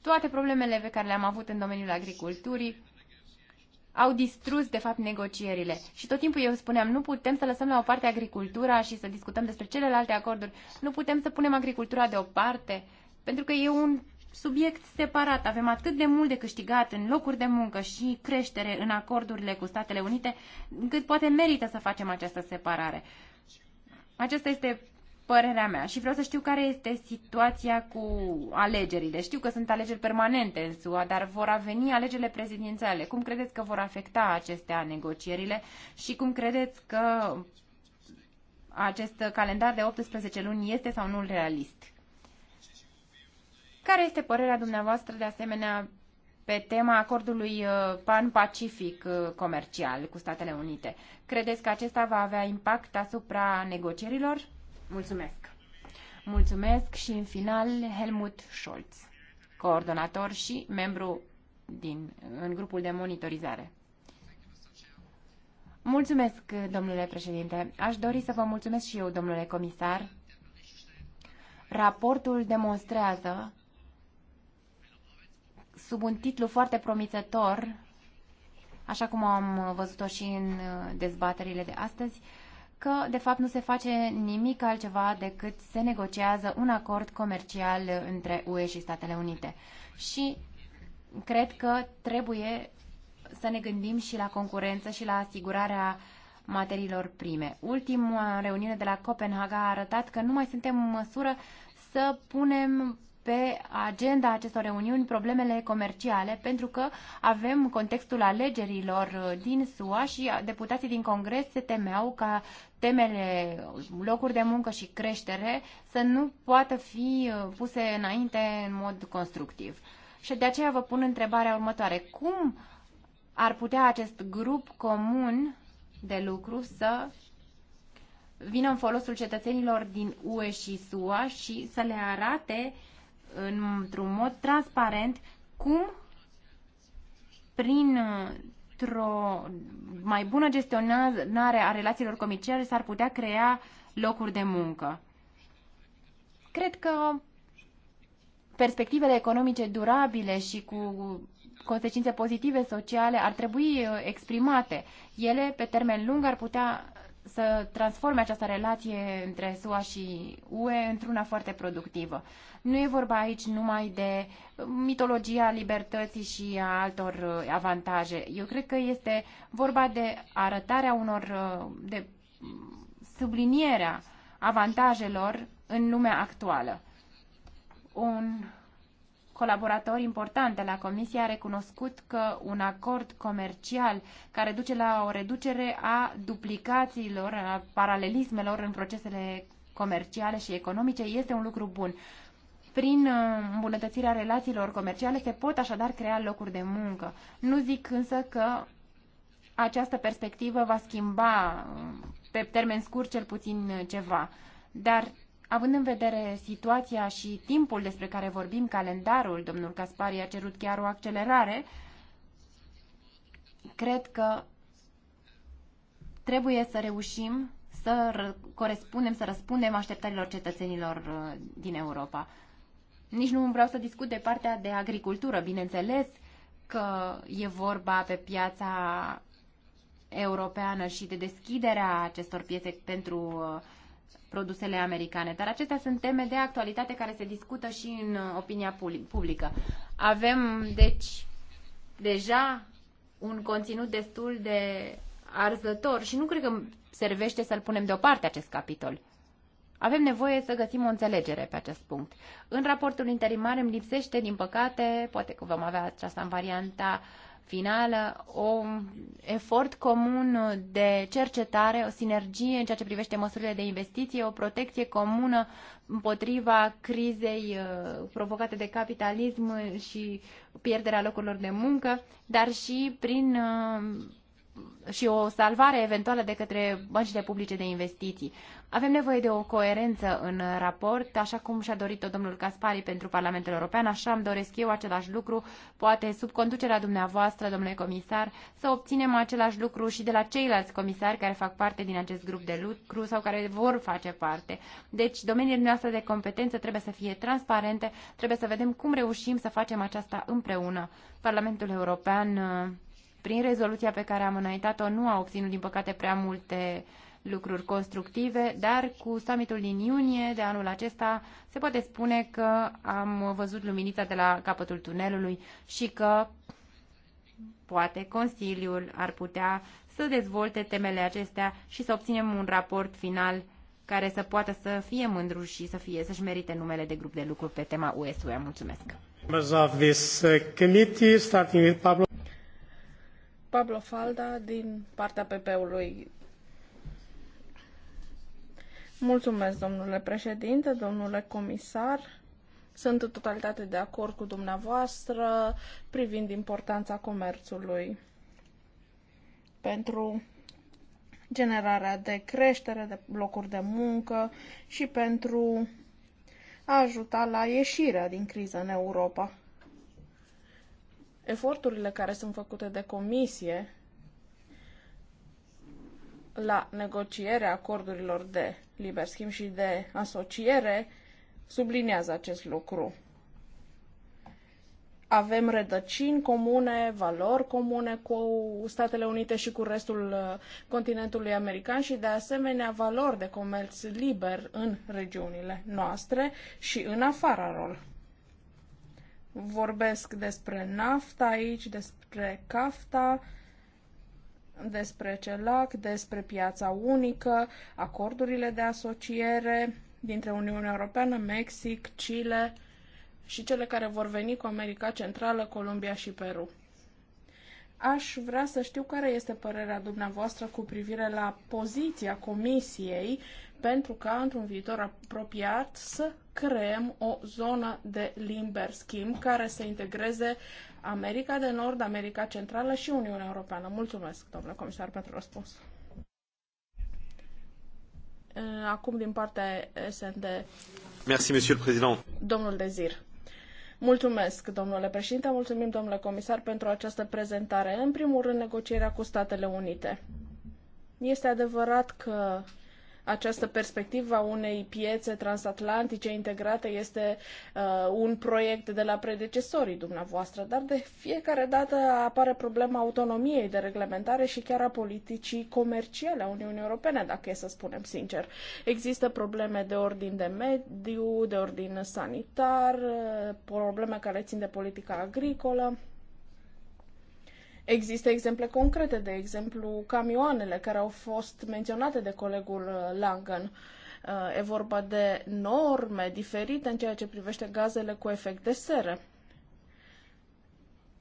toate problemele pe care le-am avut în domeniul agriculturii au distrus, de fapt, negocierile. Și tot timpul eu spuneam, nu putem să lăsăm la o parte agricultura și să discutăm despre celelalte acorduri. Nu putem să punem agricultura deoparte, pentru că e un subiect separat. Avem atât de mult de câștigat în locuri de muncă și creștere în acordurile cu Statele Unite, încât poate merită să facem această separare. Acesta este părerea mea și vreau să știu care este situația cu alegerile. Știu că sunt alegeri permanente în SUA, dar vor veni alegerile prezidențiale. Cum credeți că vor afecta acestea negocierile și cum credeți că acest calendar de 18 luni este sau nu realist? Care este părerea dumneavoastră de asemenea pe tema acordului uh, pan-pacific uh, comercial cu Statele Unite? Credeți că acesta va avea impact asupra negocierilor? Mulțumesc. Mulțumesc și în final Helmut Scholz, coordonator și membru din, în grupul de monitorizare. Mulțumesc, domnule președinte. Aș dori să vă mulțumesc și eu, domnule comisar. Raportul demonstrează, sub un titlu foarte promițător, așa cum am văzut-o și în uh, dezbaterile de astăzi, că de fapt nu se face nimic altceva decât se negociază un acord comercial între UE și Statele Unite. Și cred că trebuie să ne gândim și la concurență și la asigurarea materiilor prime. Ultima reuniune de la Copenhaga a arătat că nu mai suntem în măsură să punem pe agenda acestor reuniuni problemele comerciale, pentru că avem contextul alegerilor uh, din SUA și uh, deputații din Congres se temeau ca temele uh, locuri de muncă și creștere să nu poată fi puse înainte în mod constructiv. Și de aceea vă pun întrebarea următoare. Cum ar putea acest grup comun de lucru să vină în folosul cetățenilor din UE și SUA și să le arate uh, într-un mod transparent cum prin o mai bună gestionare a relațiilor comerciale s-ar putea crea locuri de muncă. Cred că perspectivele economice durabile și cu consecințe pozitive sociale ar trebui uh, exprimate. Ele, pe termen lung, ar putea să transforme această relație între SUA și UE într-una foarte productivă. Nu e vorba aici numai de mitologia libertății și a altor uh, avantaje. Eu cred că este vorba de arătarea unor, uh, de sublinierea avantajelor în lumea actuală. Un colaborator important de la Comisie a recunoscut că un acord comercial care duce la o reducere a duplicațiilor, a paralelismelor în procesele comerciale și economice este un lucru bun. Prin uh, îmbunătățirea relațiilor comerciale se pot așadar crea locuri de muncă. Nu zic însă că această perspectivă va schimba uh, pe termen scurt cel puțin ceva, dar Având în vedere situația și timpul despre care vorbim, calendarul, domnul Caspari a cerut chiar o accelerare, cred că trebuie să reușim să corespundem, să răspundem așteptărilor cetățenilor uh, din Europa. Nici nu vreau să discut de partea de agricultură, bineînțeles că e vorba pe piața europeană și de deschiderea acestor piețe pentru uh, produsele americane. Dar acestea sunt teme de actualitate care se discută și în uh, opinia publică. Avem, deci, deja un conținut destul de arzător și nu cred că servește să-l punem deoparte acest capitol. Avem nevoie să găsim o înțelegere pe acest punct. În raportul interimar îmi lipsește, din păcate, poate că vom avea aceasta în varianta uh, finală, un efort comun de cercetare, o sinergie în ceea ce privește măsurile de investiție, o protecție comună împotriva crizei uh, provocate de capitalism și pierderea locurilor de muncă, dar și prin uh, și o salvare eventuală de către băncile publice de investiții. Avem nevoie de o coerență în raport, așa cum și-a dorit-o domnul Caspari pentru Parlamentul European, așa îmi doresc eu același lucru, poate sub conducerea dumneavoastră, domnule comisar, să obținem același lucru și de la ceilalți comisari care fac parte din acest grup de lucru sau care vor face parte. Deci, domeniile noastre de competență trebuie să fie transparente, trebuie să vedem cum reușim să facem aceasta împreună. Parlamentul European prin rezoluția pe care am înaintat-o nu a obținut, din păcate, prea multe lucruri constructive, dar cu summitul din iunie de anul acesta se poate spune că am văzut luminița de la capătul tunelului și că poate Consiliul ar putea să dezvolte temele acestea și să obținem un raport final care să poată să fie mândru și să fie, să-și merite numele de grup de lucru pe tema USUE. Mulțumesc! Pablo Falda din partea PP-ului. Mulțumesc, domnule președinte, domnule comisar. Sunt în totalitate de acord cu dumneavoastră privind importanța comerțului pentru generarea de creștere, de locuri de muncă și pentru a ajuta la ieșirea din criză în Europa. Eforturile care sunt făcute de comisie la negocierea acordurilor de liber schimb și de asociere subliniază acest lucru. Avem rădăcini comune, valori comune cu Statele Unite și cu restul uh, continentului american și, de asemenea, valori de comerț liber în regiunile noastre și în afara rol vorbesc despre nafta aici, despre CAFTA, despre CELAC, despre piața unică, acordurile de asociere dintre Uniunea Europeană, Mexic, Chile și cele care vor veni cu America Centrală, Columbia și Peru. Aș vrea să știu care este părerea dumneavoastră cu privire la poziția Comisiei pentru ca într-un viitor apropiat să creăm o zonă de liber schimb care să integreze America de Nord, America Centrală și Uniunea Europeană. Mulțumesc, domnule comisar, pentru răspuns. Uh, acum, din partea SND. Merci, monsieur le président. Domnul Dezir. Mulțumesc, domnule președinte, mulțumim, domnule comisar, pentru această prezentare. În primul rând, negocierea cu Statele Unite. Este adevărat că această perspectivă a unei piețe transatlantice integrate este uh, un proiect de la predecesorii dumneavoastră, dar de fiecare dată apare problema autonomiei de reglementare și chiar a politicii comerciale a Uniunii Europene, dacă e să spunem sincer. Există probleme de ordin de mediu, de ordin sanitar, uh, probleme care țin de politica agricolă. Există exemple concrete, de exemplu, camioanele care au fost menționate de colegul uh, Langen. Uh, e vorba de norme diferite în ceea ce privește gazele cu efect de seră.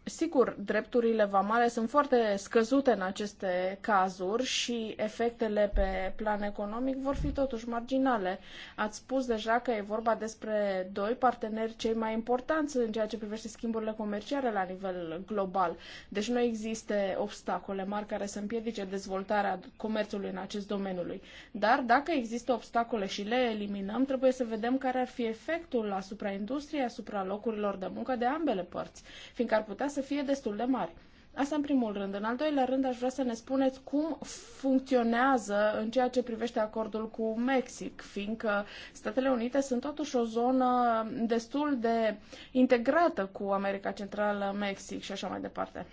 Sigur, drepturile vamale sunt foarte scăzute în aceste cazuri și efectele pe plan economic vor fi totuși marginale. Ați spus deja că e vorba despre doi parteneri cei mai importanți în ceea ce privește schimburile comerciale la nivel global. Deci nu există obstacole mari care să împiedice dezvoltarea comerțului în acest domeniu. Dar dacă există obstacole și le eliminăm, trebuie să vedem care ar fi efectul asupra industriei, asupra locurilor de muncă de ambele părți, fiindcă ar putea să fie destul de mari. Asta în primul rând. În al doilea rând, aș vrea să ne spuneți cum funcționează în ceea ce privește acordul cu Mexic, fiindcă Statele Unite sunt totuși o zonă destul de integrată cu America Centrală, Mexic și așa mai departe.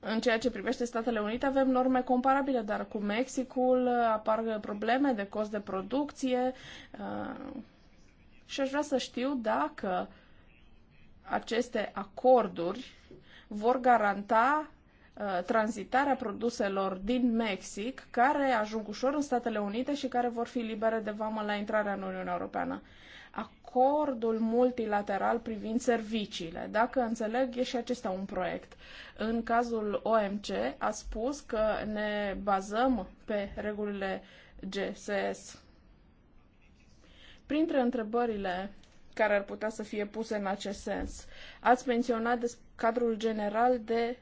În ceea ce privește Statele Unite avem norme comparabile, dar cu Mexicul apar probleme de cost de producție uh, și aș vrea să știu dacă uh, aceste acorduri vor garanta uh, tranzitarea produselor din Mexic care ajung ușor în Statele Unite și care vor fi libere de vamă la intrarea în Uniunea Europeană. Acordul multilateral privind serviciile, dacă înțeleg, e și acesta un proiect. În cazul OMC a spus că ne bazăm pe regulile GSS. Printre întrebările care ar putea să fie puse în acest sens. Ați menționat cadrul general de,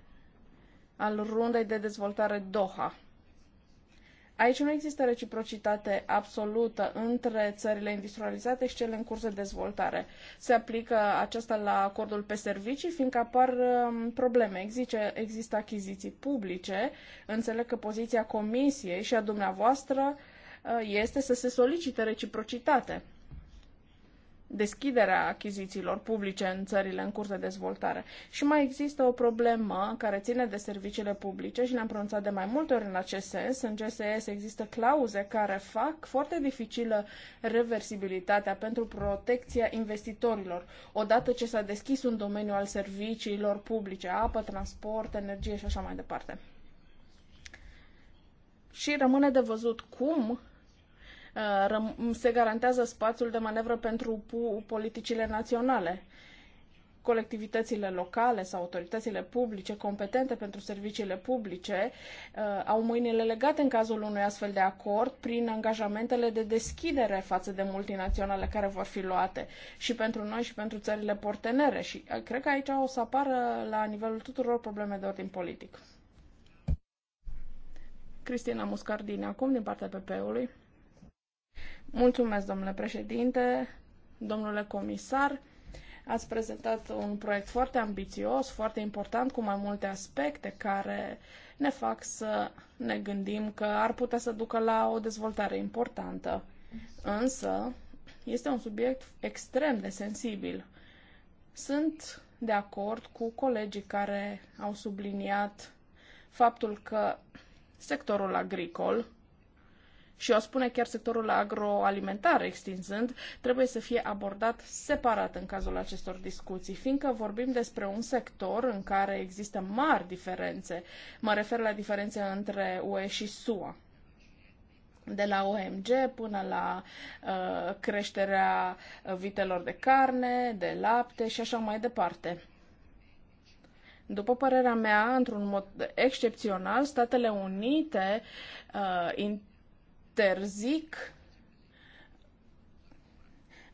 al rundei de dezvoltare Doha. Aici nu există reciprocitate absolută între țările industrializate și cele în curs de dezvoltare. Se aplică aceasta la acordul pe servicii, fiindcă apar um, probleme. Există, există achiziții publice. Înțeleg că poziția Comisiei și a dumneavoastră uh, este să se solicite reciprocitate deschiderea achizițiilor publice în țările în curs de dezvoltare. Și mai există o problemă care ține de serviciile publice și ne-am pronunțat de mai multe ori în acest sens. În GSS există clauze care fac foarte dificilă reversibilitatea pentru protecția investitorilor. Odată ce s-a deschis un domeniu al serviciilor publice, apă, transport, energie și așa mai departe. Și rămâne de văzut cum Uh, se garantează spațiul de manevră pentru politicile naționale. Colectivitățile locale sau autoritățile publice competente pentru serviciile publice uh, au mâinile legate în cazul unui astfel de acord prin angajamentele de deschidere față de multinaționale care vor fi luate și pentru noi și pentru țările partenere. Și uh, cred că aici o să apară la nivelul tuturor probleme de ordin politic. Cristina Muscardini acum din partea PP-ului. Mulțumesc, domnule președinte, domnule comisar. Ați prezentat un proiect foarte ambițios, foarte important, cu mai multe aspecte care ne fac să ne gândim că ar putea să ducă la o dezvoltare importantă. Însă, este un subiect extrem de sensibil. Sunt de acord cu colegii care au subliniat faptul că sectorul agricol și o spune chiar sectorul agroalimentar extinzând, trebuie să fie abordat separat în cazul acestor discuții, fiindcă vorbim despre un sector în care există mari diferențe. Mă refer la diferențe între UE și SUA de la OMG până la uh, creșterea vitelor de carne, de lapte și așa mai departe. După părerea mea, într-un mod excepțional, Statele Unite uh, interzic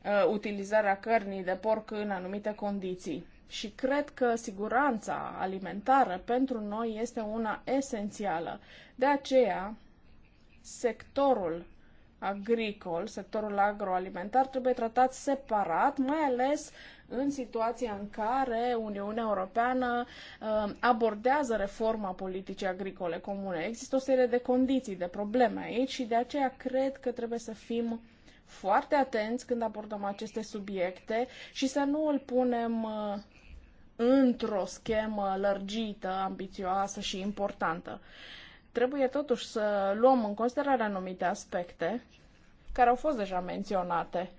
uh, utilizarea cărnii de porc în anumite condiții. Și cred că siguranța alimentară pentru noi este una esențială. De aceea, sectorul agricol, sectorul agroalimentar trebuie tratat separat, mai ales în situația în care Uniunea Europeană uh, abordează reforma politicii agricole comune. Există o serie de condiții, de probleme aici și de aceea cred că trebuie să fim foarte atenți când abordăm aceste subiecte și să nu îl punem uh, într-o schemă lărgită, ambițioasă și importantă. Trebuie totuși să luăm în considerare anumite aspecte care au fost deja menționate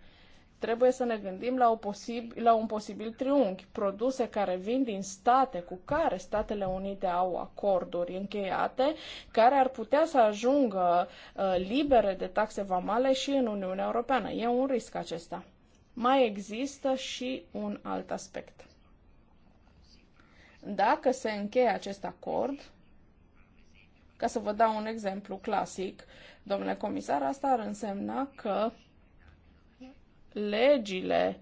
Trebuie să ne gândim la, o posib- la un posibil triunghi, produse care vin din state cu care Statele Unite au acorduri încheiate, care ar putea să ajungă uh, libere de taxe vamale și în Uniunea Europeană. E un risc acesta. Mai există și un alt aspect. Dacă se încheie acest acord, ca să vă dau un exemplu clasic, domnule comisar, asta ar însemna că legile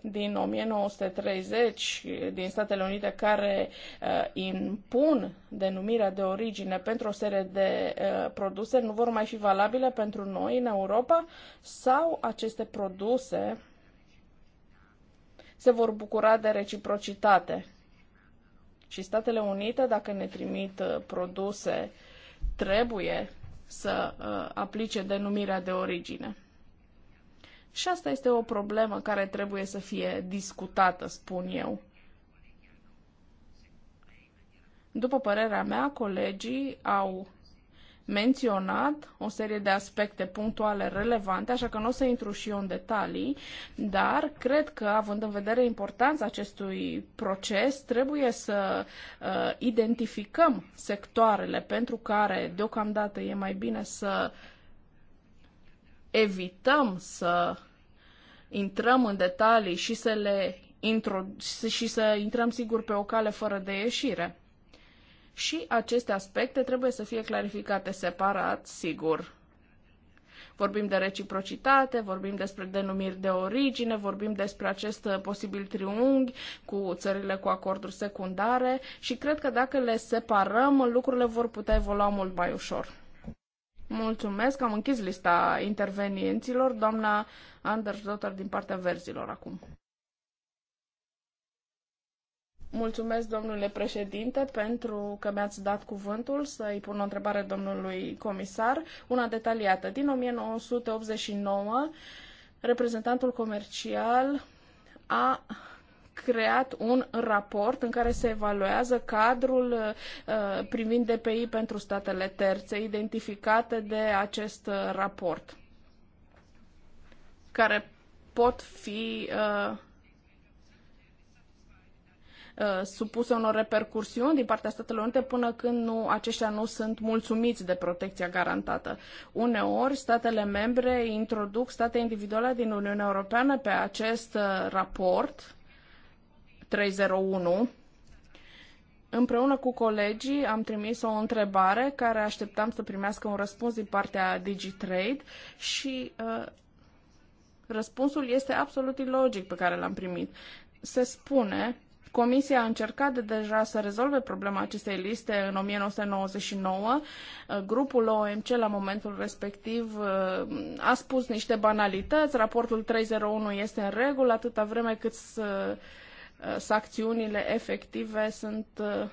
din 1930 din Statele Unite care uh, impun denumirea de origine pentru o serie de uh, produse nu vor mai fi valabile pentru noi în Europa sau aceste produse se vor bucura de reciprocitate. Și Statele Unite, dacă ne trimit uh, produse, trebuie să uh, aplice denumirea de origine. Și asta este o problemă care trebuie să fie discutată, spun eu. După părerea mea, colegii au menționat o serie de aspecte punctuale relevante, așa că nu o să intru și eu în detalii, dar cred că, având în vedere importanța acestui proces, trebuie să uh, identificăm sectoarele pentru care deocamdată e mai bine să evităm să intrăm în detalii și să le intro- și să intrăm sigur pe o cale fără de ieșire. Și aceste aspecte trebuie să fie clarificate separat, sigur. Vorbim de reciprocitate, vorbim despre denumiri de origine, vorbim despre acest posibil triunghi cu țările cu acorduri secundare și cred că dacă le separăm, lucrurile vor putea evolua mult mai ușor. Mulțumesc, am închis lista intervenienților. Doamna Anders Dotter din partea verzilor acum. Mulțumesc, domnule președinte, pentru că mi-ați dat cuvântul să-i pun o întrebare domnului comisar, una detaliată. Din 1989, reprezentantul comercial a creat un raport în care se evaluează cadrul uh, privind DPI pentru statele terțe identificate de acest uh, raport, care pot fi uh, uh, supuse unor repercursiuni din partea Statelor Unite până când nu, aceștia nu sunt mulțumiți de protecția garantată. Uneori, statele membre introduc state individuale din Uniunea Europeană pe acest uh, raport 301. Împreună cu colegii am trimis o întrebare care așteptam să primească un răspuns din partea DigiTrade și uh, răspunsul este absolut ilogic pe care l-am primit. Se spune Comisia a încercat de deja să rezolve problema acestei liste în 1999. Uh, grupul OMC la momentul respectiv uh, a spus niște banalități, raportul 301 este în regulă atâta vreme cât să Uh, sancțiunile efective sunt uh,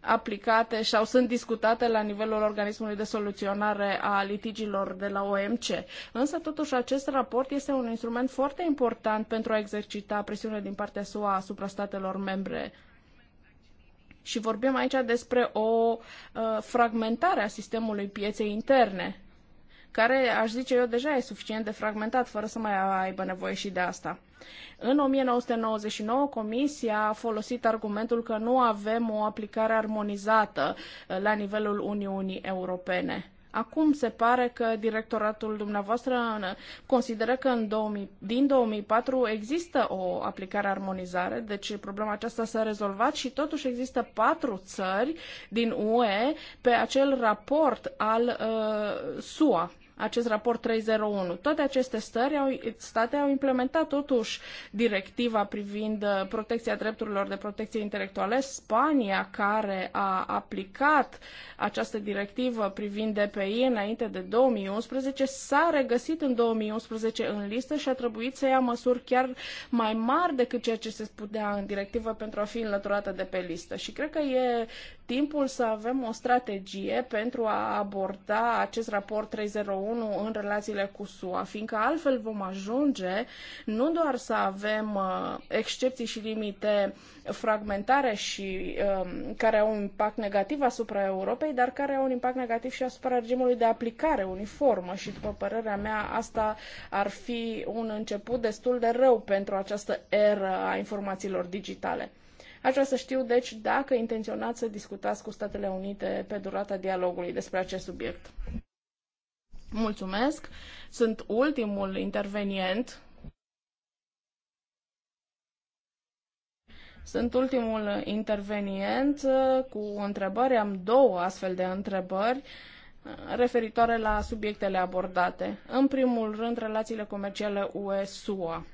aplicate sau sunt discutate la nivelul organismului de soluționare a litigiilor de la OMC. Însă, totuși, acest raport este un instrument foarte important pentru a exercita presiune din partea SUA asupra statelor membre. Și vorbim aici despre o uh, fragmentare a sistemului pieței interne, care, aș zice eu, deja e suficient de fragmentat, fără să mai aibă nevoie și de asta. În 1999, Comisia a folosit argumentul că nu avem o aplicare armonizată uh, la nivelul Uniunii Europene. Acum se pare că directoratul dumneavoastră consideră că în 2000, din 2004 există o aplicare armonizare, deci problema aceasta s-a rezolvat și totuși există patru țări din UE pe acel raport al uh, SUA acest raport 301. Toate aceste stări au, state au implementat totuși directiva privind uh, protecția drepturilor de protecție intelectuală. Spania, care a aplicat această directivă privind DPI înainte de 2011, s-a regăsit în 2011 în listă și a trebuit să ia măsuri chiar mai mari decât ceea ce se spunea în directivă pentru a fi înlăturată de pe listă. Și cred că e timpul să avem o strategie pentru a aborda acest raport 301 ONU în relațiile cu SUA, fiindcă altfel vom ajunge nu doar să avem uh, excepții și limite fragmentare și um, care au un impact negativ asupra Europei, dar care au un impact negativ și asupra regimului de aplicare uniformă și, după părerea mea, asta ar fi un început destul de rău pentru această eră a informațiilor digitale. Aș vrea să știu, deci, dacă intenționați să discutați cu Statele Unite pe durata dialogului despre acest subiect. Mulțumesc. Sunt ultimul intervenient. Sunt ultimul intervenient uh, cu întrebare. Am două astfel de întrebări uh, referitoare la subiectele abordate. În primul rând, relațiile comerciale UE-SUA.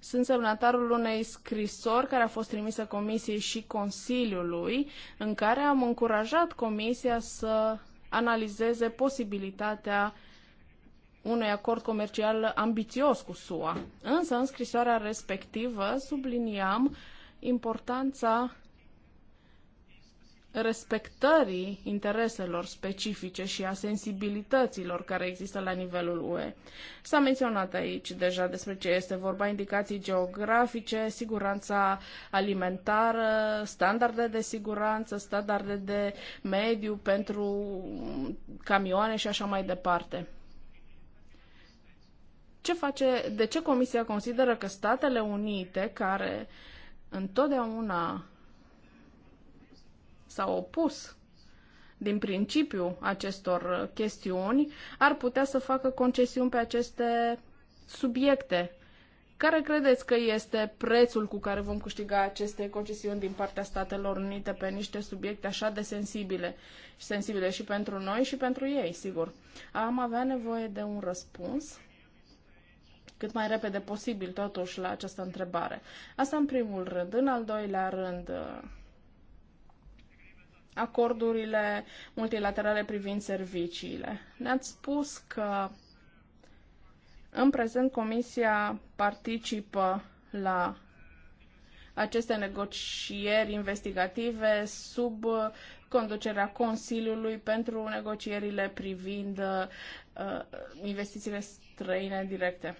Sunt semnatarul unei scrisori care a fost trimisă Comisiei și Consiliului, în care am încurajat Comisia să analizeze posibilitatea unui acord comercial ambițios cu SUA. Însă, în scrisoarea respectivă, subliniam importanța respectării intereselor specifice și a sensibilităților care există la nivelul UE. S-a menționat aici deja despre ce este vorba, indicații geografice, siguranța alimentară, standarde de siguranță, standarde de mediu pentru camioane și așa mai departe ce face, de ce Comisia consideră că Statele Unite, care întotdeauna s-au opus din principiu acestor chestiuni, ar putea să facă concesiuni pe aceste subiecte. Care credeți că este prețul cu care vom câștiga aceste concesiuni din partea Statelor Unite pe niște subiecte așa de sensibile, sensibile și pentru noi și pentru ei, sigur? Am avea nevoie de un răspuns cât mai repede posibil, totuși, la această întrebare. Asta în primul rând. În al doilea rând, acordurile multilaterale privind serviciile. Ne-ați spus că în prezent Comisia participă la aceste negocieri investigative sub conducerea Consiliului pentru negocierile privind uh, investițiile străine directe.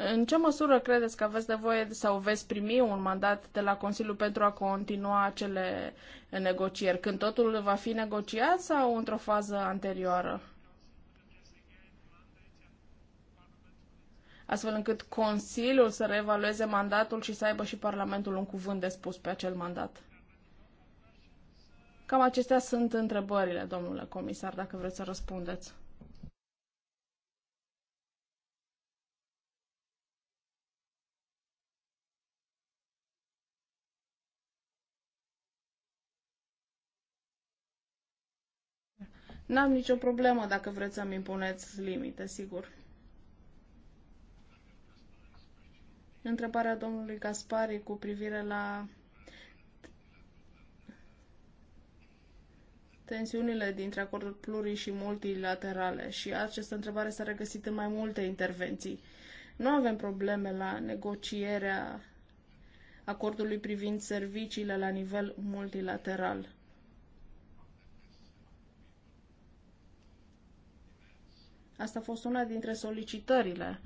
În ce măsură credeți că aveți nevoie sau veți primi un mandat de la Consiliu pentru a continua acele negocieri? Când totul va fi negociat sau într-o fază anterioară? Astfel încât Consiliul să reevalueze mandatul și să aibă și Parlamentul un cuvânt de spus pe acel mandat. Cam acestea sunt întrebările, domnule comisar, dacă vreți să răspundeți. N-am nicio problemă dacă vreți să-mi impuneți limite, sigur. Întrebarea domnului Gaspari cu privire la tensiunile dintre acorduri pluri și multilaterale și această întrebare s-a regăsit în mai multe intervenții. Nu avem probleme la negocierea acordului privind serviciile la nivel multilateral. Asta a fost una dintre solicitările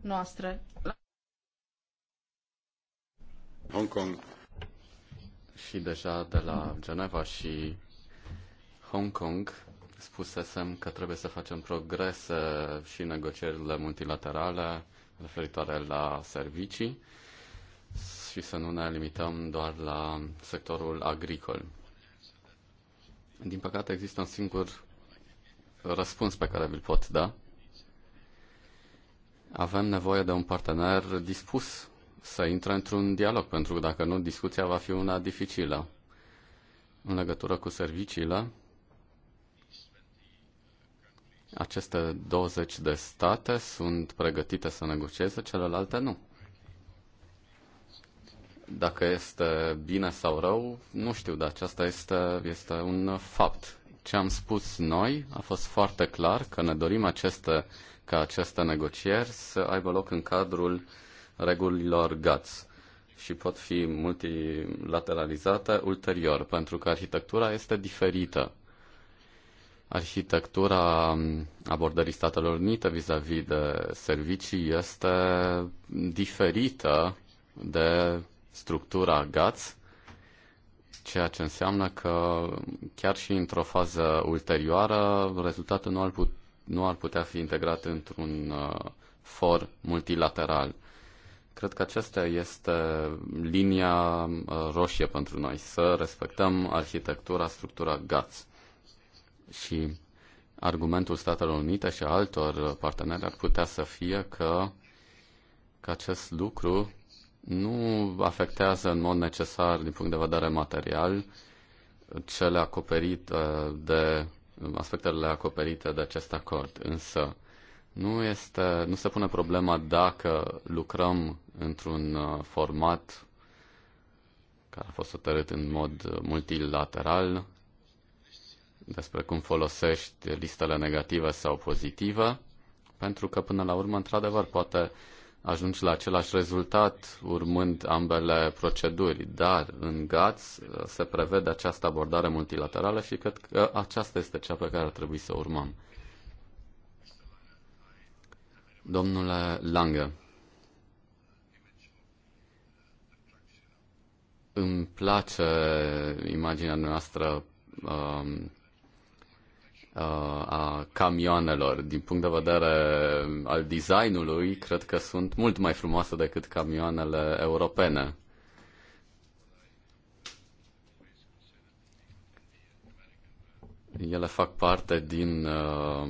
noastre. Hong Kong și deja de la Geneva și Hong Kong spusesem că trebuie să facem progrese și negocierile multilaterale referitoare la servicii și să nu ne limităm doar la sectorul agricol. Din păcate există un singur răspuns pe care vi-l pot da. Avem nevoie de un partener dispus să intre într-un dialog, pentru că dacă nu, discuția va fi una dificilă. În legătură cu serviciile, aceste 20 de state sunt pregătite să negocieze, celelalte nu. Dacă este bine sau rău, nu știu, dar aceasta este, este un fapt ce am spus noi a fost foarte clar că ne dorim aceste, ca aceste negocieri să aibă loc în cadrul regulilor GATS și pot fi multilateralizate ulterior, pentru că arhitectura este diferită. Arhitectura abordării Statelor Unite vis-a-vis -vis de servicii este diferită de structura GATS ceea ce înseamnă că chiar și într-o fază ulterioară, rezultatul nu ar, put- nu ar putea fi integrat într-un uh, for multilateral. Cred că aceasta este linia uh, roșie pentru noi, să respectăm arhitectura, structura GATS. Și argumentul Statelor Unite și altor uh, parteneri ar putea să fie că, că acest lucru nu afectează în mod necesar, din punct de vedere material, cele acoperite de aspectele acoperite de acest acord. Însă, nu, este, nu se pune problema dacă lucrăm într-un uh, format care a fost hotărât în mod multilateral, despre cum folosești listele negative sau pozitive, pentru că până la urmă, într-adevăr, poate uh, ajungi la același rezultat urmând ambele proceduri, dar în GATS uh, se prevede această abordare multilaterală și cred că aceasta este cea pe care ar trebui să urmăm. Domnule Lange, îmi place imaginea noastră um, Uh, a camioanelor. Din punct de vedere al designului, cred că sunt mult mai frumoase decât camioanele europene. Ele fac parte din uh,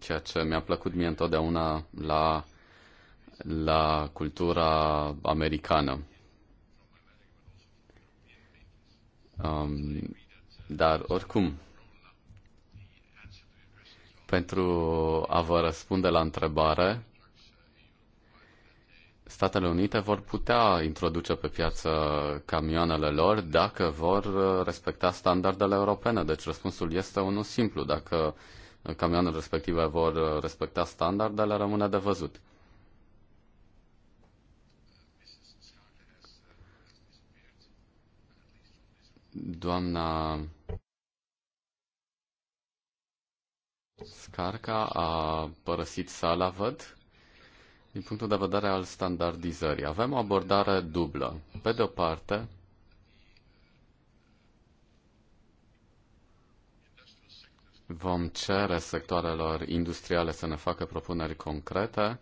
ceea ce mi-a plăcut mie întotdeauna la, la cultura americană. Um, dar oricum, pentru a vă răspunde la întrebare, Statele Unite vor putea introduce pe piață camioanele lor dacă vor respecta standardele europene. Deci răspunsul este unul simplu. Dacă camioanele respective vor respecta standardele, rămâne de văzut. Doamna Scarca a părăsit sala, văd, din punctul de vedere al standardizării. Avem o abordare dublă. Pe de o parte, vom cere sectoarelor industriale să ne facă propuneri concrete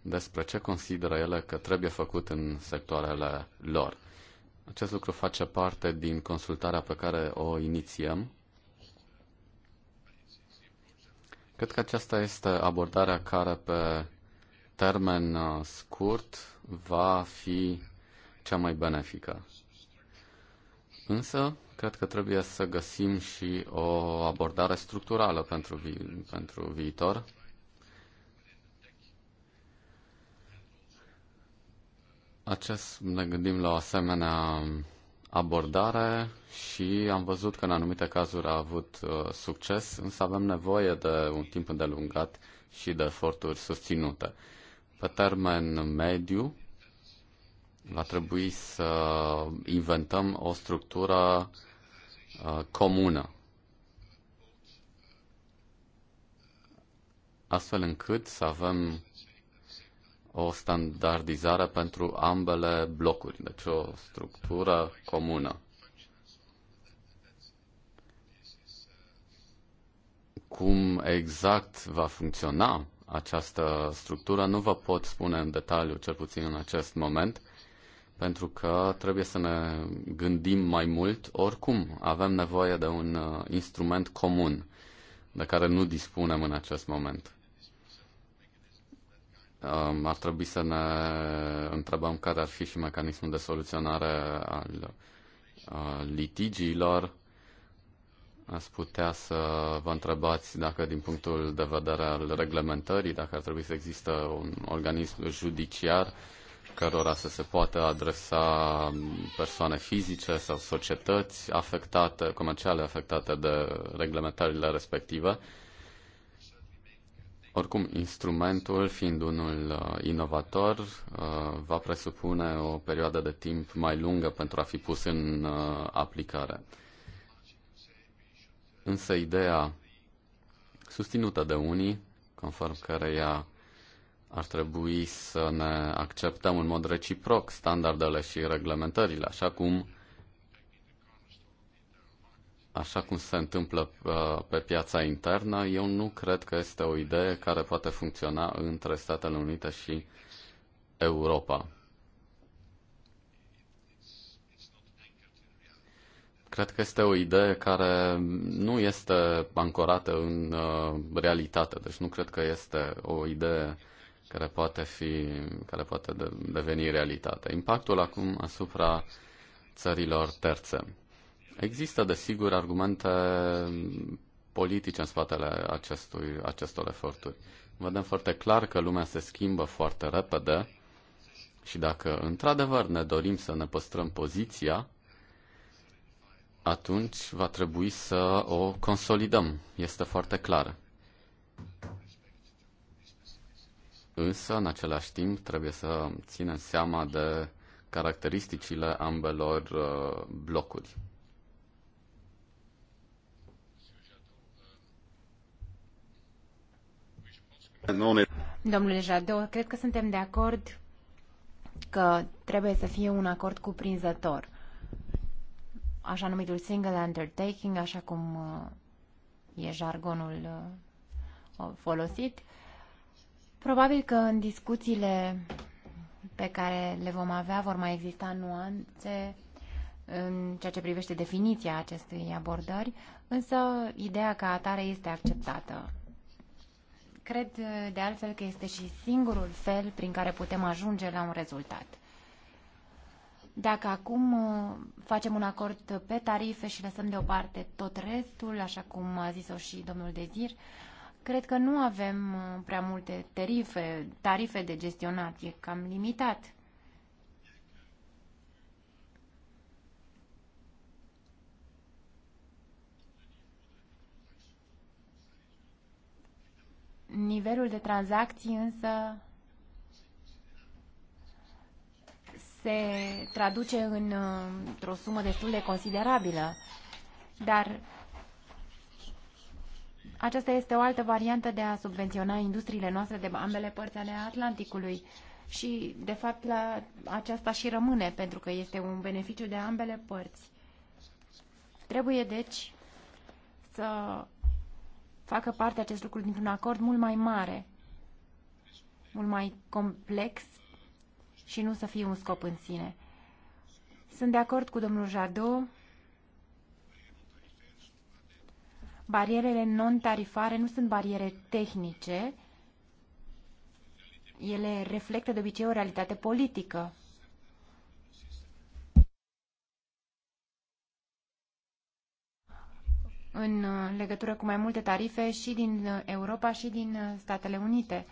despre ce consideră ele că trebuie făcut în sectoarele lor. Acest lucru face parte din consultarea pe care o inițiem Cred că aceasta este abordarea care pe termen uh, scurt va fi cea mai benefică. Însă, cred că trebuie să găsim și o abordare structurală pentru, vi- pentru viitor. Acest, ne gândim la o asemenea abordare și am văzut că în anumite cazuri a avut uh, succes, însă avem nevoie de un timp îndelungat și de eforturi susținute. Pe termen mediu, va trebui să inventăm o structură uh, comună, astfel încât să avem o standardizare pentru ambele blocuri, deci o structură comună. Cum exact va funcționa această structură nu vă pot spune în detaliu, cel puțin în acest moment, pentru că trebuie să ne gândim mai mult. Oricum, avem nevoie de un uh, instrument comun de care nu dispunem în acest moment. Um, ar trebui să ne întrebăm care ar fi și mecanismul de soluționare al uh, litigiilor. Ați putea să vă întrebați dacă, din punctul de vedere al reglementării, dacă ar trebui să există un organism judiciar cărora să se poată adresa persoane fizice sau societăți afectate, comerciale afectate de reglementările respective oricum, instrumentul, fiind unul uh, inovator, uh, va presupune o perioadă de timp mai lungă pentru a fi pus în uh, aplicare. Însă ideea susținută de unii, conform căreia ar trebui să ne acceptăm în mod reciproc standardele și reglementările, așa cum așa cum se întâmplă uh, pe piața internă, eu nu cred că este o idee care poate funcționa între Statele Unite și Europa. Cred că este o idee care nu este ancorată în uh, realitate, deci nu cred că este o idee care poate, fi, care poate deveni realitate. Impactul acum asupra țărilor terțe. Există, desigur, argumente politice în spatele acestui, acestor eforturi. Vedem foarte clar că lumea se schimbă foarte repede și dacă într-adevăr ne dorim să ne păstrăm poziția, atunci va trebui să o consolidăm. Este foarte clar. Însă, în același timp, trebuie să ținem seama de caracteristicile ambelor uh, blocuri. Domnule Jadot, cred că suntem de acord că trebuie să fie un acord cuprinzător. Așa numitul single undertaking, așa cum uh, e jargonul uh, folosit. Probabil că în discuțiile pe care le vom avea vor mai exista nuanțe în ceea ce privește definiția acestei abordări, însă ideea ca atare este acceptată Cred de altfel că este și singurul fel prin care putem ajunge la un rezultat. Dacă acum uh, facem un acord pe tarife și lăsăm deoparte tot restul, așa cum a zis-o și domnul Dezir, cred că nu avem uh, prea multe tarife, tarife de gestionat, e cam limitat Nivelul de tranzacții însă se traduce în, într-o sumă destul de considerabilă, dar aceasta este o altă variantă de a subvenționa industriile noastre de ambele părți ale Atlanticului și, de fapt, la aceasta și rămâne, pentru că este un beneficiu de ambele părți. Trebuie, deci, să facă parte acest lucru dintr-un acord mult mai mare, mult mai complex și nu să fie un scop în sine. Sunt de acord cu domnul Jadot. Barierele non-tarifare nu sunt bariere tehnice, ele reflectă de obicei o realitate politică. în uh, legătură cu mai multe tarife și din uh, Europa și din uh, Statele Unite.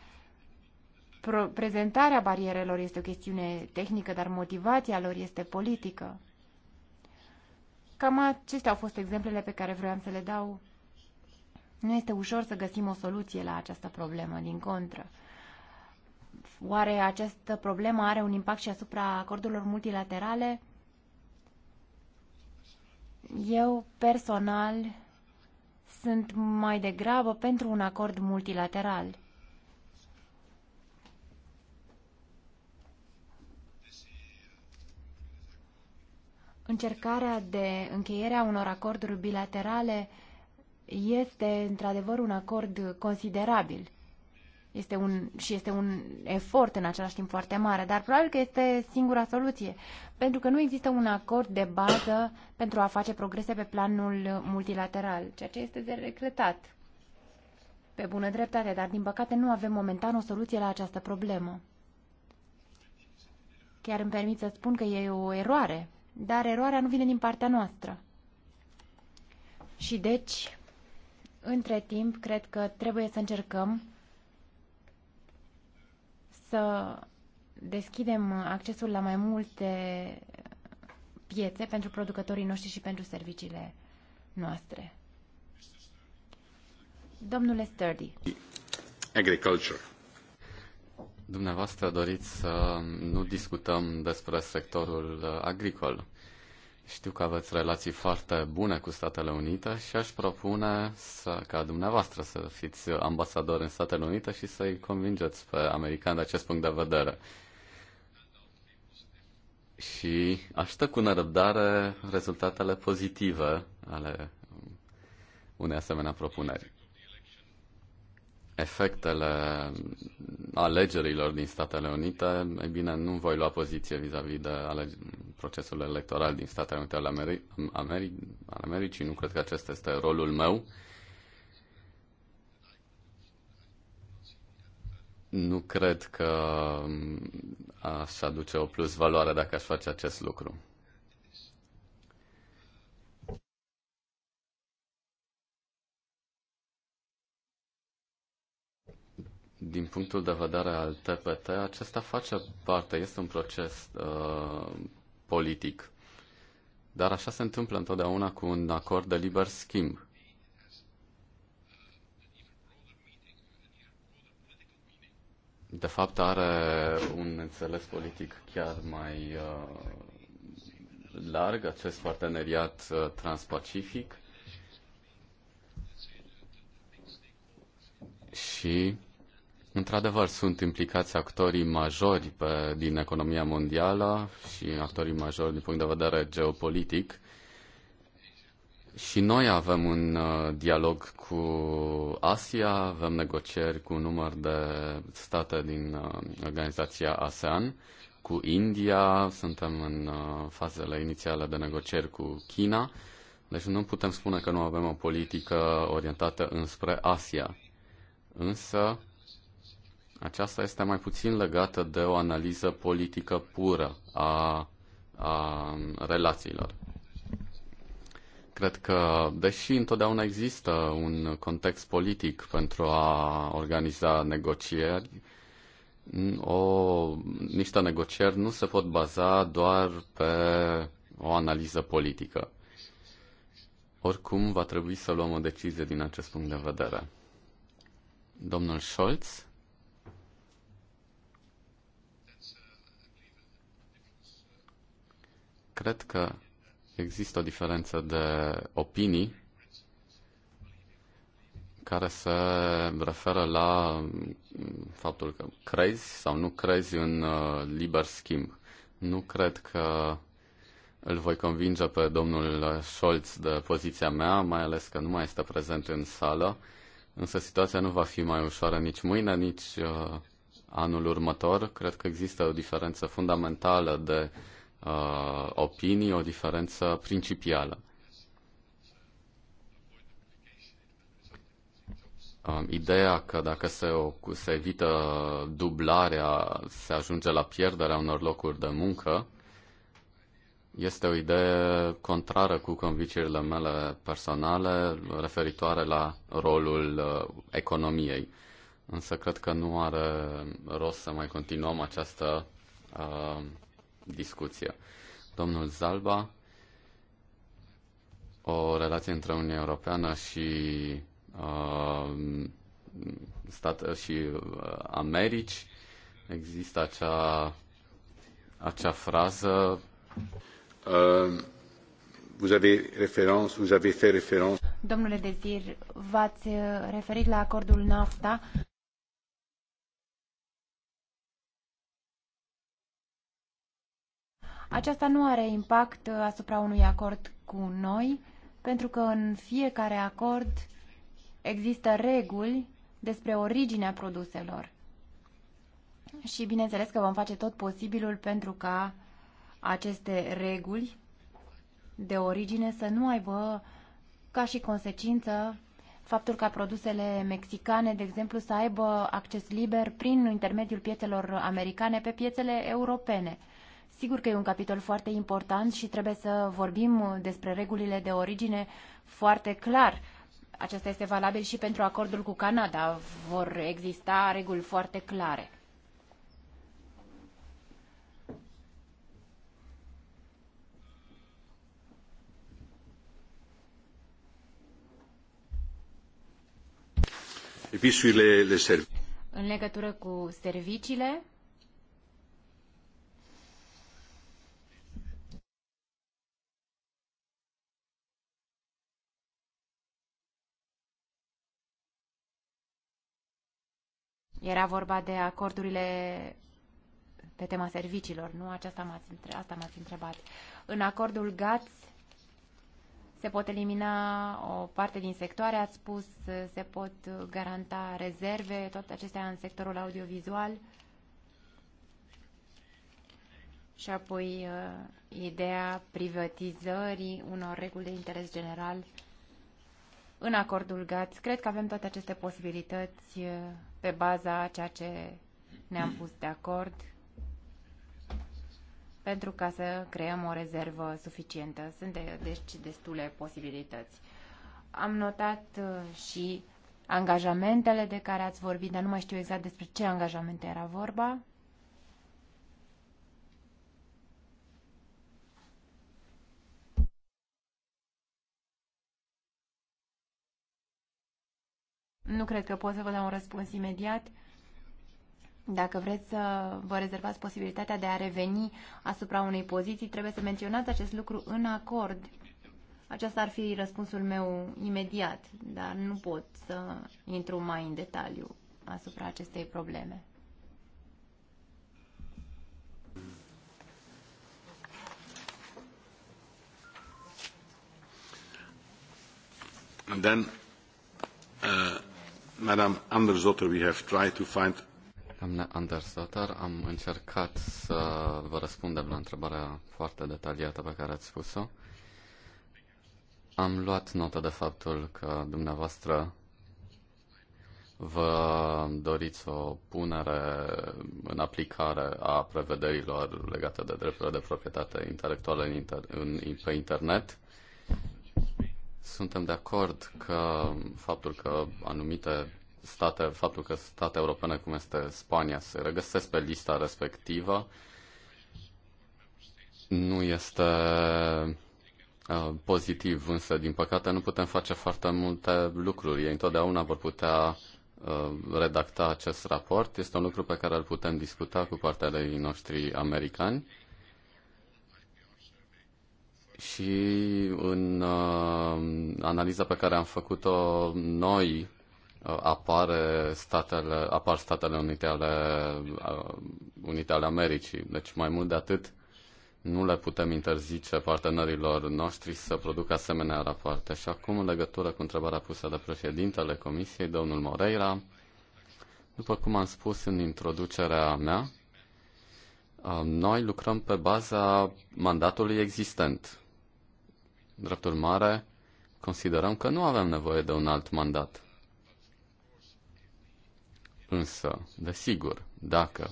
Pro prezentarea barierelor este o chestiune tehnică, dar motivația lor este politică. Cam acestea au fost exemplele pe care vreau să le dau. Nu este ușor să găsim o soluție la această problemă, din contră. Oare această problemă are un impact și asupra acordurilor multilaterale? Eu personal sunt mai degrabă pentru un acord multilateral. Încercarea de încheiere a unor acorduri bilaterale este într-adevăr un acord considerabil este un, și este un efort în același timp foarte mare, dar probabil că este singura soluție, pentru că nu există un acord de bază pentru a face progrese pe planul multilateral, ceea ce este de regretat. Pe bună dreptate, dar din păcate nu avem momentan o soluție la această problemă. Chiar îmi permit să spun că e o eroare, dar eroarea nu vine din partea noastră. Și deci, între timp, cred că trebuie să încercăm să deschidem accesul la mai multe piețe pentru producătorii noștri și pentru serviciile noastre. Domnule Sturdy. Agriculture. Dumneavoastră doriți să nu discutăm despre sectorul agricol. Știu că aveți relații foarte bune cu Statele Unite și aș propune să, ca dumneavoastră să fiți ambasador în Statele Unite și să-i convingeți pe americani de acest punct de vedere. Și aștept cu nerăbdare rezultatele pozitive ale unei asemenea propuneri efectele alegerilor din Statele Unite, e bine, nu voi lua poziție vis-a-vis -vis de alege- procesul electoral din Statele Unite ale, Ameri- Ameri- ale Americii. Nu cred că acesta este rolul meu. Nu cred că aș aduce o plus valoare dacă aș face acest lucru. din punctul de vedere al TPT, acesta face parte, este un proces uh, politic. Dar așa se întâmplă întotdeauna cu un acord de liber schimb. De fapt, are un înțeles politic chiar mai uh, larg acest parteneriat uh, transpacific și Într-adevăr, sunt implicați actorii majori pe, din economia mondială și actorii majori din punct de vedere geopolitic. Și noi avem un uh, dialog cu Asia, avem negocieri cu un număr de state din uh, organizația ASEAN, cu India, suntem în uh, fazele inițiale de negocieri cu China, deci nu putem spune că nu avem o politică orientată înspre Asia. Însă, aceasta este mai puțin legată de o analiză politică pură a, a relațiilor. Cred că, deși întotdeauna există un context politic pentru a organiza negocieri, o, niște negocieri nu se pot baza doar pe o analiză politică. Oricum, va trebui să luăm o decizie din acest punct de vedere. Domnul Scholz? cred că există o diferență de opinii care se referă la faptul că crezi sau nu crezi în uh, liber schimb. Nu cred că îl voi convinge pe domnul Scholz de poziția mea, mai ales că nu mai este prezent în sală, însă situația nu va fi mai ușoară nici mâine, nici uh, anul următor. Cred că există o diferență fundamentală de uh, uh, opinii o diferență principială. Um, ideea că dacă se, se evită dublarea, se ajunge la pierderea unor locuri de muncă, este o idee contrară cu convicțiile mele personale referitoare la rolul uh, economiei. Însă cred că nu are rost să mai continuăm această uh, discuție. Domnul Zalba, o relație între Uniunea Europeană și uh, stat, și uh, Americi. Există acea, acea frază. Uh, vous avez référence, vous avez fait référence. Domnule Dezir, v-ați referit la acordul NAFTA. Aceasta nu are impact uh, asupra unui acord cu noi, pentru că în fiecare acord există reguli despre originea produselor. Și bineînțeles că vom face tot posibilul pentru ca aceste reguli de origine să nu aibă ca și consecință faptul ca produsele mexicane, de exemplu, să aibă acces liber prin intermediul piețelor americane pe piețele europene. Sigur că e un capitol foarte important și trebuie să vorbim despre regulile de origine foarte clar. Acesta este valabil și pentru acordul cu Canada. Vor exista reguli foarte clare. În legătură cu serviciile, Era vorba de acordurile pe tema serviciilor, nu? Aceasta m-ați între... Asta m-ați întrebat. În acordul GATS se pot elimina o parte din sectoare, ați spus, se pot garanta rezerve, toate acestea în sectorul audiovizual. Și apoi uh, ideea privatizării unor reguli de interes general în acordul GATS. Cred că avem toate aceste posibilități eh, pe baza a ceea ce ne-am pus de acord pentru ca să creăm o rezervă suficientă. Sunt de, deci destule posibilități. Am notat eh, și angajamentele de care ați vorbit, dar nu mai știu exact despre ce angajamente era vorba. Nu cred că pot să vă dau un răspuns imediat. Dacă vreți să vă rezervați posibilitatea de a reveni asupra unei poziții, trebuie să menționați acest lucru în acord. Aceasta ar fi răspunsul meu imediat, dar nu pot să intru mai în detaliu asupra acestei probleme. And then, uh, Madam Andersdotter, we have tried to find Doamna Andersdotter, am încercat să vă răspundem la întrebarea foarte detaliată pe care ați spus-o. Am luat notă de faptul că dumneavoastră vă doriți o punere în aplicare a prevederilor legate de drepturile de proprietate intelectuală în inter- în, pe internet suntem de acord că faptul că anumite state, faptul că state europene cum este Spania se regăsesc pe lista respectivă nu este uh, pozitiv, însă din păcate nu putem face foarte multe lucruri. Ei întotdeauna vor putea uh, redacta acest raport. Este un lucru pe care îl putem discuta cu partea noștri americani și în uh, analiza pe care am făcut-o noi, uh, apare statele, apar Statele Unite ale, uh, Unite ale Americii. Deci mai mult de atât, nu le putem interzice partenerilor noștri să producă asemenea rapoarte. Și acum, în legătură cu întrebarea pusă de președintele Comisiei, domnul Moreira, după cum am spus în introducerea mea, uh, noi lucrăm pe baza mandatului existent Drept urmare, considerăm că nu avem nevoie de un alt mandat. Însă, desigur, dacă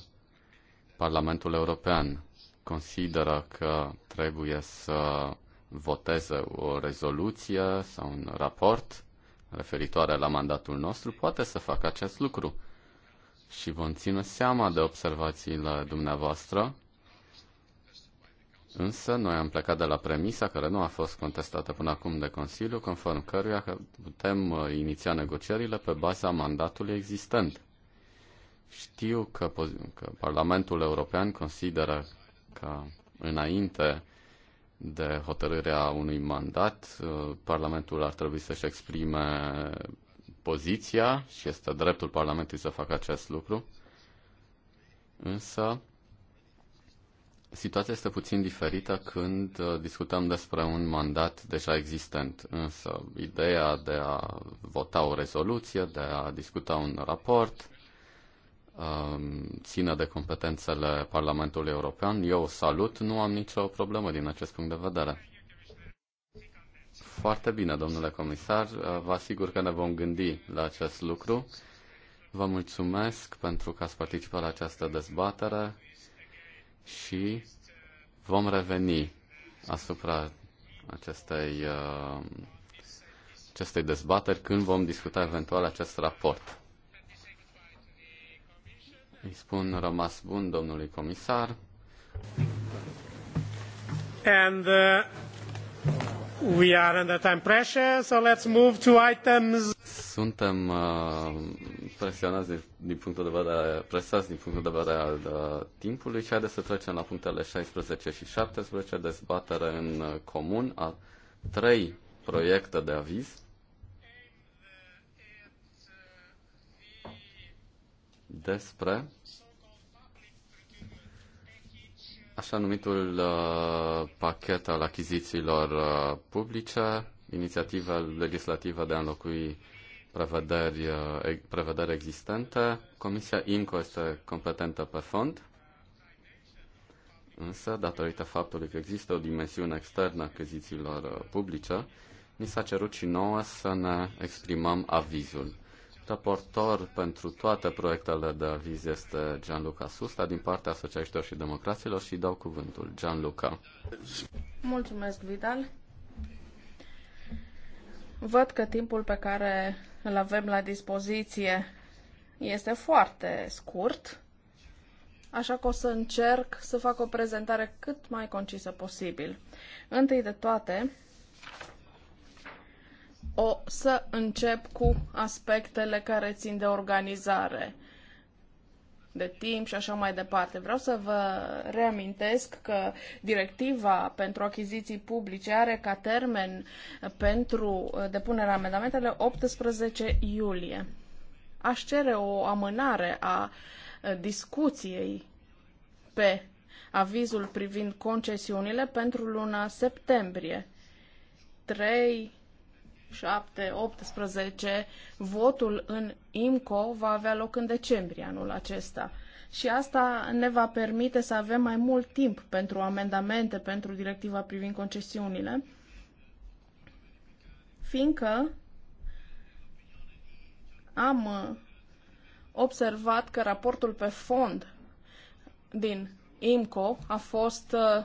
Parlamentul European consideră că trebuie să voteze o rezoluție sau un raport referitoare la mandatul nostru, poate să facă acest lucru. Și vom ține seama de observațiile dumneavoastră Însă noi am plecat de la premisa care nu a fost contestată până acum de Consiliu, conform căruia putem uh, iniția negocierile pe baza mandatului existent. Știu că, că Parlamentul European consideră că înainte de hotărârea unui mandat, uh, Parlamentul ar trebui să-și exprime poziția și este dreptul Parlamentului să facă acest lucru. Însă, Situația este puțin diferită când uh, discutăm despre un mandat deja existent, însă ideea de a vota o rezoluție, de a discuta un raport, um, ține de competențele Parlamentului European. Eu salut, nu am nicio problemă din acest punct de vedere. Foarte bine, domnule comisar, uh, vă asigur că ne vom gândi la acest lucru. Vă mulțumesc pentru că ați participat la această dezbatere și vom reveni asupra acestei, uh, acestei dezbateri când vom discuta eventual acest raport. Îi spun rămas bun domnului comisar. And, uh... We are under time pressure, so let's move to items. Suntem uh, presionați din, din punctul de vedere, presați din punctul de vedere al uh, timpului și haideți să trecem la punctele 16 și 17, dezbatere în uh, comun a trei proiecte de aviz. Despre așa numitul uh, pachet al achizițiilor uh, publice, inițiativa legislativă de a înlocui prevederi, uh, prevederi existente. Comisia INCO este competentă pe fond, însă, datorită faptului că există o dimensiune externă a achizițiilor uh, publice, ni s-a cerut și nouă să ne exprimăm avizul. Raportor pentru toate proiectele de aviz este Gianluca Susta din partea Socialiștilor și Democraților și dau cuvântul Gianluca. Mulțumesc, Vidal. Văd că timpul pe care îl avem la dispoziție este foarte scurt, așa că o să încerc să fac o prezentare cât mai concisă posibil. Întâi de toate, o să încep cu aspectele care țin de organizare, de timp și așa mai departe. Vreau să vă reamintesc că directiva pentru achiziții publice are ca termen pentru depunerea amendamentelor 18 iulie. Aș cere o amânare a discuției pe avizul privind concesiunile pentru luna septembrie. 3 7, 18, votul în IMCO va avea loc în decembrie anul acesta. Și asta ne va permite să avem mai mult timp pentru amendamente, pentru directiva privind concesiunile, fiindcă am uh, observat că raportul pe fond din IMCO a fost uh,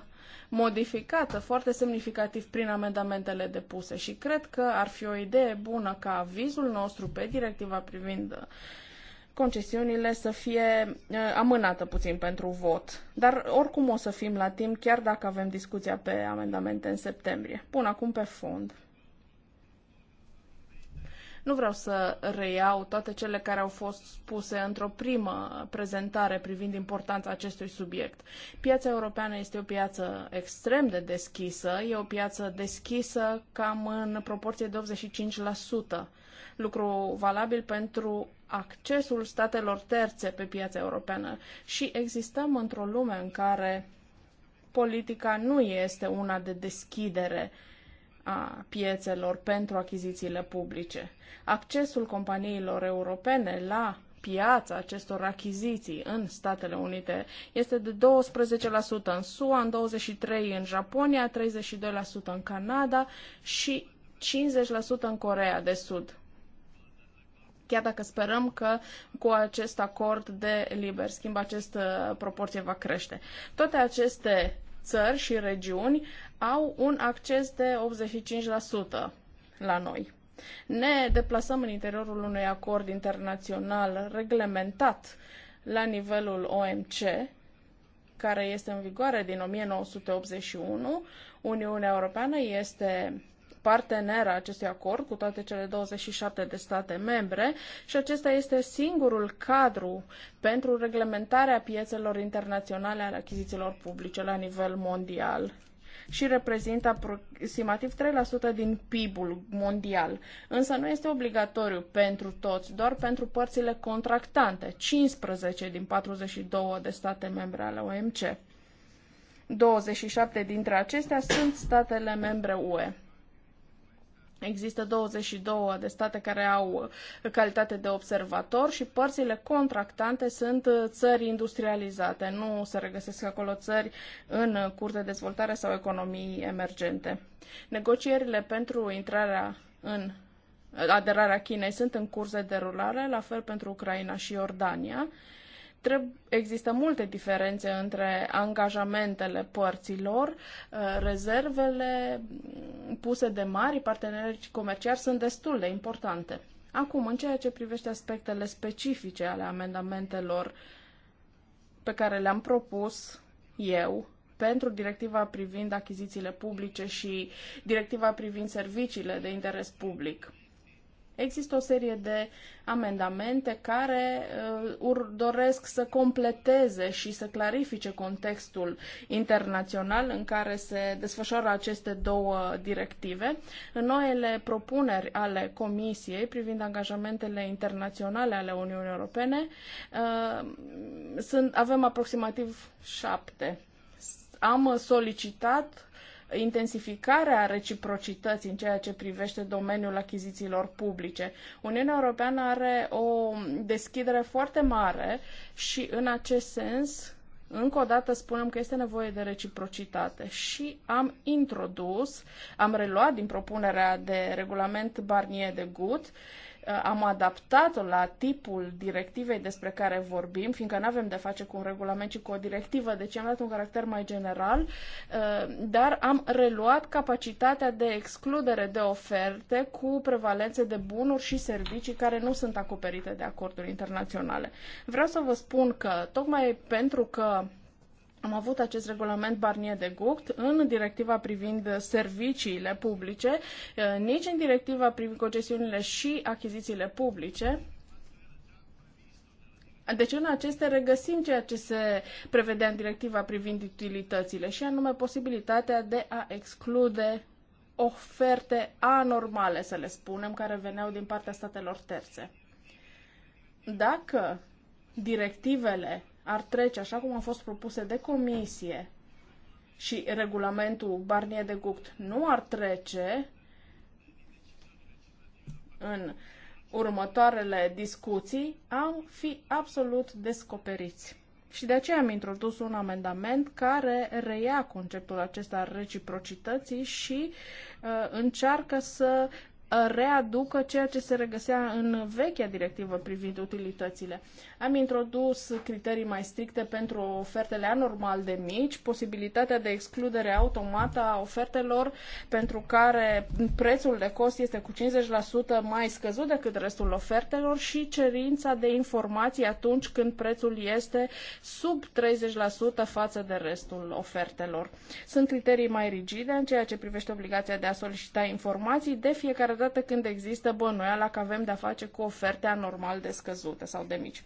modificată foarte semnificativ prin amendamentele depuse și cred că ar fi o idee bună ca avizul nostru pe directiva privind uh, concesiunile să fie uh, amânată puțin pentru vot. Dar oricum o să fim la timp, chiar dacă avem discuția pe amendamente în septembrie. Pun acum pe fond. Nu vreau să reiau toate cele care au fost spuse într-o primă prezentare privind importanța acestui subiect. Piața europeană este o piață extrem de deschisă, e o piață deschisă cam în proporție de 85%, lucru valabil pentru accesul statelor terțe pe piața europeană și existăm într-o lume în care politica nu este una de deschidere uh, a piețelor pentru achizițiile publice. Accesul companiilor europene la piața acestor achiziții în Statele Unite este de 12% în SUA, în 23% în Japonia, 32% în Canada și 50% în Corea de Sud. Chiar dacă sperăm că cu acest acord de liber schimb această uh, proporție va crește. Toate aceste țări și regiuni au un acces de 85% la noi. Ne deplasăm în interiorul unui acord internațional reglementat la nivelul OMC, care este în vigoare din 1981. Uniunea Europeană este partenera acestui acord cu toate cele 27 de state membre și acesta este singurul cadru pentru reglementarea piețelor internaționale ale achizițiilor publice la nivel mondial și reprezintă aproximativ 3% din PIB-ul mondial. Însă nu este obligatoriu pentru toți, doar pentru părțile contractante, 15 din 42 de state membre ale OMC. 27 dintre acestea sunt statele membre UE. Există 22 de state care au calitate de observator și părțile contractante sunt uh, țări industrializate. Nu se regăsesc acolo țări în curs de dezvoltare sau economii emergente. Negocierile pentru intrarea în aderarea Chinei sunt în curs de derulare, la fel pentru Ucraina și Iordania există multe diferențe între angajamentele părților, uh, rezervele puse de mari parteneri comerciali sunt destul de importante. Acum, în ceea ce privește aspectele specifice ale amendamentelor pe care le-am propus eu pentru directiva privind achizițiile publice și directiva privind serviciile de interes public. Există o serie de amendamente care uh, doresc să completeze și să clarifice contextul internațional în care se desfășoară aceste două directive. În noile propuneri ale Comisiei privind angajamentele internaționale ale Uniunii Europene uh, sunt, avem aproximativ șapte. Am solicitat intensificarea reciprocității în ceea ce privește domeniul achizițiilor publice. Uniunea Europeană are o deschidere foarte mare și în acest sens încă o dată spunem că este nevoie de reciprocitate și am introdus, am reluat din propunerea de regulament Barnier de Gut Uh, am adaptat-o la tipul directivei despre care vorbim, fiindcă nu avem de face cu un regulament, ci cu o directivă, deci am dat un caracter mai general, uh, dar am reluat capacitatea de excludere de oferte cu prevalențe de bunuri și servicii care nu sunt acoperite de acorduri internaționale. Vreau să vă spun că, tocmai pentru că am avut acest regulament Barnier de Gucht în directiva privind serviciile publice, eh, nici în directiva privind concesiunile și achizițiile publice, deci în aceste regăsim ceea ce se prevedea în directiva privind utilitățile și anume posibilitatea de a exclude oferte anormale, să le spunem, care veneau din partea statelor terțe. Dacă directivele ar trece așa cum au fost propuse de comisie și regulamentul Barnier de Gucht nu ar trece în următoarele discuții, am fi absolut descoperiți. Și de aceea am introdus un amendament care reia conceptul acesta reciprocității și uh, încearcă să readucă ceea ce se regăsea în vechea directivă privind utilitățile. Am introdus criterii mai stricte pentru ofertele anormal de mici, posibilitatea de excludere automată a ofertelor pentru care prețul de cost este cu 50% mai scăzut decât restul ofertelor și cerința de informații atunci când prețul este sub 30% față de restul ofertelor. Sunt criterii mai rigide în ceea ce privește obligația de a solicita informații de fiecare dată dată când există bănuiala că avem de-a face cu oferte anormal de scăzute sau de mici.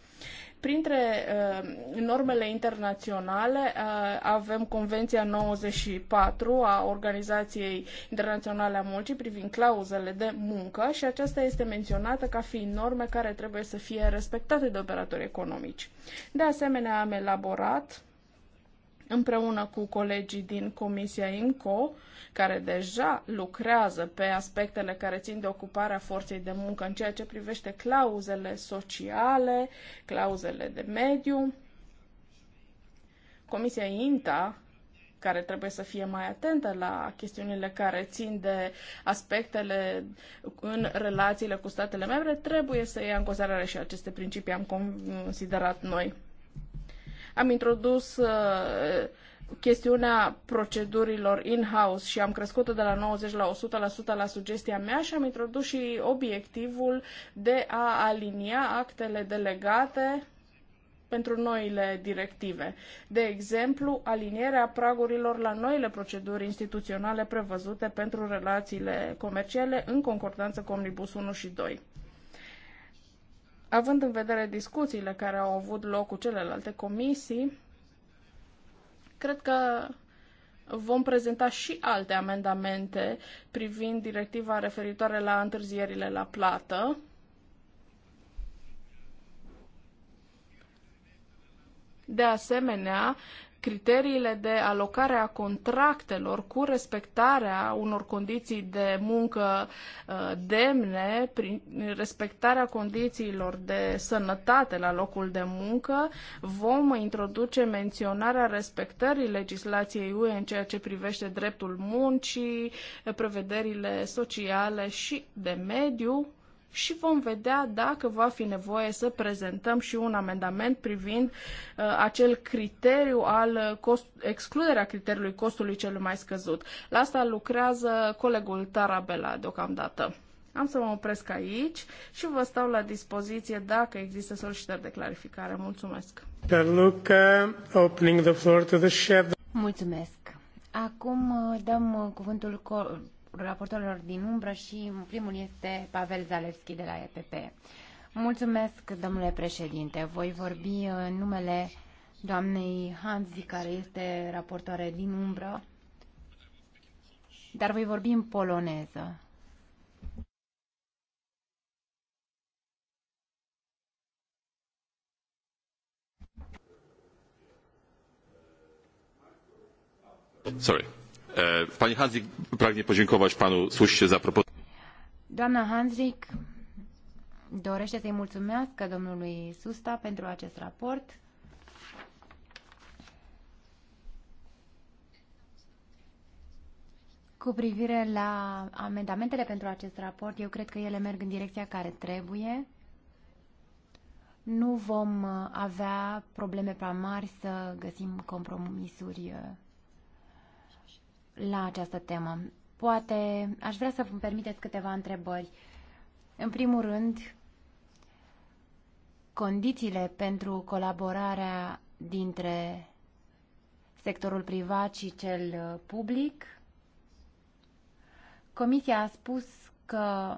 Printre uh, normele internaționale uh, avem Convenția 94 a Organizației Internaționale a Muncii privind clauzele de muncă și aceasta este menționată ca fiind norme care trebuie să fie respectate de operatori economici. De asemenea, am elaborat împreună cu colegii din Comisia IMCO, care deja lucrează pe aspectele care țin de ocuparea forței de muncă în ceea ce privește clauzele sociale, clauzele de mediu. Comisia INTA care trebuie să fie mai atentă la chestiunile care țin de aspectele în relațiile cu statele membre, trebuie să ia în considerare și aceste principii, am considerat noi. Am introdus uh, chestiunea procedurilor in-house și am crescut de la 90 la 100% la sugestia mea și am introdus și obiectivul de a alinia actele delegate pentru noile directive. De exemplu, alinierea pragurilor la noile proceduri instituționale prevăzute pentru relațiile comerciale în concordanță cu Omnibus 1 și 2. Având în vedere discuțiile care au avut loc cu celelalte comisii, cred că vom prezenta și alte amendamente privind directiva referitoare la întârzierile la plată. De asemenea, criteriile de alocare a contractelor cu respectarea unor condiții de muncă uh, demne, prin respectarea condițiilor de sănătate la locul de muncă, vom introduce menționarea respectării legislației UE în ceea ce privește dreptul muncii, prevederile sociale și de mediu, și vom vedea dacă va fi nevoie să prezentăm și un amendament privind uh, acel criteriu al uh, cost, excluderea criteriului costului cel mai scăzut. La asta lucrează colegul Tarabela deocamdată. Am să mă opresc aici și vă stau la dispoziție dacă există solicitări de clarificare. Mulțumesc. Luca, opening the floor to the shadow. Mulțumesc. Acum uh, dăm uh, cuvântul raportorilor din umbră și primul este Pavel Zalewski de la EPP. Mulțumesc, domnule președinte. Voi vorbi în numele doamnei Hanzi, care este raportoare din umbră, dar voi vorbi în poloneză. Sorry. Pani Hanzik, pragnie podziękować panu słusznie za propozycję. Doamna Hanzik dorește să-i mulțumească domnului Susta pentru acest raport. Cu privire la amendamentele pentru acest raport, eu cred că ele merg în direcția care trebuie. Nu vom avea probleme prea mari să găsim compromisuri la această temă. Poate aș vrea să vă permiteți câteva întrebări. În primul rând, condițiile pentru colaborarea dintre sectorul privat și cel public. Comisia a spus că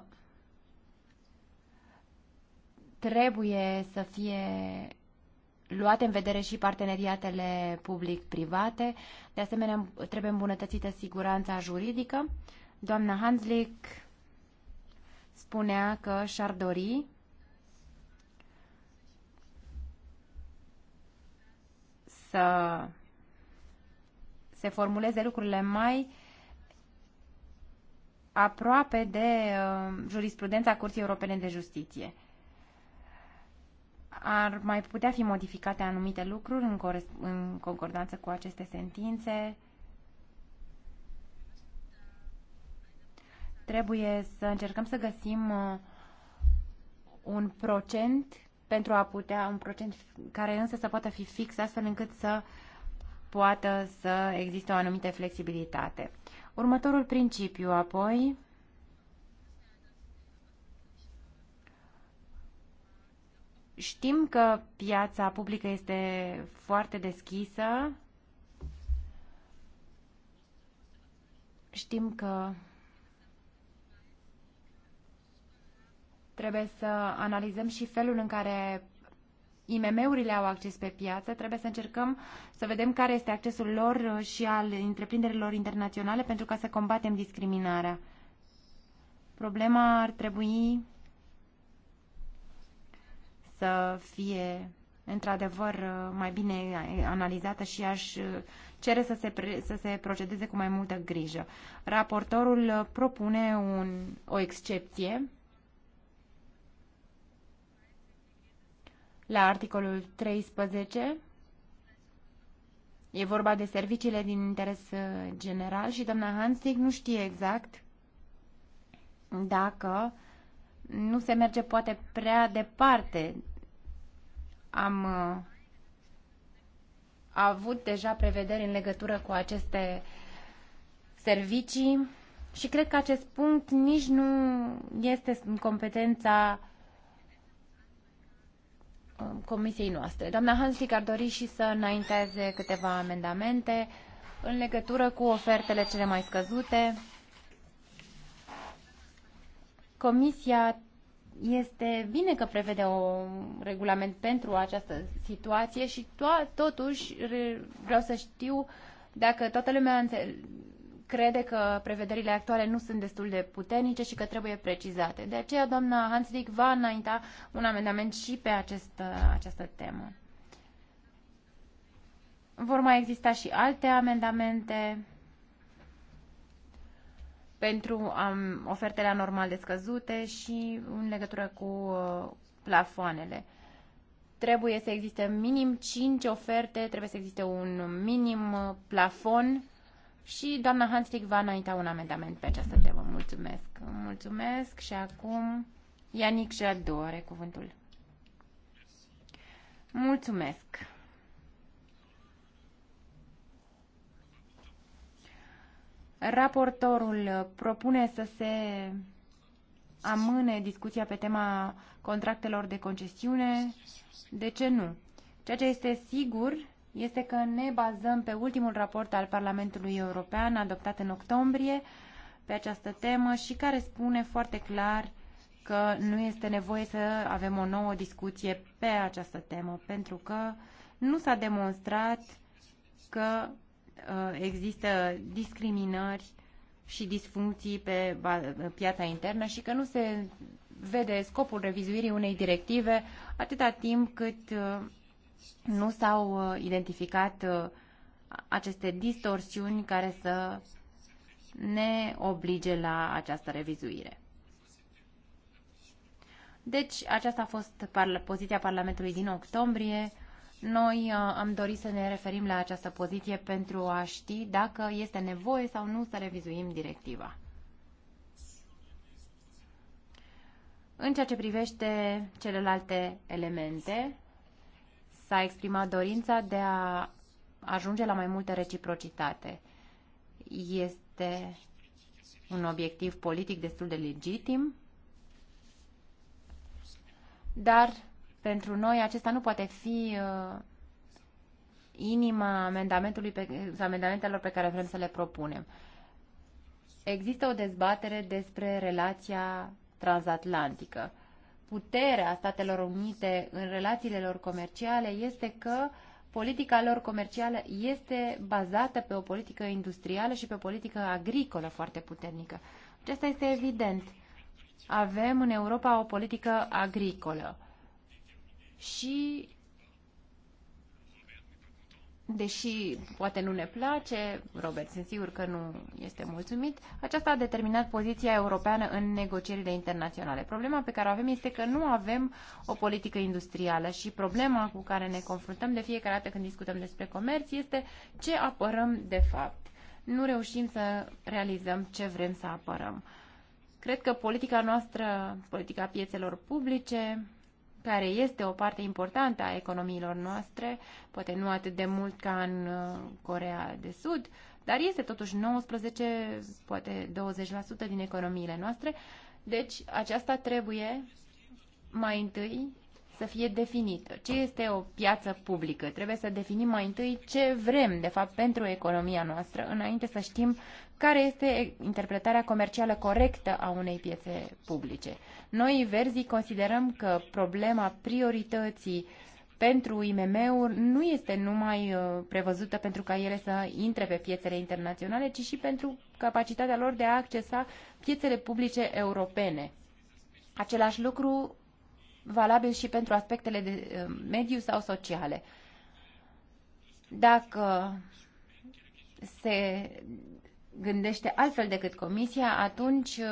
trebuie să fie luate în vedere și parteneriatele public-private. De asemenea, trebuie îmbunătățită siguranța juridică. Doamna Hanslick spunea că și-ar dori să se formuleze lucrurile mai aproape de uh, jurisprudența Curții Europene de Justiție ar mai putea fi modificate anumite lucruri în, cor- în concordanță cu aceste sentințe. Trebuie să încercăm să găsim uh, un procent pentru a putea, un procent care însă să poată fi fix astfel încât să poată să existe o anumită flexibilitate. Următorul principiu apoi Știm că piața publică este foarte deschisă. Știm că trebuie să analizăm și felul în care IMM-urile au acces pe piață, trebuie să încercăm să vedem care este accesul lor și al întreprinderilor internaționale pentru ca să combatem discriminarea. Problema ar trebui să fie într-adevăr mai bine analizată și aș cere să se, să se procedeze cu mai multă grijă. Raportorul propune un, o excepție la articolul 13. E vorba de serviciile din interes uh, general și doamna Hansig nu știe exact dacă nu se merge poate prea departe am uh, avut deja prevederi în legătură cu aceste servicii și cred că acest punct nici nu este în competența uh, comisiei noastre. Doamna Hanslick ar dori și să înainteze câteva amendamente în legătură cu ofertele cele mai scăzute. Comisia este bine că prevede un regulament pentru această situație și to- totuși vreau să știu dacă toată lumea crede că prevederile actuale nu sunt destul de puternice și că trebuie precizate. De aceea, doamna Hanslick va înainta un amendament și pe acest, această temă. Vor mai exista și alte amendamente pentru um, ofertele anormal de scăzute și în legătură cu uh, plafoanele. Trebuie să existe minim 5 oferte, trebuie să existe un minim uh, plafon și doamna Hanslick va înainta un amendament pe această temă. Mulțumesc! Mulțumesc și acum Ianic Jadu are cuvântul. Mulțumesc! Raportorul uh, propune să se amâne discuția pe tema contractelor de concesiune. De ce nu? Ceea ce este sigur este că ne bazăm pe ultimul raport al Parlamentului European adoptat în octombrie pe această temă și care spune foarte clar că nu este nevoie să avem o nouă discuție pe această temă, pentru că nu s-a demonstrat că Uh, există discriminări și disfuncții pe piața internă și că nu se vede scopul revizuirii unei directive atâta timp cât uh, nu s-au uh, identificat aceste distorsiuni care să ne oblige la această revizuire. Deci, aceasta a fost poziția Parlamentului din octombrie noi uh, am dorit să ne referim la această poziție pentru a ști dacă este nevoie sau nu să revizuim directiva. În ceea ce privește celelalte elemente, s-a exprimat dorința de a ajunge la mai multă reciprocitate. Este un obiectiv politic destul de legitim, dar pentru noi acesta nu poate fi uh, inima amendamentului pe, amendamentelor pe care vrem să le propunem. Există o dezbatere despre relația transatlantică. Puterea Statelor Unite în relațiile lor comerciale este că politica lor comercială este bazată pe o politică industrială și pe o politică agricolă foarte puternică. Acesta este evident. Avem în Europa o politică agricolă și deși poate nu ne place, Robert, sunt sigur că nu este mulțumit, aceasta a determinat poziția europeană în negocierile internaționale. Problema pe care o avem este că nu avem o politică industrială și problema cu care ne confruntăm de fiecare dată când discutăm despre comerț este ce apărăm de fapt. Nu reușim să realizăm ce vrem să apărăm. Cred că politica noastră, politica piețelor publice, care este o parte importantă a economiilor noastre, poate nu atât de mult ca în uh, Corea de Sud, dar este totuși 19, poate 20% din economiile noastre. Deci aceasta trebuie mai întâi să fie definită. Ce este o piață publică? Trebuie să definim mai întâi ce vrem, de fapt, pentru economia noastră, înainte să știm care este interpretarea comercială corectă a unei piețe publice. Noi, verzii, considerăm că problema priorității pentru IMM-uri nu este numai uh, prevăzută pentru ca ele să intre pe piețele internaționale, ci și pentru capacitatea lor de a accesa piețele publice europene. Același lucru valabil și pentru aspectele de eh, mediu sau sociale. Dacă se gândește altfel decât Comisia, atunci eh,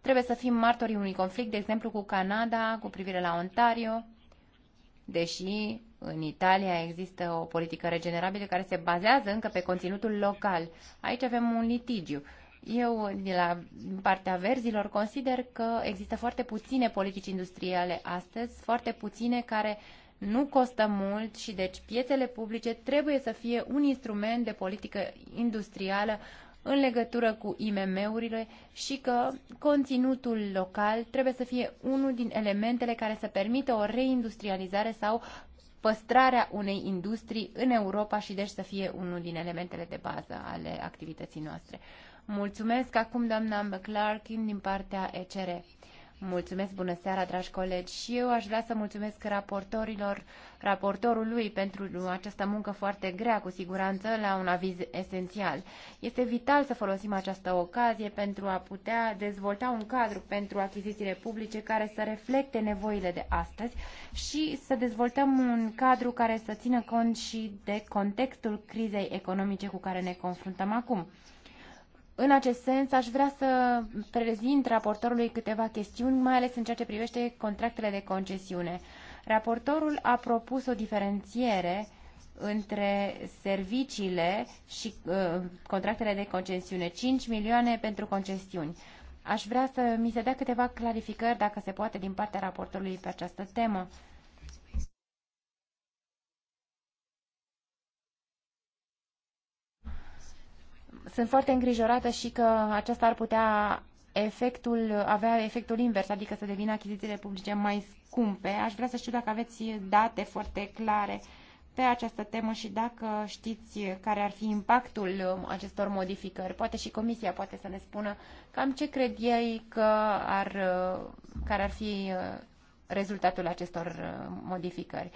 trebuie să fim martorii unui conflict, de exemplu cu Canada, cu privire la Ontario, deși în Italia există o politică regenerabilă care se bazează încă pe conținutul local. Aici avem un litigiu eu, de la partea verzilor, consider că există foarte puține politici industriale astăzi, foarte puține care nu costă mult și deci piețele publice trebuie să fie un instrument de politică industrială în legătură cu IMM-urile și că conținutul local trebuie să fie unul din elementele care să permită o reindustrializare sau păstrarea unei industrii în Europa și deci să fie unul din elementele de bază ale activității noastre. Mulțumesc acum doamna McClarkin din partea ECR. Mulțumesc, bună seara, dragi colegi. Și eu aș vrea să mulțumesc raportorilor, raportorului pentru această muncă foarte grea, cu siguranță, la un aviz esențial. Este vital să folosim această ocazie pentru a putea dezvolta un cadru pentru achizițiile publice care să reflecte nevoile de astăzi și să dezvoltăm un cadru care să țină cont și de contextul crizei economice cu care ne confruntăm acum. În acest sens, aș vrea să prezint raportorului câteva chestiuni, mai ales în ceea ce privește contractele de concesiune. Raportorul a propus o diferențiere între serviciile și uh, contractele de concesiune, 5 milioane pentru concesiuni. Aș vrea să mi se dea câteva clarificări, dacă se poate, din partea raportorului pe această temă. Sunt foarte îngrijorată și că aceasta ar putea efectul, avea efectul invers, adică să devină achizițiile publice mai scumpe. Aș vrea să știu dacă aveți date foarte clare pe această temă și dacă știți care ar fi impactul acestor modificări. Poate și Comisia poate să ne spună cam ce cred ei că ar, care ar fi rezultatul acestor modificări.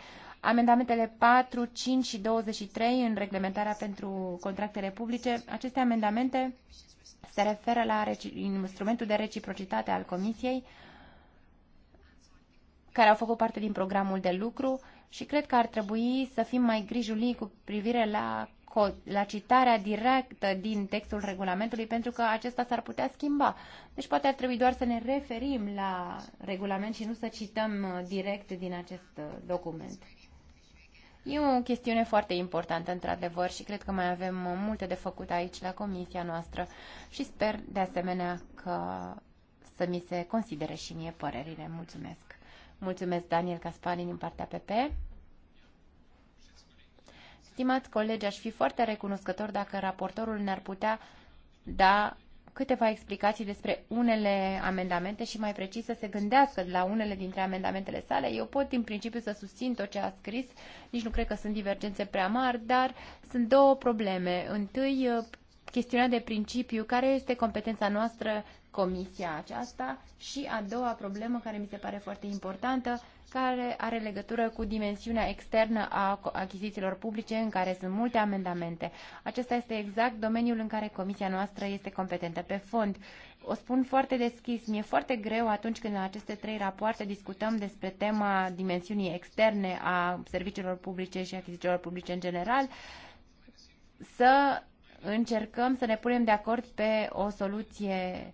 Amendamentele 4, 5 și 23 în reglementarea pentru contractele publice, aceste amendamente se referă la instrumentul de reciprocitate al Comisiei, care au făcut parte din programul de lucru și cred că ar trebui să fim mai grijulii cu privire la, la citarea directă din textul regulamentului, pentru că acesta s-ar putea schimba. Deci poate ar trebui doar să ne referim la regulament și nu să cităm uh, direct din acest uh, document. E o chestiune foarte importantă, într-adevăr, și cred că mai avem multe de făcut aici la comisia noastră și sper, de asemenea, că să mi se considere și mie părerile. Mulțumesc! Mulțumesc, Daniel Caspani, din partea PP. Stimați colegi, aș fi foarte recunoscător dacă raportorul ne-ar putea da câteva explicații despre unele amendamente și mai precis să se gândească la unele dintre amendamentele sale. Eu pot în principiu să susțin tot ce a scris, nici nu cred că sunt divergențe prea mari, dar sunt două probleme. Întâi, chestiunea de principiu, care este competența noastră comisia aceasta și a doua problemă care mi se pare foarte importantă, care are legătură cu dimensiunea externă a achizițiilor publice, în care sunt multe amendamente. Acesta este exact domeniul în care comisia noastră este competentă pe fond. O spun foarte deschis, mi-e foarte greu atunci când în aceste trei rapoarte discutăm despre tema dimensiunii externe a serviciilor publice și achizițiilor publice în general, să încercăm să ne punem de acord pe o soluție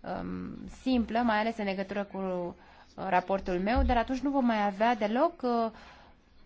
um, simplă, mai ales în legătură cu uh, raportul meu, dar atunci nu vom mai avea deloc uh,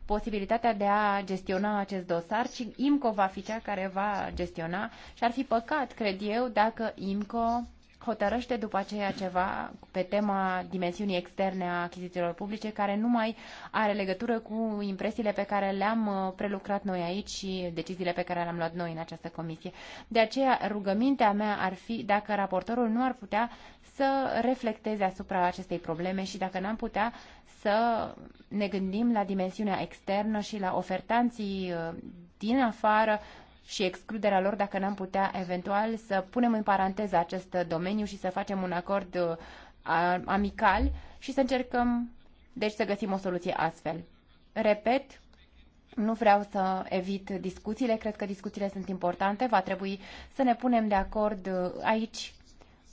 posibilitatea de a gestiona acest dosar, ci IMCO va fi cea care va gestiona și ar fi păcat, cred eu, dacă IMCO hotărăște după aceea ceva pe tema dimensiunii externe a achizițiilor publice, care nu mai are legătură cu impresiile pe care le-am uh, prelucrat noi aici și deciziile pe care le-am luat noi în această comisie. De aceea, rugămintea mea ar fi dacă raportorul nu ar putea să reflecteze asupra acestei probleme și dacă n-am putea să ne gândim la dimensiunea externă și la ofertanții uh, din afară și excluderea lor dacă n-am putea eventual să punem în paranteză acest domeniu și să facem un acord uh, amical și să încercăm deci să găsim o soluție astfel. Repet, nu vreau să evit discuțiile, cred că discuțiile sunt importante, va trebui să ne punem de acord uh, aici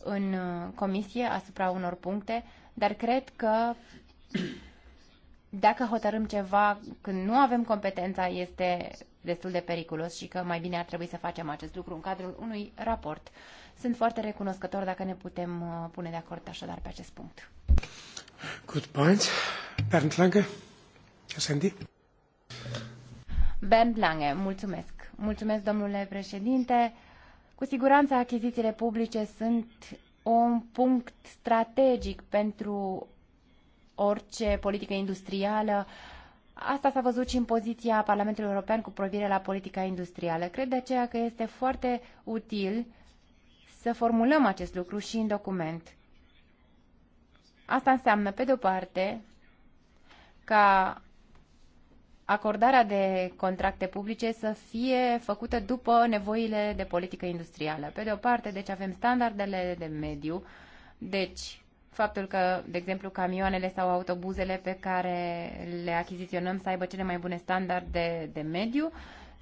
în uh, comisie asupra unor puncte, dar cred că dacă hotărâm ceva când nu avem competența, este destul de periculos și că mai bine ar trebui să facem acest lucru în cadrul unui raport. Sunt foarte recunoscător dacă ne putem uh, pune de acord așadar pe acest punct. Good point. Bernd Lange, Sandy. Bernd Lange, mulțumesc. Mulțumesc, domnule președinte. Cu siguranță achizițiile publice sunt un punct strategic pentru orice politică industrială Asta s-a văzut și în poziția Parlamentului European cu privire la politica industrială. Cred de aceea că este foarte util să formulăm acest lucru și în document. Asta înseamnă, pe de-o parte, ca acordarea de contracte publice să fie făcută după nevoile de politică industrială. Pe de o parte, deci avem standardele de mediu, deci faptul că, de exemplu, camioanele sau autobuzele pe care le achiziționăm să aibă cele mai bune standarde de mediu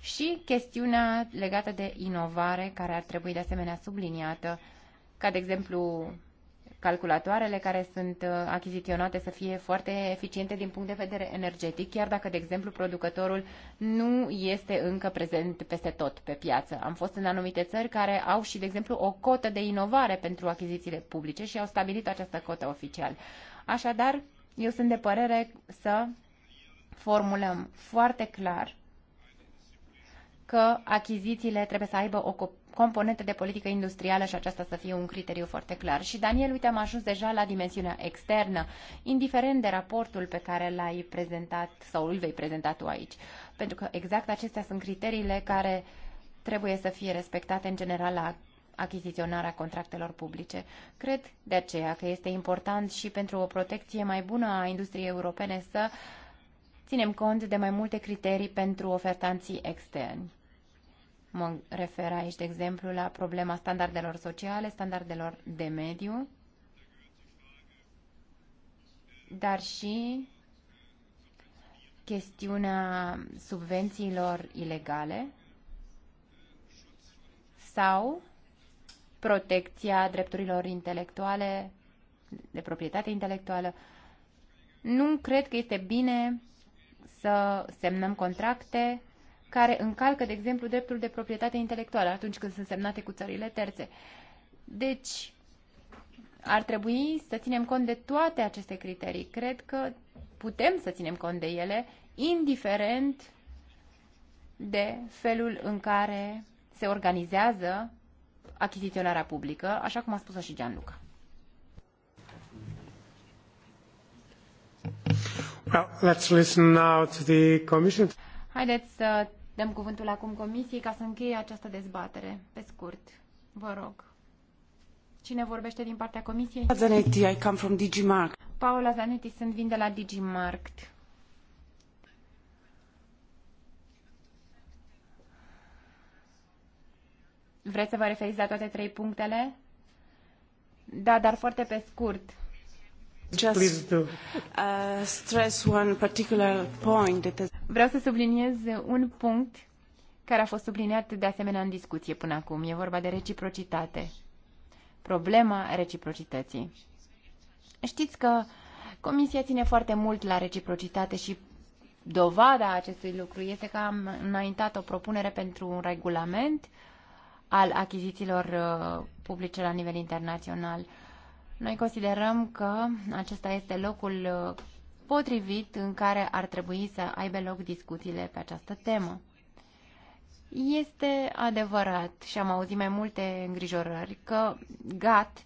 și chestiunea legată de inovare, care ar trebui de asemenea subliniată, ca, de exemplu, calculatoarele care sunt uh, achiziționate să fie foarte eficiente din punct de vedere energetic, chiar dacă, de exemplu, producătorul nu este încă prezent peste tot pe piață. Am fost în anumite țări care au și, de exemplu, o cotă de inovare pentru achizițiile publice și au stabilit această cotă oficial. Așadar, eu sunt de părere să formulăm foarte clar că achizițiile trebuie să aibă o componente de politică industrială și aceasta să fie un criteriu foarte clar. Și Daniel, uite, am ajuns deja la dimensiunea externă, indiferent de raportul pe care l-ai prezentat sau îl vei prezenta tu aici. Pentru că exact acestea sunt criteriile care trebuie să fie respectate în general la achiziționarea contractelor publice. Cred de aceea că este important și pentru o protecție mai bună a industriei europene să ținem cont de mai multe criterii pentru ofertanții externi. Mă refer aici, de exemplu, la problema standardelor sociale, standardelor de mediu, dar și chestiunea subvențiilor ilegale sau protecția drepturilor intelectuale, de proprietate intelectuală. Nu cred că este bine să semnăm contracte care încalcă, de exemplu, dreptul de proprietate intelectuală atunci când sunt semnate cu țările terțe. Deci, ar trebui să ținem cont de toate aceste criterii. Cred că putem să ținem cont de ele, indiferent de felul în care se organizează achiziționarea publică, așa cum a spus-o și Gianluca. Well, let's listen now to the commission. Haideți să Dăm cuvântul acum comisiei ca să încheie această dezbatere. Pe scurt, vă rog. Cine vorbește din partea comisiei? Zanetti, I come from Digimark. Paola Zanetti, sunt vin de la Digimarkt. Vreți să vă referiți la toate trei punctele? Da, dar foarte pe scurt. Just uh, stress one particular point. Vreau să subliniez un punct care a fost subliniat de asemenea în discuție până acum. E vorba de reciprocitate. Problema reciprocității. Știți că Comisia ține foarte mult la reciprocitate și dovada acestui lucru este că am înaintat o propunere pentru un regulament al achizițiilor uh, publice la nivel internațional. Noi considerăm că acesta este locul uh, potrivit în care ar trebui să aibă loc discuțiile pe această temă. Este adevărat și am auzit mai multe îngrijorări că GAT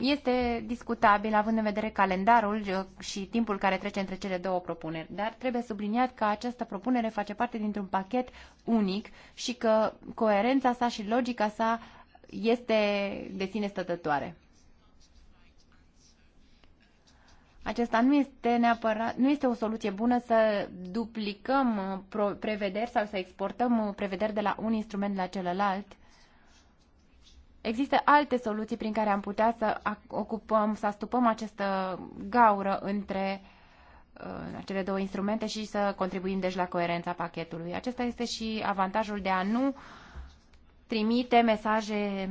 este discutabil având în vedere calendarul uh, și timpul care trece între cele două propuneri, dar trebuie subliniat că această propunere face parte dintr-un pachet unic și că coerența sa și logica sa este de sine stătătoare. Acesta nu este neapărat, nu este o soluție bună să duplicăm uh, prevederi sau să exportăm uh, prevederi de la un instrument la celălalt. Există alte soluții prin care am putea să ocupăm, să astupăm această gaură între uh, cele două instrumente și să contribuim deci la coerența pachetului. Acesta este și avantajul de a nu trimite mesaje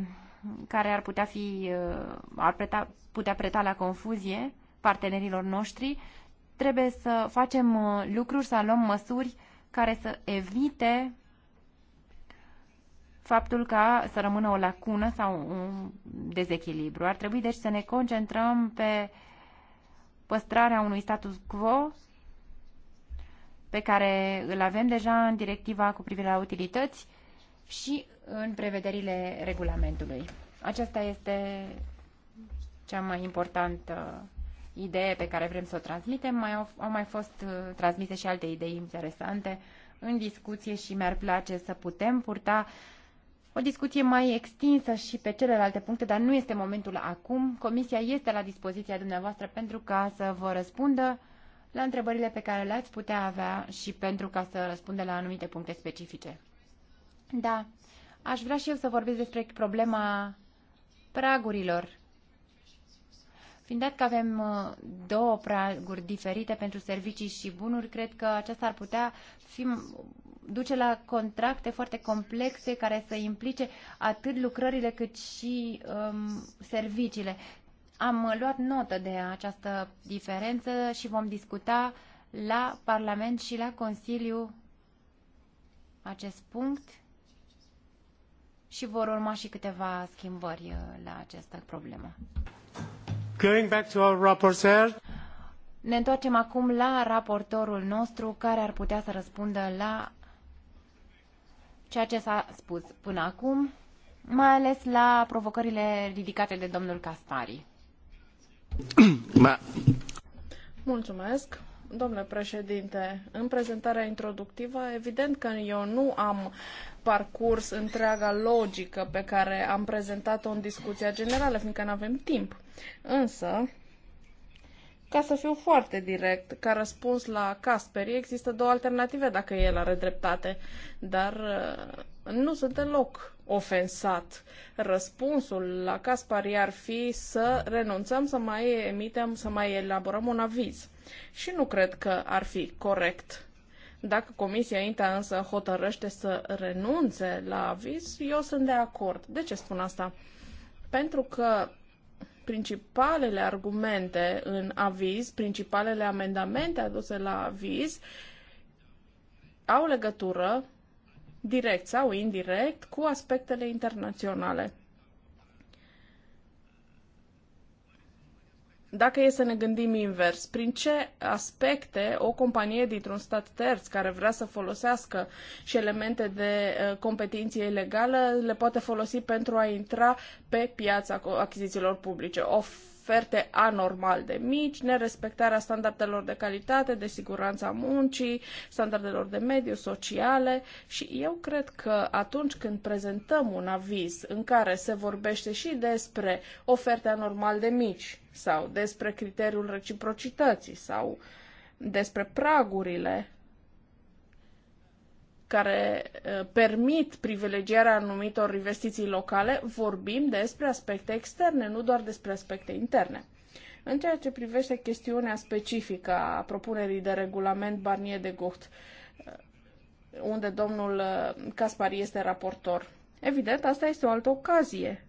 care ar putea fi uh, ar preta, putea preta la confuzie partenerilor noștri, trebuie să facem uh, lucruri, să luăm măsuri care să evite faptul ca să rămână o lacună sau un dezechilibru. Ar trebui deci să ne concentrăm pe păstrarea unui status quo pe care îl avem deja în directiva cu privire la utilități și în prevederile regulamentului. Aceasta este cea mai importantă idee pe care vrem să o transmitem. Mai au, au mai fost uh, transmise și alte idei interesante în discuție și mi-ar place să putem purta o discuție mai extinsă și pe celelalte puncte, dar nu este momentul acum. Comisia este la dispoziția dumneavoastră pentru ca să vă răspundă la întrebările pe care le-ați putea avea și pentru ca să răspundă la anumite puncte specifice. Da, aș vrea și eu să vorbesc despre problema pragurilor Fiind dat că avem uh, două praguri diferite pentru servicii și bunuri, cred că aceasta ar putea fi, duce la contracte foarte complexe care să implice atât lucrările cât și um, serviciile. Am uh, luat notă de această diferență și vom discuta la Parlament și la Consiliu acest punct și vor urma și câteva schimbări uh, la această problemă. Going back to our rapporteur. Ne întoarcem acum la raportorul nostru care ar putea să răspundă la ceea ce s-a spus până acum, mai ales la provocările ridicate de domnul Caspari. Mulțumesc. Domnule președinte, în prezentarea introductivă, evident că eu nu am parcurs întreaga logică pe care am prezentat-o în discuția generală, fiindcă nu avem timp. Însă, ca să fiu foarte direct, ca răspuns la Casperi, există două alternative dacă el are dreptate, dar uh, nu sunt deloc ofensat. Răspunsul la Caspari ar fi să renunțăm să mai emitem, să mai elaborăm un aviz. Și nu cred că ar fi corect. Dacă Comisia INTA însă hotărăște să renunțe la aviz, eu sunt de acord. De ce spun asta? Pentru că principalele argumente în aviz, principalele amendamente aduse la aviz, au legătură direct sau indirect cu aspectele internaționale. Dacă e să ne gândim invers, prin ce aspecte o companie dintr-un stat terț care vrea să folosească și elemente de uh, competiție ilegală le poate folosi pentru a intra pe piața achizițiilor publice? O oferte anormal de mici, nerespectarea standardelor de calitate, de siguranța muncii, standardelor de mediu, sociale și eu cred că atunci când prezentăm un aviz în care se vorbește și despre oferte anormal de mici sau despre criteriul reciprocității sau despre pragurile care permit privilegierea anumitor investiții locale, vorbim despre aspecte externe, nu doar despre aspecte interne. În ceea ce privește chestiunea specifică a propunerii de regulament Barnier de Gucht, unde domnul Caspari este raportor. Evident, asta este o altă ocazie.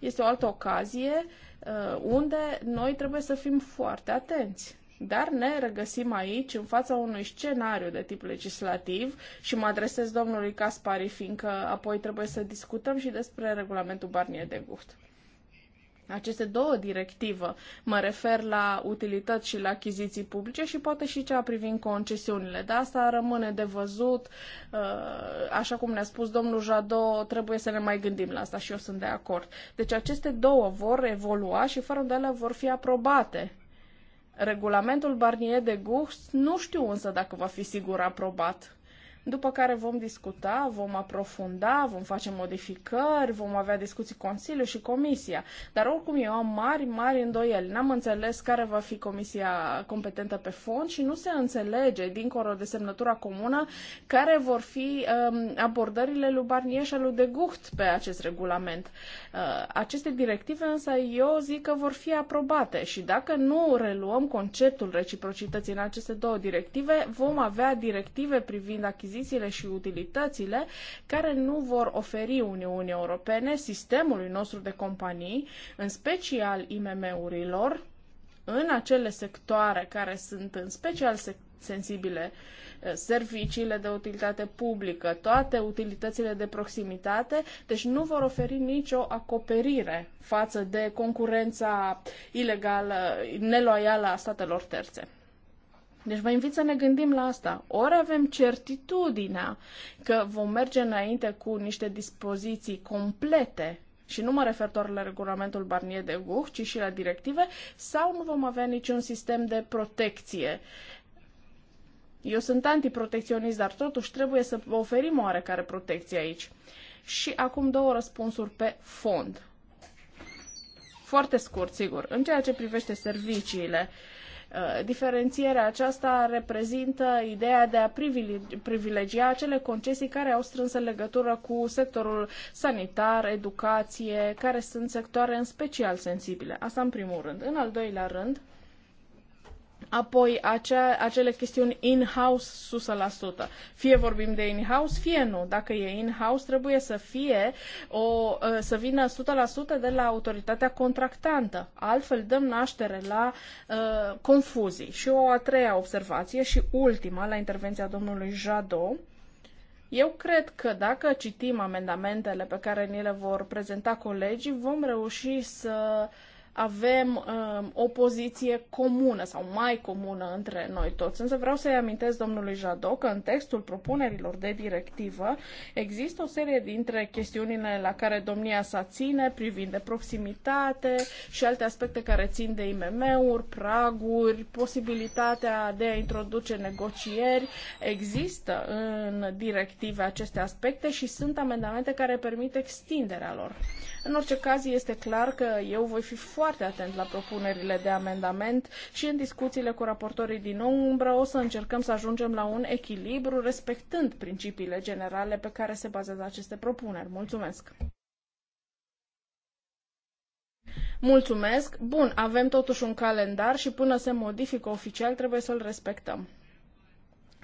Este o altă ocazie unde noi trebuie să fim foarte atenți. Dar ne regăsim aici în fața unui scenariu de tip legislativ și mă adresez domnului Caspari, fiindcă apoi trebuie să discutăm și despre regulamentul Barnier de Gucht. Aceste două directivă, mă refer la utilități și la achiziții publice și poate și cea privind concesiunile, dar asta rămâne de văzut. Uh, așa cum ne-a spus domnul Jado, trebuie să ne mai gândim la asta și eu sunt de acord. Deci aceste două vor evolua și fără îndoială vor fi aprobate Regulamentul Barnier de Gucht nu știu însă dacă va fi sigur aprobat după care vom discuta, vom aprofunda, vom face modificări, vom avea discuții Consiliu și Comisia. Dar oricum eu am mari, mari îndoieli. N-am înțeles care va fi Comisia competentă pe fond și nu se înțelege, dincolo de semnătura comună, care vor fi um, abordările lui Barnier și lui de Gucht pe acest regulament. Uh, aceste directive însă eu zic că vor fi aprobate și dacă nu reluăm conceptul reciprocității în aceste două directive, vom avea directive privind achiziția achizițiile și utilitățile care nu vor oferi Uniunii Europene sistemului nostru de companii, în special IMM-urilor, în acele sectoare care sunt în special sensibile, eh, serviciile de utilitate publică, toate utilitățile de proximitate, deci nu vor oferi nicio acoperire față de concurența ilegală, neloială a statelor terțe. Deci vă invit să ne gândim la asta. Ori avem certitudinea că vom merge înainte cu niște dispoziții complete și nu mă refer doar la regulamentul Barnier de Guh, ci și la directive, sau nu vom avea niciun sistem de protecție. Eu sunt antiprotecționist, dar totuși trebuie să oferim oarecare protecție aici. Și acum două răspunsuri pe fond. Foarte scurt, sigur. În ceea ce privește serviciile, uh, Uh, diferențierea aceasta reprezintă ideea de a privilegia acele concesii care au în legătură cu sectorul sanitar, educație, care sunt sectoare în special sensibile. Asta în primul rând. În al doilea rând, Apoi, acea, acele chestiuni in-house 100%. Fie vorbim de in-house, fie nu. Dacă e in-house, trebuie să fie o, ă, să vină 100% de la autoritatea contractantă. Altfel dăm naștere la uh, confuzii. Și o a treia observație și ultima la intervenția domnului Jadot. Eu cred că dacă citim amendamentele pe care ni le vor prezenta colegii, vom reuși să uh, avem um, o poziție comună sau mai comună între noi toți. Însă vreau să-i amintesc domnului Jado că în textul propunerilor de directivă există o serie dintre chestiunile la care domnia sa ține, privind de proximitate și alte aspecte care țin de IMM-uri, praguri, posibilitatea de a introduce negocieri. Există în directive aceste aspecte și sunt amendamente care permit extinderea lor. În orice caz, este clar că eu voi fi foarte atent la propunerile de amendament și în discuțiile cu raportorii din umbră o să încercăm să ajungem la un echilibru respectând principiile generale pe care se bazează aceste propuneri. Mulțumesc! Mulțumesc! Bun, avem totuși un calendar și până se modifică oficial trebuie să-l respectăm.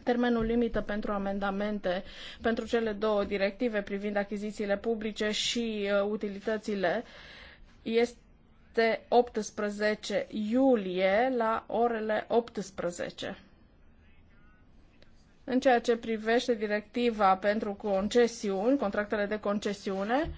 Termenul limită pentru amendamente pentru cele două directive privind achizițiile publice și uh, utilitățile este 18 iulie la orele 18. În ceea ce privește directiva pentru concesiuni, contractele de concesiune,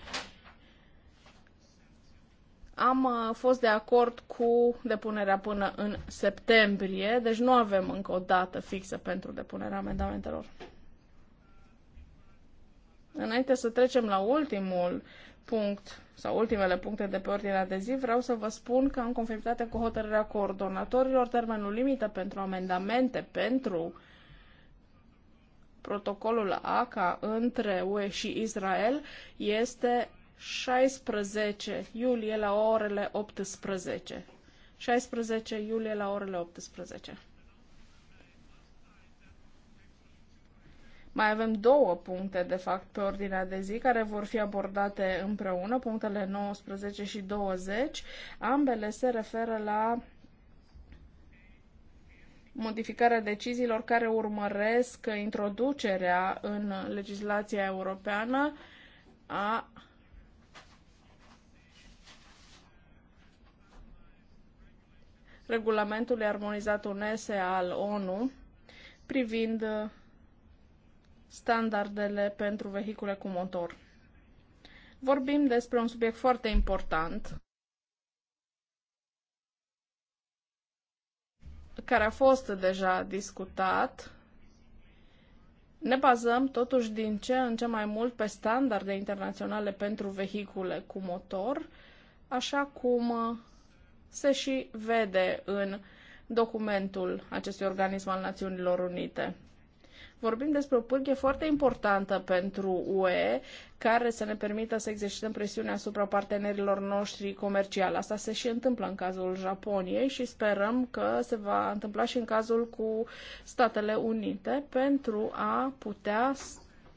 am uh, fost de acord cu depunerea până în septembrie, deci nu avem încă o dată fixă pentru depunerea amendamentelor. Înainte să trecem la ultimul punct sau ultimele puncte de pe ordinea de zi, vreau să vă spun că în conformitate cu hotărârea coordonatorilor, termenul limită pentru amendamente pentru protocolul ACA între UE și Israel este 16 iulie la orele 18. 16 iulie la orele 18. Mai avem două puncte, de fapt, pe ordinea de zi, care vor fi abordate împreună, punctele 19 și 20. Ambele se referă la modificarea deciziilor care urmăresc introducerea în legislația europeană a regulamentului armonizat UNESE al ONU privind uh, standardele pentru vehicule cu motor. Vorbim despre un subiect foarte important care a fost deja discutat. Ne bazăm totuși din ce în ce mai mult pe standarde internaționale pentru vehicule cu motor, așa cum uh, se și vede în documentul acestui organism al Națiunilor Unite. Vorbim despre o pârghie foarte importantă pentru UE, care să ne permită să exercităm presiune asupra partenerilor noștri comerciali. Asta se și întâmplă în cazul Japoniei și sperăm că se va întâmpla și în cazul cu Statele Unite pentru a putea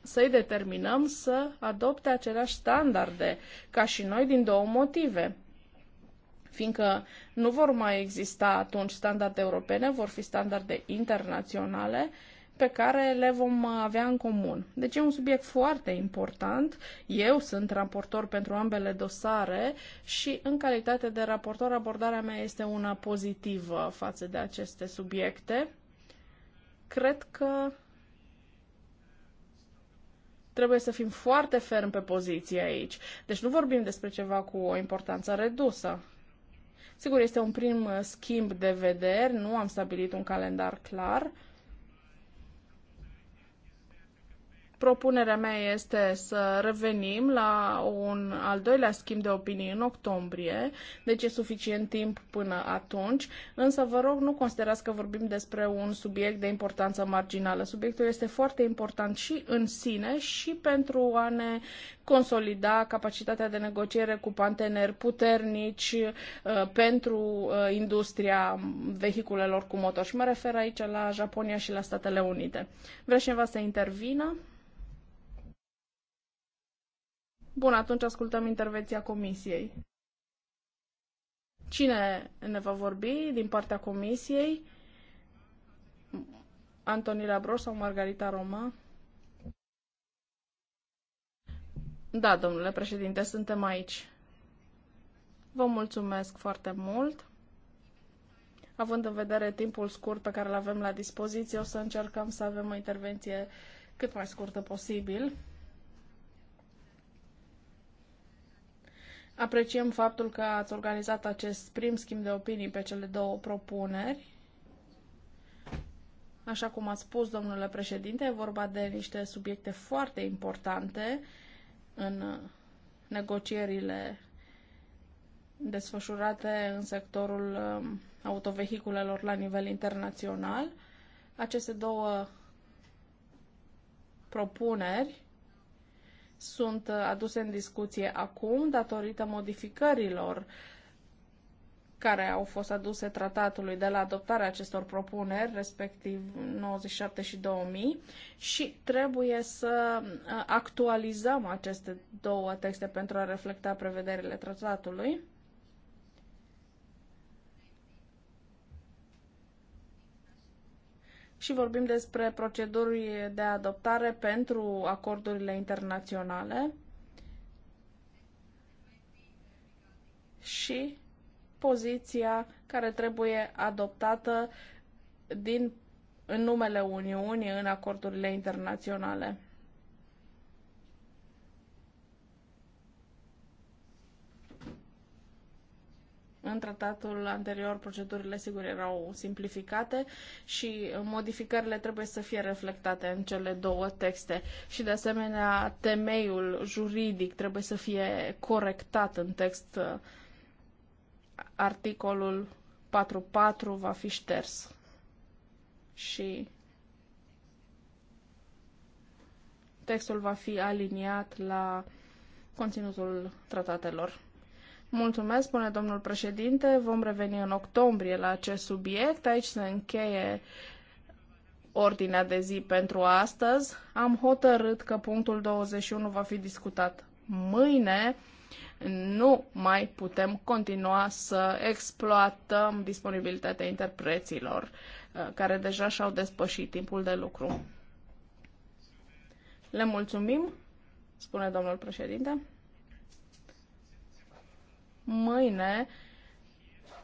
să-i determinăm să adopte aceleași standarde ca și noi din două motive fiindcă nu vor mai exista atunci standarde europene, vor fi standarde internaționale pe care le vom avea în comun. Deci e un subiect foarte important. Eu sunt raportor pentru ambele dosare și în calitate de raportor abordarea mea este una pozitivă față de aceste subiecte. Cred că trebuie să fim foarte ferm pe poziție aici. Deci nu vorbim despre ceva cu o importanță redusă. Sigur, este un prim uh, schimb de vederi, nu am stabilit un calendar clar, Propunerea mea este să revenim la un al doilea schimb de opinii în octombrie, deci e suficient timp până atunci, însă vă rog nu considerați că vorbim despre un subiect de importanță marginală. Subiectul este foarte important și în sine și pentru a ne consolida capacitatea de negociere cu parteneri puternici uh, pentru uh, industria vehiculelor cu motor și mă refer aici la Japonia și la Statele Unite. Vreți cineva să intervină? Bun, atunci ascultăm intervenția comisiei. Cine ne va vorbi din partea comisiei? Antonila Broș sau Margarita Roma? Da, domnule președinte, suntem aici. Vă mulțumesc foarte mult. Având în vedere timpul scurt pe care îl avem la dispoziție, o să încercăm să avem o intervenție cât mai scurtă posibil. Apreciem faptul că ați organizat acest prim schimb de opinii pe cele două propuneri. Așa cum a spus domnule președinte, e vorba de niște subiecte foarte importante în negocierile desfășurate în sectorul um, autovehiculelor la nivel internațional. Aceste două propuneri sunt uh, aduse în discuție acum datorită modificărilor care au fost aduse tratatului de la adoptarea acestor propuneri, respectiv 97 și 2000, și trebuie să uh, actualizăm aceste două texte pentru a reflecta prevederile tratatului. și vorbim despre proceduri de adoptare pentru acordurile internaționale și poziția care trebuie adoptată din, în numele Uniunii în acordurile internaționale. În tratatul anterior, procedurile, sigur, erau simplificate și modificările trebuie să fie reflectate în cele două texte. Și, de asemenea, temeiul juridic trebuie să fie corectat în text. Articolul 4.4 va fi șters. Și textul va fi aliniat la conținutul tratatelor. Mulțumesc, spune domnul președinte. Vom reveni în octombrie la acest subiect. Aici se încheie ordinea de zi pentru astăzi. Am hotărât că punctul 21 va fi discutat mâine. Nu mai putem continua să exploatăm disponibilitatea interpreților uh, care deja și-au despășit timpul de lucru. Le mulțumim, spune domnul președinte. Mâine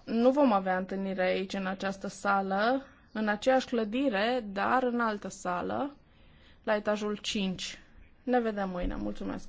nu vom avea întâlnire aici, în această sală, în aceeași clădire, dar în altă sală, la etajul 5. Ne vedem mâine. Mulțumesc!